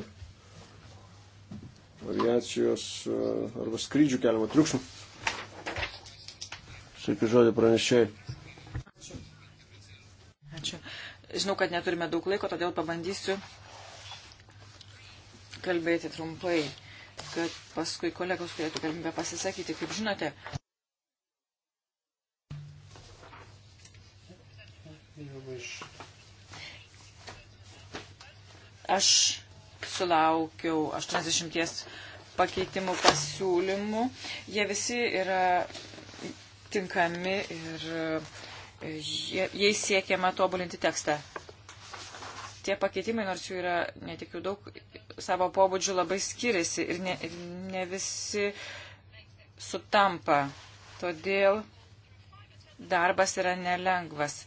aviacijos e, arba skrydžių keliamo triukšmo. Sveikiu žodį pranešėjai. Ačiū. Ačiū. Žinau, kad neturime daug laiko, todėl pabandysiu kalbėti trumpai kad paskui kolegos turėtų galimybę pasisakyti, kaip žinote. Aš sulaukiau 80 pakeitimų pasiūlymų. Jie visi yra tinkami ir e, jais siekiama tobulinti tekstą. Tie pakeitimai, nors jų yra netikiu daug, savo pobūdžiu labai skiriasi ir ne, ir ne visi sutampa. Todėl darbas yra nelengvas.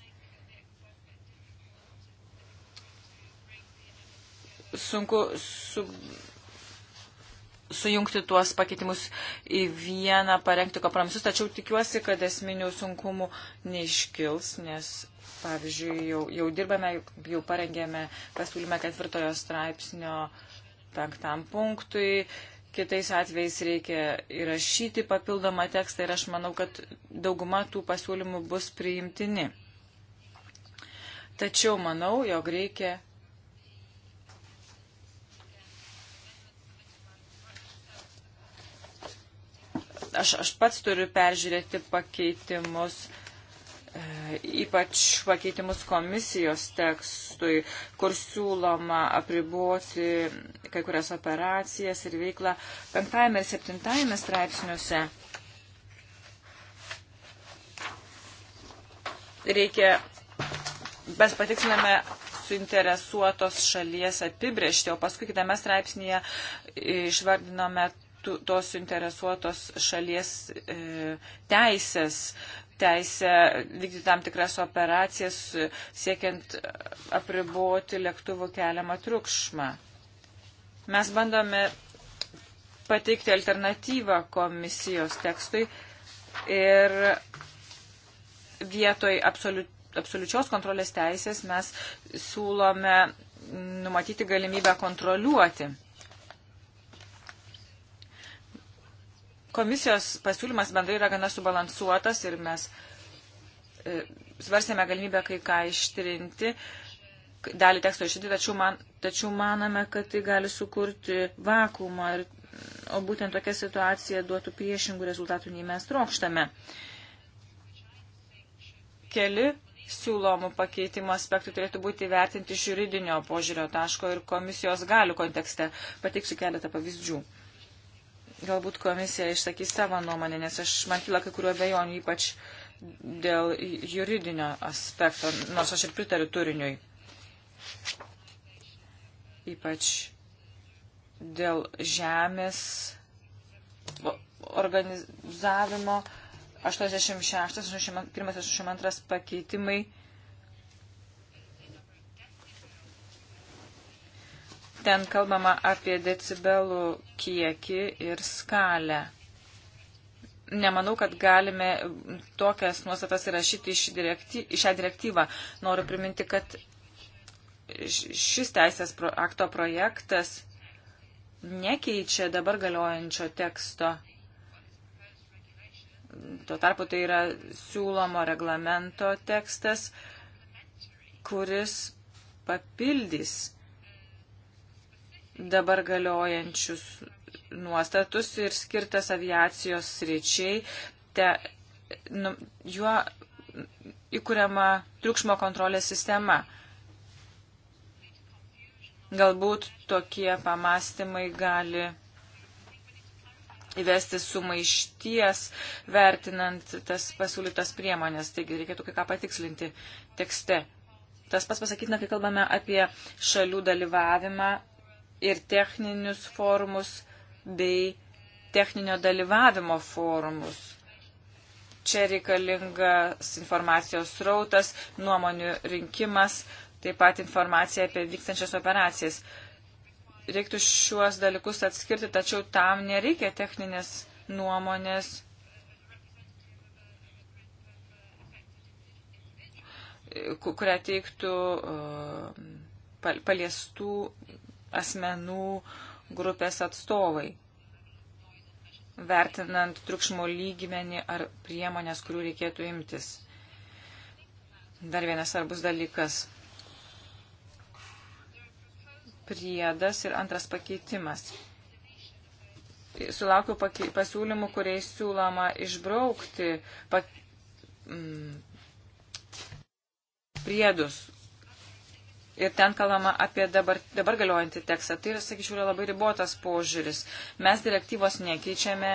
Sunku su, sujungti tuos pakeitimus į vieną, parengti kompromisus, tačiau tikiuosi, kad esminių sunkumų neiškils, nes, pavyzdžiui, jau, jau dirbame, jau parengėme pasiūlymą ketvirtojo straipsnio uh, penktam punktui, kitais atvejais reikia įrašyti papildomą tekstą ir aš manau, kad dauguma tų pasiūlymų bus priimtini. Tačiau manau, jog reikia. Aš, aš pats turiu peržiūrėti pakeitimus ypač pakeitimus komisijos tekstui, kur siūloma apriboti kai kurias operacijas ir veiklą penktajame ir septintajame straipsniuose. Reikia, mes patiksliname suinteresuotos šalies apibriežti, o paskui kitame straipsnėje išvardinome tos suinteresuotos šalies e, teisės teisę vykdyti tam tikras operacijas, siekiant apriboti lėktuvų keliamą triukšmą. Mes bandome pateikti alternatyvą komisijos tekstui ir vietoj absoliut, absoliučios kontrolės teisės mes siūlome numatyti galimybę kontroliuoti Komisijos pasiūlymas bendrai yra gana subalansuotas ir mes e, svarstėme galimybę kai ką ištrinti, dalį teksto išidį, tačiau, man, tačiau maname, kad tai gali sukurti vakumą, ir, o būtent tokia situacija duotų priešingų rezultatų, nei mes trokštame. Keli siūlomų pakeitimo aspektų turėtų būti vertinti iš juridinio požiūrio taško ir komisijos galių kontekste. Pateiksiu keletą pavyzdžių galbūt komisija išsakys savo nuomonę, nes aš man kyla kai kuriuo abejonių, ypač dėl juridinio aspekto, nors aš ir pritariu turiniui. Ypač dėl žemės organizavimo 86, 81, 82 pakeitimai Ten kalbama apie decibelų kiekį ir skalę. Nemanau, kad galime tokias nuostatas įrašyti į, direkty, į šią direktyvą. Noriu priminti, kad šis teisės akto projektas nekeičia dabar galiojančio teksto. Tuo tarpu tai yra siūlomo reglamento tekstas, kuris papildys dabar galiojančius nuostatus ir skirtas aviacijos sričiai. Te, nu, juo įkuriama triukšmo kontrolės sistema. Galbūt tokie pamastymai gali įvesti sumaišties, vertinant tas pasiūlytas priemonės. Taigi reikėtų kai ką patikslinti tekste. Tas pas pasakytina, kai kalbame apie šalių dalyvavimą ir techninius forumus bei techninio dalyvavimo forumus. Čia reikalingas informacijos srautas, nuomonių rinkimas, taip pat informacija apie vykstančias operacijas. Reiktų šiuos dalykus atskirti, tačiau tam nereikia techninės nuomonės kurią teiktų uh, paliestų asmenų grupės atstovai, vertinant triukšmo lygmenį ar priemonės, kurių reikėtų imtis. Dar vienas svarbus dalykas. Priedas ir antras pakeitimas. Sulaukiu pasiūlymų, kuriais siūloma išbraukti pa, mm, priedus, Ir ten kalbama apie dabar, dabar galiojantį tekstą. Tai, sakyčiau, yra labai ribotas požiūris. Mes direktyvos nekeičiame.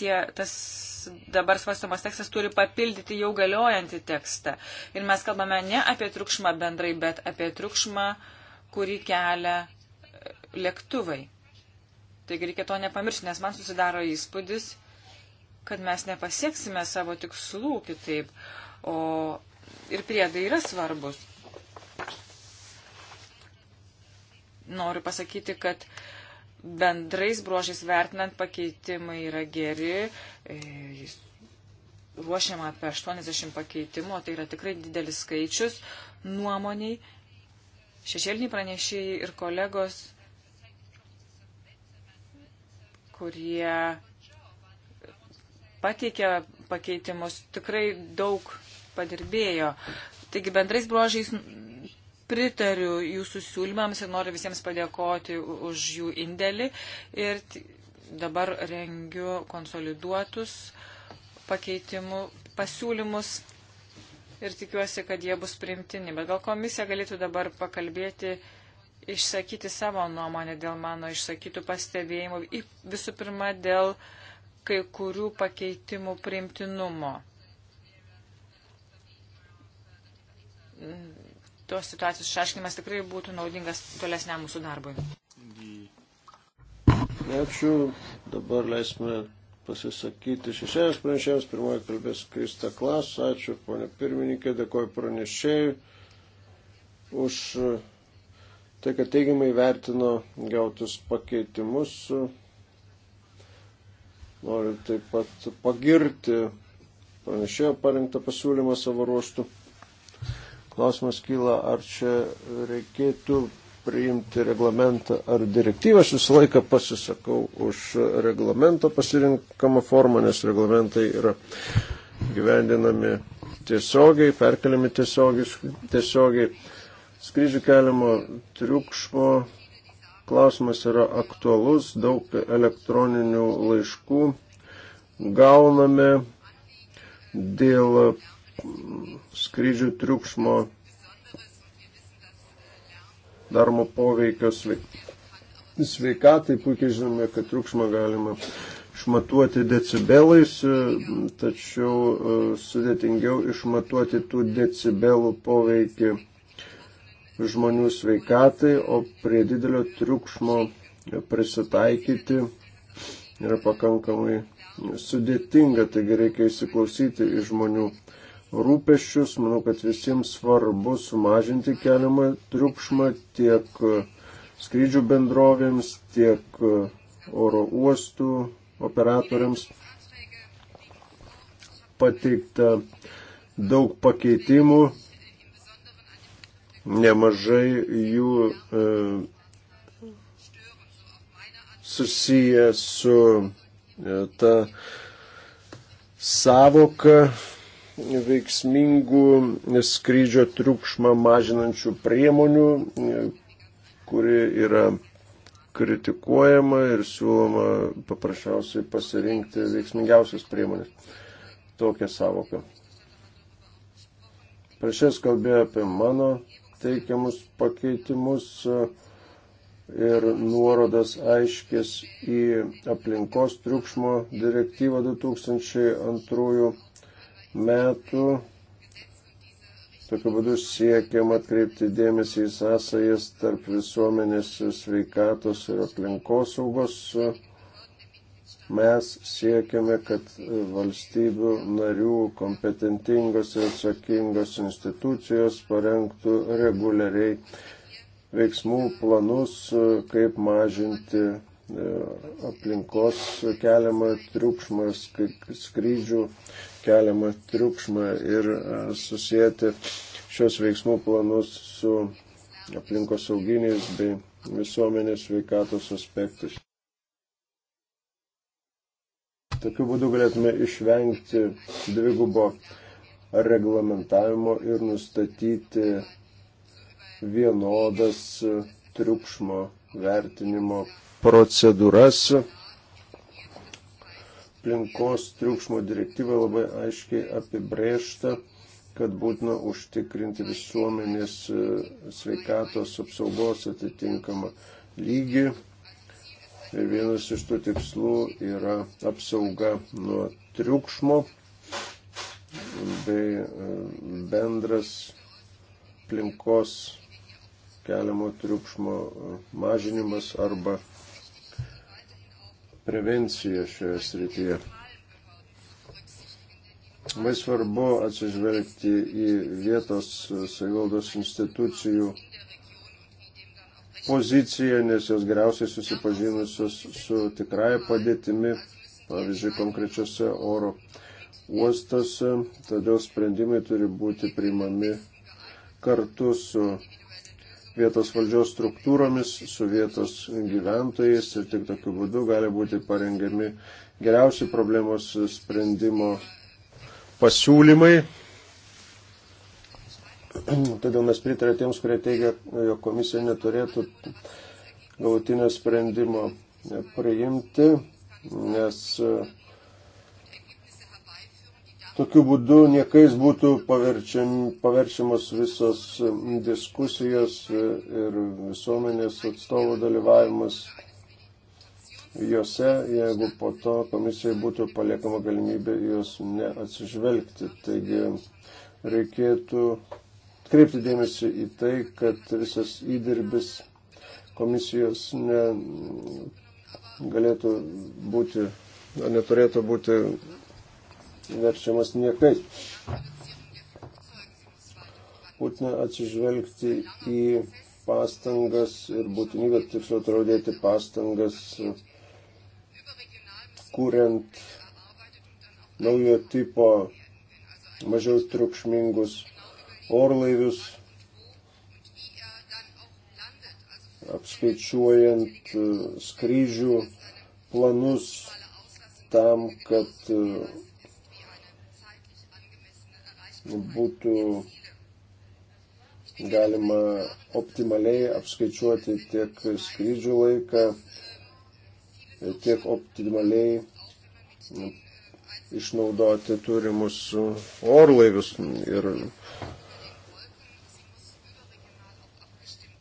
Tie, tas dabar svarstomas tekstas turi papildyti jau galiojantį tekstą. Ir mes kalbame ne apie triukšmą bendrai, bet apie triukšmą, kurį kelia e, lėktuvai. Taigi reikia to nepamiršti, nes man susidaro įspūdis, kad mes nepasieksime savo tikslų kitaip, o ir priedai yra svarbus. Noriu pasakyti, kad bendrais bruožais vertinant pakeitimai yra geri. E, jis ruošiama apie 80 pakeitimų, tai yra tikrai didelis skaičius nuomoniai. Šešėliniai pranešėjai ir kolegos, kurie pateikė pakeitimus, tikrai daug padirbėjo. Taigi bendrais bruožais pritariu jūsų siūlymams ir noriu visiems padėkoti už jų indėlį. Ir dabar rengiu konsoliduotus pakeitimų pasiūlymus ir tikiuosi, kad jie bus primtini. Bet gal komisija galėtų dabar pakalbėti, išsakyti savo nuomonę dėl mano išsakytų pastebėjimų. Visų pirma, dėl uh, kai kurių pakeitimų priimtinumo. Tos situacijos išaiškinimas tikrai būtų naudingas tolesniam mūsų darbui. Ačiū. Dabar leisime pasisakyti šešėlės pranešėjams. Pirmoji kalbės Krista Klas. Ačiū, ponė pirmininkė. Dėkoju pranešėjui už tai, kad teigiamai vertino gautus pakeitimus. Noriu taip pat pagirti pranešėjo parengtą pasiūlymą savo ruoštų. Klausimas kyla, ar čia reikėtų priimti reglamentą ar direktyvą. Aš visą laiką pasisakau už reglamento pasirinkamą formą, nes reglamentai yra gyvendinami tiesiogiai, perkeliami tiesiogiai, tiesiogiai skrydžių keliamo triukšmo Klausimas yra aktualus, daug elektroninių laiškų gauname dėl skrydžių triukšmo darmo poveikio sveikatai. Puikiai žinome, kad triukšmą galima išmatuoti decibelais, tačiau e, sudėtingiau išmatuoti tų decibelų poveikį žmonių sveikatai, o prie didelio triukšmo prisitaikyti yra pakankamai sudėtinga, taigi reikia įsiklausyti į žmonių rūpeščius. Manau, kad visiems svarbu sumažinti keliamą triukšmą tiek skrydžių bendrovėms, tiek oro uostų operatoriams. Pateikta daug pakeitimų nemažai jų e, susiję su e, ta savoka veiksmingų skrydžio triukšmą mažinančių priemonių, e, kuri yra kritikuojama ir siūloma paprasčiausiai pasirinkti veiksmingiausias priemonės. Tokia savoka. Prieš jas kalbėjo apie mano teikiamus pakeitimus e, ir nuorodas aiškės į aplinkos triukšmo direktyvą 2002 metų. Tokiu būdu siekiam atkreipti dėmesį į sąsajas tarp visuomenės sveikatos ir aplinkosaugos. saugos Mes siekiame, kad valstybių narių kompetentingos ir atsakingos institucijos parengtų reguliariai veiksmų planus, kaip mažinti e, aplinkos keliamą triukšmą, skrydžių keliamą triukšmą ir e, susijęti šios veiksmų planus su aplinkos sauginiais bei visuomenės veikatos aspektais. Tokiu būdu galėtume išvengti dvigubo reglamentavimo ir nustatyti vienodas triukšmo vertinimo procedūras. Aplinkos triukšmo direktyva labai aiškiai apibrėžta, kad būtina užtikrinti visuomenės sveikatos apsaugos atitinkamą lygį Tai vienas iš tų tikslų yra apsauga nuo triukšmo bei e, bendras aplinkos keliamo triukšmo e, mažinimas arba prevencija šioje srityje. Labai svarbu atsižvelgti į vietos e, savivaldos institucijų poziciją, nes jos geriausiai susipažinusios su tikrąją padėtimi, pavyzdžiui, konkrečiose oro uostose, todėl sprendimai turi būti priimami kartu su vietos valdžios struktūromis, su vietos gyventojais ir tik tokiu būdu gali būti parengiami geriausi problemos sprendimo pasiūlymai. Todėl mes pritarė tiems, kurie teigia, jo komisija neturėtų galutinio sprendimo priimti, nes e, tokiu būdu niekais būtų paverčiam, paverčiamos visos diskusijos ir visuomenės atstovų dalyvavimas juose, jeigu po to komisijai būtų paliekama galimybė juos neatsižvelgti. Taigi reikėtų atkreipti dėmesį į tai, kad visas įdirbis komisijos ne, galėtų būti, neturėtų būti verčiamas niekais. Būtina atsižvelgti į pastangas ir būtinybę tiksliau traudėti pastangas, kuriant naujo tipo mažiau triukšmingus orlaivius, apskaičiuojant e, skrydžių planus tam, kad e, būtų galima optimaliai apskaičiuoti tiek skrydžių laiką, tiek optimaliai išnaudoti turimus orlaivius ir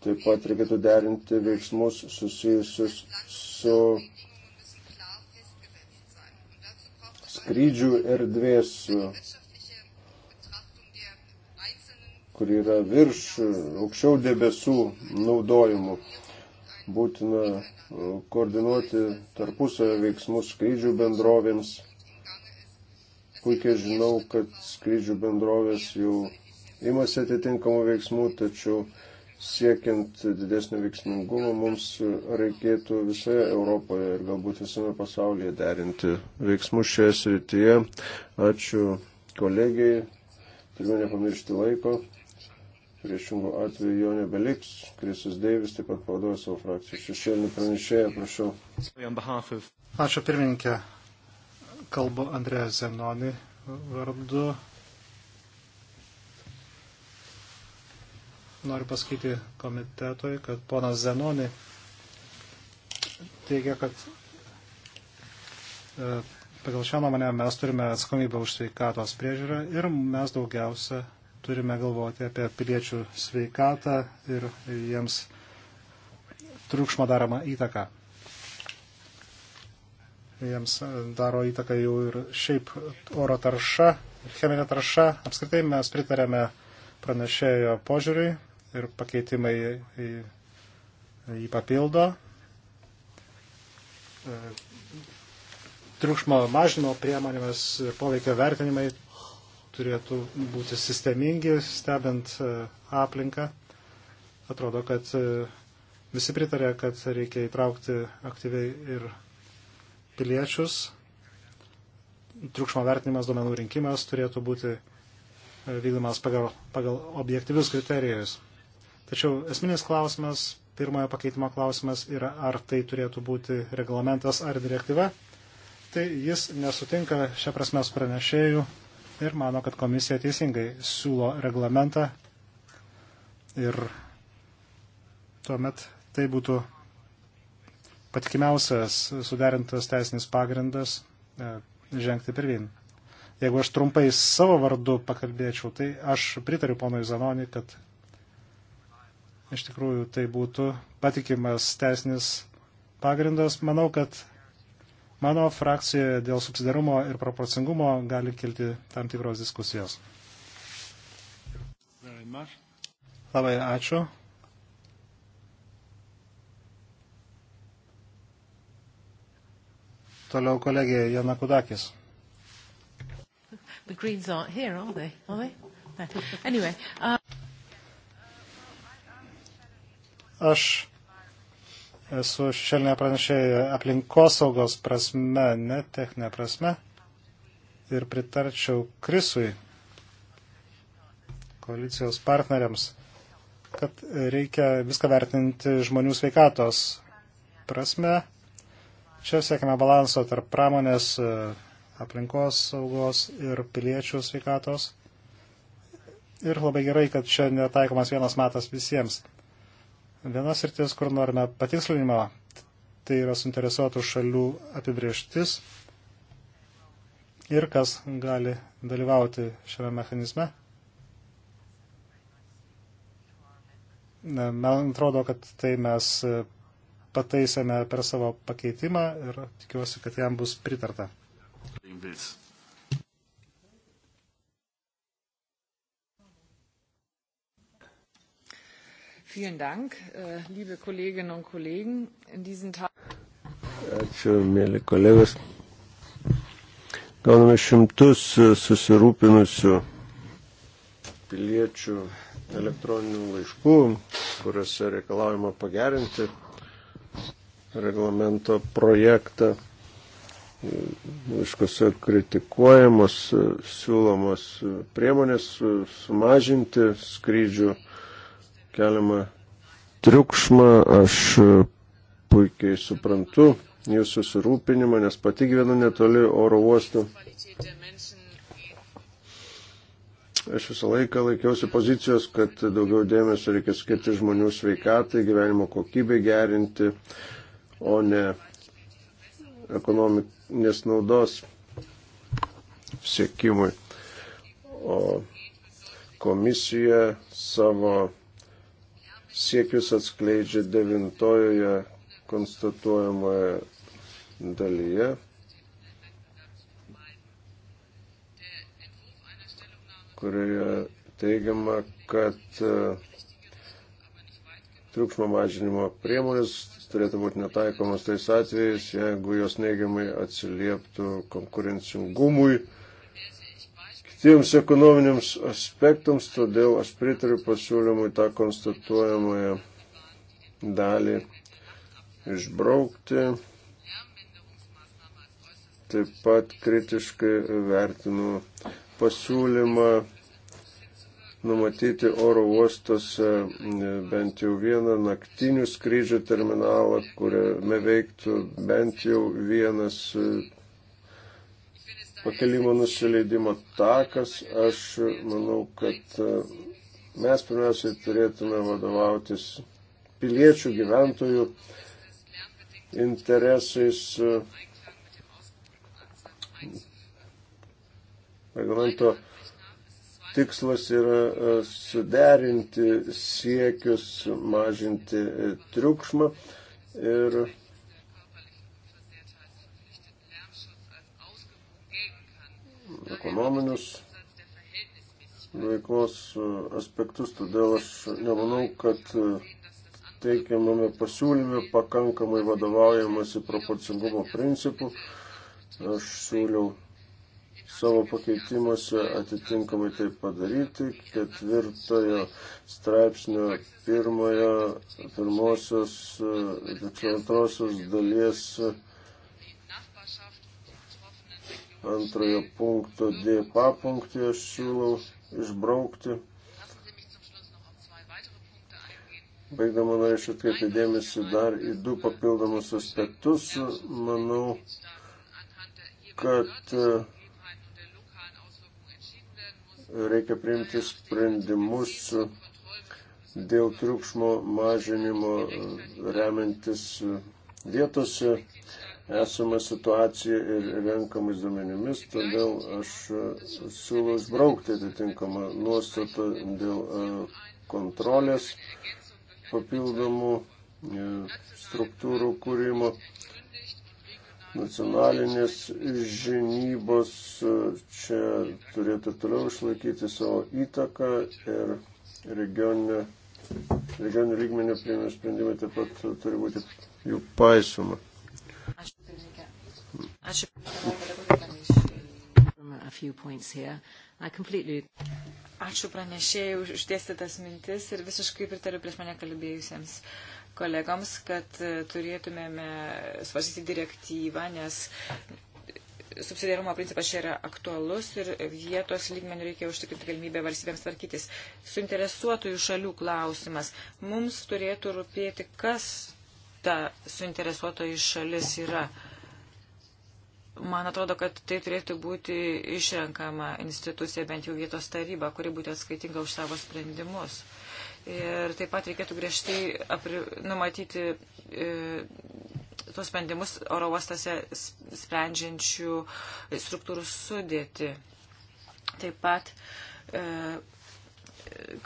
Taip pat reikėtų derinti veiksmus susijusius su skrydžių erdvės, kur yra virš aukščiau debesų naudojimų. Būtina e, koordinuoti tarpusavio veiksmus skrydžių bendrovėms. Puikiai žinau, kad skrydžių bendrovės jau imasi atitinkamų veiksmų, tačiau siekiant didesnio veiksmingumo mums reikėtų visoje Europoje ir galbūt visame pasaulyje derinti veiksmus šioje srityje. Ačiū kolegijai, turime nepamiršti laiko. Priešingų atveju jo nebeliks. Krisas Deivis taip pat pavaduoja savo frakciją. Šešėlinį pranešėją, prašau. Ačiū pirmininkė. Kalbu Andrėja Zenoni vardu noriu pasakyti komitetui, kad ponas Zenoni teigia, kad e, pagal šią nuomonę mes turime atsakomybę už sveikatos priežiūrą ir mes daugiausia turime galvoti apie piliečių sveikatą ir jiems triukšmo daromą įtaką. Jiems e, daro įtaką jau ir šiaip oro tarša, cheminė tarša. Apskritai mes pritarėme pranešėjo požiūriui ir pakeitimai jį papildo. E, triukšmo mažinimo priemonėmis poveikio vertinimai turėtų būti sistemingi, stebint e, aplinką. Atrodo, kad e, visi pritarė, kad reikia įtraukti aktyviai ir piliečius. Triukšmo vertinimas, duomenų rinkimas turėtų būti vykdomas pagal, pagal objektyvius kriterijus. Tačiau esminis klausimas, pirmojo pakeitimo klausimas yra, ar tai turėtų būti reglamentas ar direktyva. Tai jis nesutinka šią prasme su pranešėju ir mano, kad komisija teisingai siūlo reglamentą ir tuomet tai būtų patikimiausias suderintas teisinis pagrindas e, žengti pirmin. Jeigu aš trumpai savo vardu pakalbėčiau, tai aš pritariu ponui Zanoni, kad iš tikrųjų tai būtų patikimas teisinis pagrindas. Manau, kad mano frakcijoje dėl subsidarumo ir proporcingumo gali kilti tam tikros diskusijos. Labai ačiū. Toliau kolegė Jana Kudakis. The Greens aren't here, are they? Are they? No. Anyway, uh... Aš esu šešėlinė pranešėja aplinkosaugos prasme, ne techninė prasme. Ir pritarčiau Krisui, koalicijos partneriams, kad reikia viską vertinti žmonių sveikatos prasme. Čia siekime balanso tarp pramonės, aplinkos saugos ir piliečių sveikatos. Ir labai gerai, kad čia netaikomas vienas matas visiems. Vienas ir ties, kur norime patikslinimo, tai yra suinteresuotų šalių apibrieštis ir kas gali dalyvauti šiame mechanizme. Man atrodo, kad tai mes pataisėme per savo pakeitimą ir tikiuosi, kad jam bus pritarta. Vilnius. Vielen Dank, äh, liebe Kolleginnen und Kollegen. In diesen Ačiū, mėly kolegos. Gauname šimtus e, susirūpinusių piliečių elektroninių laiškų, kuriuose reikalavimo pagerinti reglamento projektą. Laiškose kritikuojamos, e, siūlomos e, priemonės sumažinti skrydžių keliamą triukšmą. Aš puikiai suprantu jūsų susirūpinimą, nes pati gyvenu netoli oro uostų. Aš visą laiką laikiausi pozicijos, kad daugiau dėmesio reikia skirti žmonių sveikatai, gyvenimo kokybei gerinti, o ne ekonominės naudos siekimui. O komisija savo siekius atskleidžia devintojoje konstatuojamoje dalyje. kurioje teigiama, kad e, triukšmo mažinimo priemonės turėtų būti netaikomas tais atvejais, jeigu jos neigiamai atsilieptų konkurencingumui tiems ekonominiams aspektams, todėl aš pritariu pasiūlymui tą konstatuojamąją dalį išbraukti. Taip pat kritiškai vertinu pasiūlymą numatyti oro uostose bent jau vieną naktinių skrydžių terminalą, kuriame veiktų bent jau vienas pakelimo nusileidimo takas. Aš manau, kad e, mes pirmiausiai turėtume vadovautis piliečių gyventojų interesais. E, reglamento tikslas yra e, suderinti siekius, mažinti triukšmą ir ekonominius veiklos e, aspektus, todėl aš nemanau, kad e, teikiamame pasiūlyme pakankamai vadovaujamasi proporcingumo principu. Aš siūliau savo pakeitimuose atitinkamai tai padaryti. Ketvirtojo straipsnio pirmojo, pirmosios, e, antrosios dalies antrojo punkto D papunktį aš siūlau išbraukti. Baigdama norėčiau atkreipti dėmesį dar į du papildomus aspektus. Manau, kad e, reikia priimti sprendimus dėl triukšmo mažinimo e, remiantis e, vietose esamą situaciją ir renkamais duomenimis, todėl aš e, siūlau išbraukti atitinkamą nuostatą dėl e, kontrolės papildomų e, struktūrų kūrimo nacionalinės žinybos čia turėtų toliau išlaikyti savo įtaką ir regioninė, regioninė lygmenė priėmė sprendimai taip pat turi būti jų paisoma. Ačiū. Ačiū pranešėjai už išdėstytas mintis ir visiškai pritariu prieš mane kalbėjusiems kolegoms, kad e, turėtumėme svarstyti direktyvą, nes subsidiarumo principas čia yra aktualus ir vietos lygmenių reikia užtikrinti galimybę valstybėms tvarkytis. Suinteresuotųjų šalių klausimas. Mums turėtų rūpėti, kas ta suinteresuotoji šalis yra. Uh, Man atrodo, kad tai turėtų būti išrenkama institucija, bent jau vietos taryba, kuri būtų atskaitinga už savo sprendimus. Ir taip pat reikėtų griežtai apri, numatyti e, tuos sprendimus oro uostose sprendžiančių struktūrų sudėti. Taip pat, e,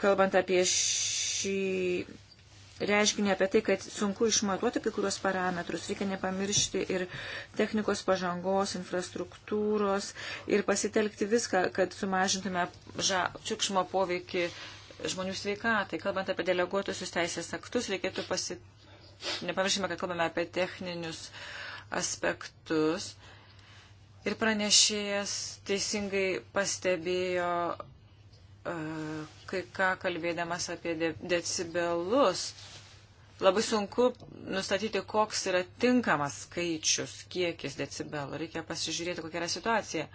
kalbant apie šį reiškinį apie tai, kad sunku išmatuoti kai kurios parametrus. Reikia nepamiršti ir technikos pažangos, infrastruktūros ir pasitelkti viską, kad sumažintume ža, čiukšmo poveikį žmonių sveikatai. Kalbant apie deleguotusius teisės aktus, reikėtų pasi... nepamiršime, kad kalbame apie techninius aspektus. Ir pranešėjas teisingai pastebėjo E, kai ką kalbėdamas apie de decibelus. Labai sunku nustatyti, koks yra tinkamas skaičius, kiekis decibelų. Reikia pasižiūrėti, kokia yra situacija.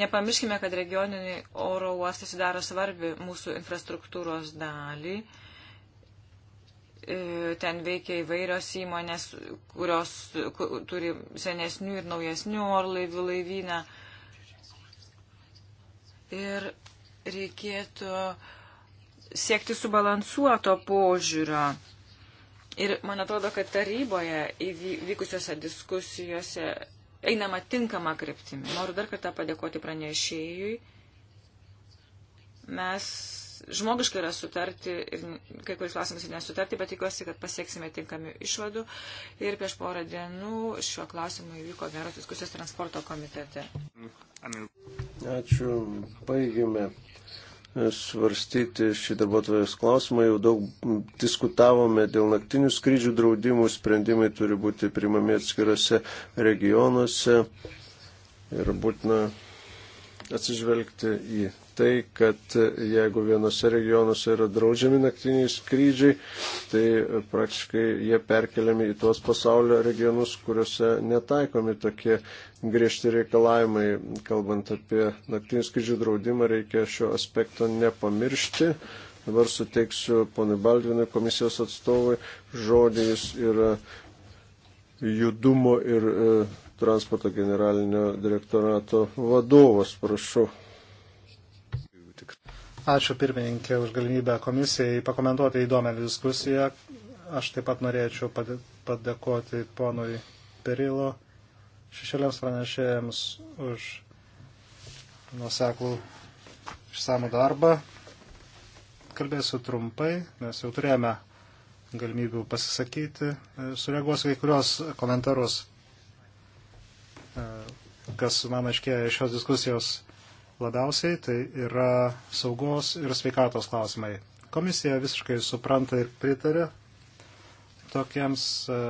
Nepamirškime, kad regioniniai oro uostai sudaro svarbi mūsų infrastruktūros dalį. E, ten veikia įvairios įmonės, kurios turi senesnių ir naujesnių orlaivių laivyną. Ir reikėtų siekti subalansuoto požiūrio. Ir man atrodo, kad taryboje įvykusiose diskusijose einama tinkama kryptimi. Noriu dar kartą padėkoti pranešėjui. Mes žmogiškai yra sutarti ir kai kuriais klausimais ir nesutarti, bet tikiuosi, kad pasieksime tinkamių išvadų. Ir prieš porą dienų šiuo klausimu įvyko geros diskusijos transporto komitete. Ačiū. Baigime svarstyti šį darbuotojas klausimą. Jau daug diskutavome dėl naktinių skrydžių draudimų, sprendimai turi būti primami atskirose regionuose ir būtina atsižvelgti į tai, kad jeigu vienose regionuose yra draudžiami naktiniai skrydžiai, tai praktiškai jie perkeliami į tuos pasaulio regionus, kuriuose netaikomi tokie griežti reikalavimai. Kalbant apie naktinių skrydžių draudimą, reikia šio aspekto nepamiršti. Dabar suteiksiu ponui Baldvinui komisijos atstovui žodį, jis yra judumo ir e, transporto generalinio direktorato vadovas, prašau. Ačiū pirmininkė už galimybę komisijai pakomentuoti įdomią diskusiją. Aš taip pat norėčiau padėkoti ponui Perilo šešėliams pranešėjams už nuseklų išsamų darbą. Kalbėsiu trumpai, nes jau turėjome galimybių pasisakyti. Sureaguosiu kai kurios komentarus. E, kas man aiškėja iš šios diskusijos labiausiai, tai yra saugos ir sveikatos klausimai. Komisija visiškai supranta ir pritarė tokiems, e,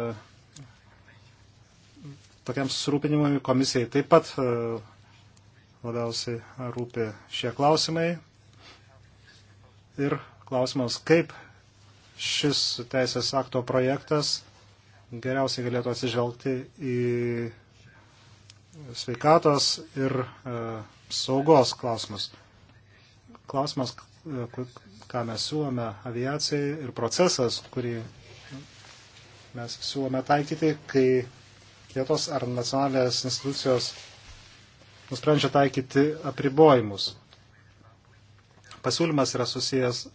tokiems surūpinimui. Komisijai taip pat e, labiausiai rūpi šie klausimai. Ir klausimas, kaip šis teisės akto projektas geriausiai galėtų atsižvelgti į sveikatos ir e, saugos klausimus. Klausimas, e, ką mes siūlome aviacijai ir procesas, kurį mes siūlome taikyti, kai vietos ar nacionalinės institucijos nusprendžia taikyti apribojimus. Pasiūlymas yra susijęs e,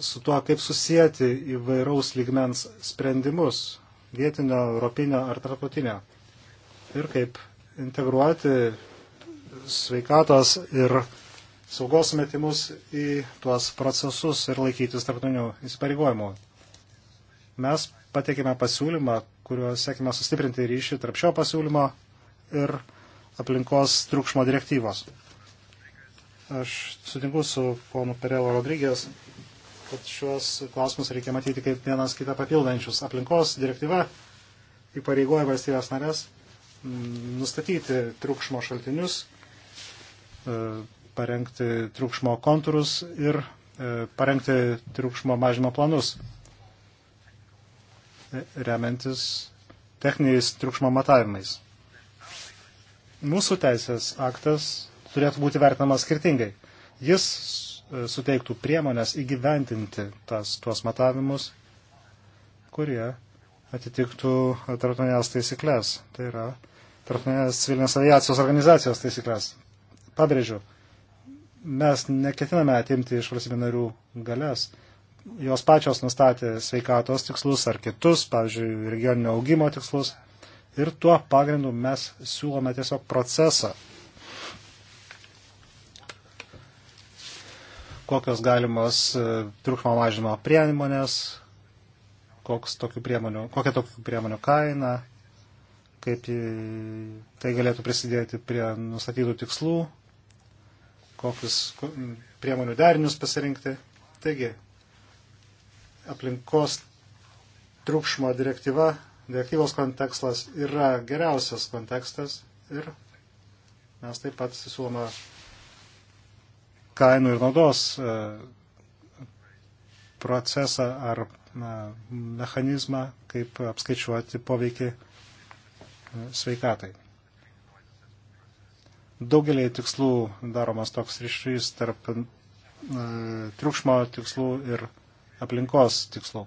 su tuo, kaip susijęti įvairaus lygmens sprendimus vietinio, europinio ar tarptautinio ir kaip integruoti sveikatos ir saugos metimus į tuos procesus ir laikytis tarptautinių įsipareigojimų. Mes pateikėme pasiūlymą, kuriuo sėkime sustiprinti ryšį tarp šio pasiūlymo ir aplinkos triukšmo direktyvos. Aš sutinku su ponu Perelo Rodrygės, kad šiuos klausimus reikia matyti kaip vienas kitą papildančius. Aplinkos direktyva įpareigoja valstybės narės nustatyti triukšmo šaltinius, e, parengti triukšmo kontūrus ir e, parengti triukšmo mažimo planus, e, remiantis techniniais triukšmo matavimais. Mūsų teisės aktas turėtų būti vertinamas skirtingai. Jis suteiktų priemonės įgyventinti tas, tuos matavimus, kurie atitiktų tarptautinės taisyklės. Tai yra tarptautinės civilinės aviacijos organizacijos taisyklės. Pabrėžiu, mes neketiname atimti iš valstybių narių galės. Jos pačios nustatė sveikatos tikslus ar kitus, pavyzdžiui, regioninio augimo tikslus. Ir tuo pagrindu mes siūlome tiesiog procesą, kokios galimos e, triukšmo mažinimo priemonės, koks tokių priemonių, kokia tokių priemonių kaina, kaip tai galėtų prisidėti prie nustatytų tikslų, kokius priemonių derinius pasirinkti. Taigi, aplinkos triukšmo direktyva, direktyvos kontekstas yra geriausias kontekstas ir mes taip pat siūlome kainų ir naudos e, procesą ar mechanizmą, kaip apskaičiuoti poveikį sveikatai. Daugelį tikslų daromas toks ryšys tarp e, triukšmo tikslų ir aplinkos tikslų.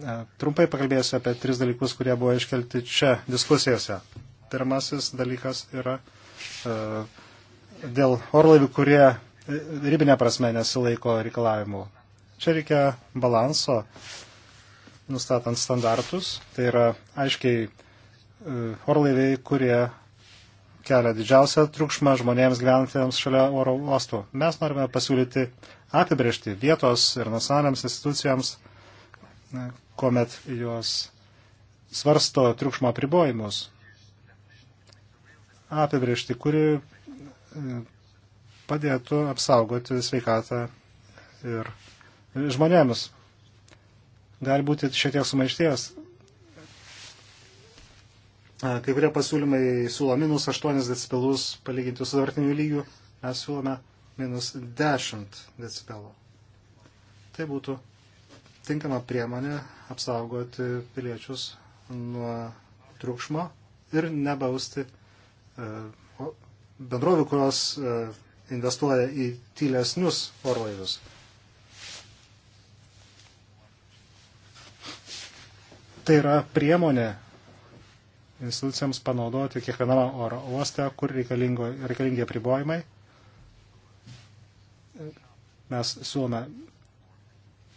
E, trumpai pakalbėsiu apie tris dalykus, kurie buvo iškelti čia diskusijose. Pirmasis dalykas yra e, dėl orlaivių, kurie e, ribinė prasme nesilaiko reikalavimų. Čia reikia balanso, nustatant standartus, tai yra aiškiai E, orlaiviai, kurie kelia didžiausią triukšmą žmonėms gyventiems šalia oro uostų. Mes norime pasiūlyti apibriežti vietos ir nacionaliniams institucijams, e, kuomet jos svarsto triukšmo apribojimus. Apibriežti, kuri e, padėtų apsaugoti sveikatą ir žmonėms. Gali būti šiek tiek sumaišties Kai kurie pasiūlymai siūlo minus 8 decibelus palyginti su dabartiniu lygiu, mes siūlome minus 10 decibelų. Tai būtų tinkama priemonė apsaugoti piliečius nuo triukšmo ir nebausti e, bendrovių, kurios e, investuoja į tylesnius orlaivius. Tai yra priemonė, institucijams panaudoti kiekviename oro uoste, kur reikalingi apribojimai. Mes siūlome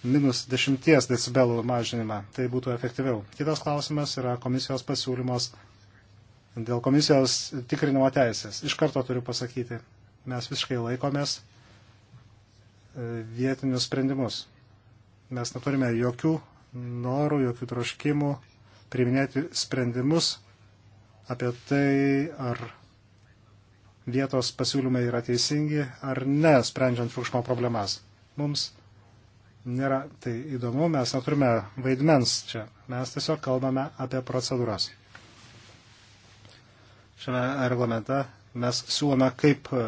minus 10 decibelų mažinimą. Tai būtų efektyviau. Kitas klausimas yra komisijos pasiūlymos dėl komisijos tikrinimo teisės. Iš karto turiu pasakyti, mes visiškai laikomės e, vietinius sprendimus. Mes neturime jokių norų, jokių troškimų priminėti sprendimus, apie tai, ar vietos pasiūlymai yra teisingi ar ne, sprendžiant triukšmo problemas. Mums nėra tai įdomu, mes neturime vaidmens čia, mes tiesiog kalbame apie procedūras. Šiame reglamente mes siūlome, kaip e,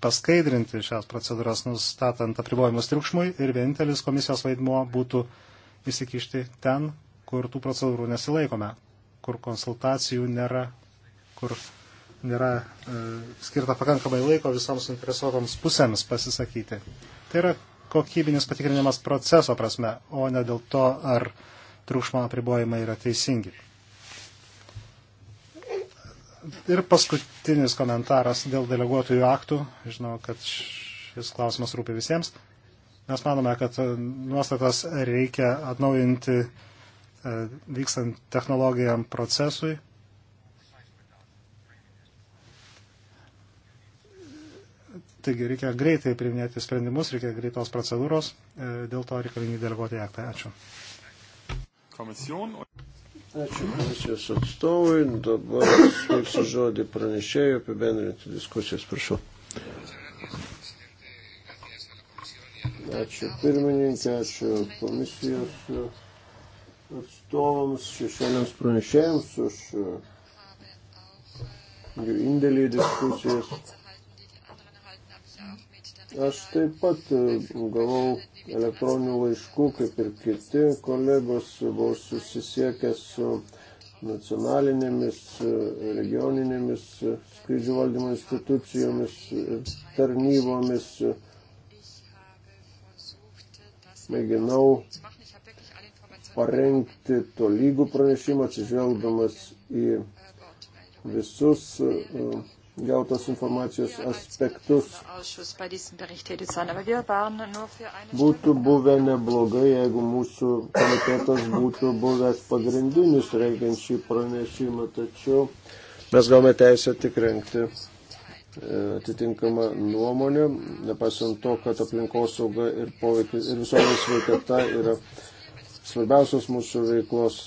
paskaidrinti šias procedūras, nustatant apribojimus triukšmui ir vienintelis komisijos vaidmuo būtų įsikišti ten, kur tų procedūrų nesilaikome kur konsultacijų nėra, kur nėra e, skirta pakankamai laiko visoms interesuotoms pusėms pasisakyti. Tai yra kokybinis patikrinimas proceso prasme, o ne dėl to, ar triukšmo apribojimai yra teisingi. Ir paskutinis komentaras dėl deleguotojų aktų. Žinau, kad šis klausimas rūpi visiems. Mes manome, kad nuostatas reikia atnaujinti E, vykstant technologijam procesui. Taigi reikia greitai priminėti sprendimus, reikia greitos procedūros, e, dėl to reikalingi deleguoti aktą. Ačiū. Komision. Ačiū komisijos atstovui. Dabar sveiksiu žodį pranešėjų apibendrinti diskusijas, prašau. Ačiū pirmininkė, ačiū komisijos atstovams, šešėliams pranešėjams už uh, jų indėlį į diskusijas. Aš taip pat uh, gavau elektroninių laiškų, kaip ir kiti kolegos, buvau susisiekęs su nacionalinėmis, uh, regioninėmis skrydžių valdymo institucijomis, tarnybomis. Mėginau parengti to lygų pranešimą, atsižvelgdamas į visus e, gautos informacijos aspektus. Būtų buvę neblogai, jeigu mūsų komitetas būtų buvęs pagrindinis rengiant šį pranešimą, tačiau mes gavome teisę tik rengti e, atitinkamą nuomonę, nepaisant to, kad aplinkosauga ir, poveikis, ir visuomenės sveikata yra svarbiausios mūsų veiklos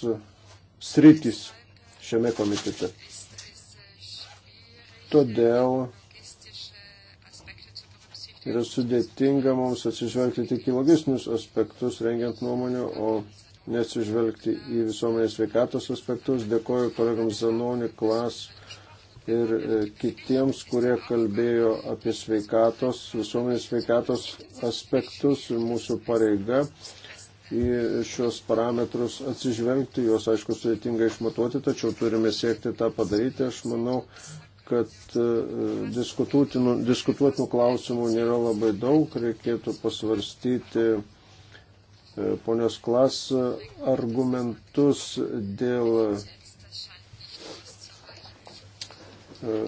sritis šiame komitete. Todėl yra sudėtinga mums atsižvelgti tik į logistinius aspektus, rengiant nuomonę, o nesižvelgti į visuomenės sveikatos aspektus. Dėkoju kolegams Zanoni, Klas ir e, kitiems, kurie kalbėjo apie sveikatos, visuomenės sveikatos aspektus ir mūsų pareiga į šios parametrus atsižvelgti, juos aišku sudėtinga išmatuoti, tačiau turime siekti tą padaryti. Aš manau, kad e, diskutuotinų, diskutuotinų klausimų nėra labai daug, reikėtų pasvarstyti e, ponios klas argumentus dėl e,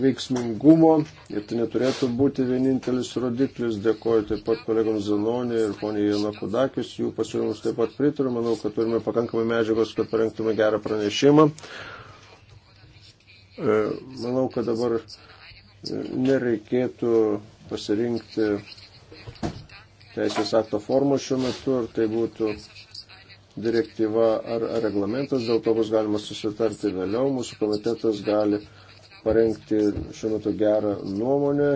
veiksmingumo ir tai neturėtų būti vienintelis rodiklis. Dėkoju taip pat kolegams Zanonė ir poniai Jelakudakis, jų pasiūlymus taip pat pritariu. Manau, kad turime pakankamai medžiagos, kad parengtume gerą pranešimą. E, manau, kad dabar e, nereikėtų pasirinkti teisės akto formos šiuo metu, ar tai būtų direktyva ar reglamentas, dėl to bus galima susitarti vėliau. Mūsų komitetas gali parengti šiuo metu gerą nuomonę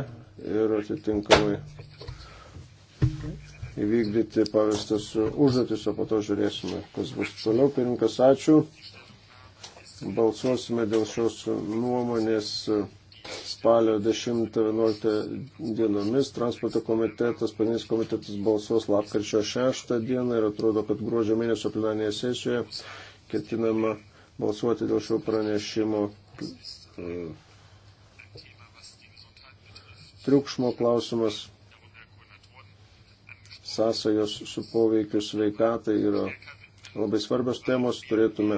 ir atitinkamai įvykdyti pavestas užduotis, o po to žiūrėsime, kas bus toliau. Pirinkas, ačiū. Balsuosime dėl šios nuomonės spalio 10-11 dienomis. Transporto komitetas, pagrindinis komitetas balsuos lapkarčio 6 dieną ir atrodo, kad gruodžio mėnesio plenarinėje sesijoje ketinama balsuoti dėl šio pranešimo triukšmo klausimas, sąsajos su poveikiu sveikatai yra labai svarbios temos, turėtume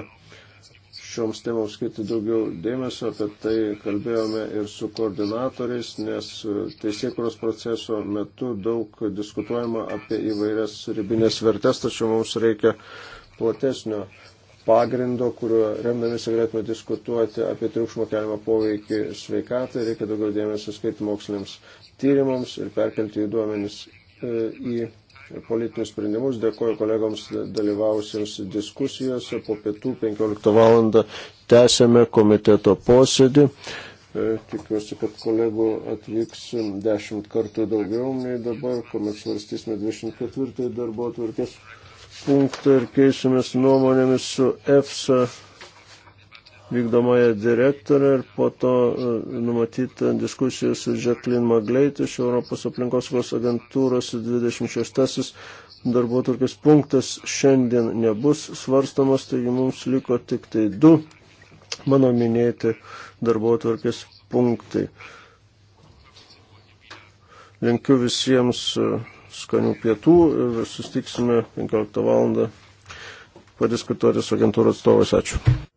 šioms temoms skirti daugiau dėmesio, apie tai kalbėjome ir su koordinatoriais, nes teisėkuros proceso metu daug diskutuojama apie įvairias ribinės vertes, tačiau mums reikia platesnio pagrindo, kuriuo remdamėsi galėtume diskutuoti apie triukšmo keliamą poveikį sveikatai, reikia daugiau dėmesio skirti moksliniams tyrimams ir perkelti jų duomenis e, į politinius sprendimus. Dėkoju kolegoms dalyvausiams diskusijose. Po pietų 15 val. tęsėme komiteto posėdį. E, tikiuosi, kad kolegų atvyks dešimt kartų daugiau nei dabar, kuomet svarstysime 24 darbo atvarkės punktą ir keisimės nuomonėmis su EFSA vykdomąją direktorę ir po to e, numatyta diskusija su Jacqueline Magleit iš Europos aplinkosaugos agentūros 26 darbo turkis punktas šiandien nebus svarstamas, taigi mums liko tik tai du mano minėti darbo turkis punktai. Linkiu visiems uh, skanių pietų ir sustiksime 15 val. padiskutuoti su agentūros atstovais. Ačiū.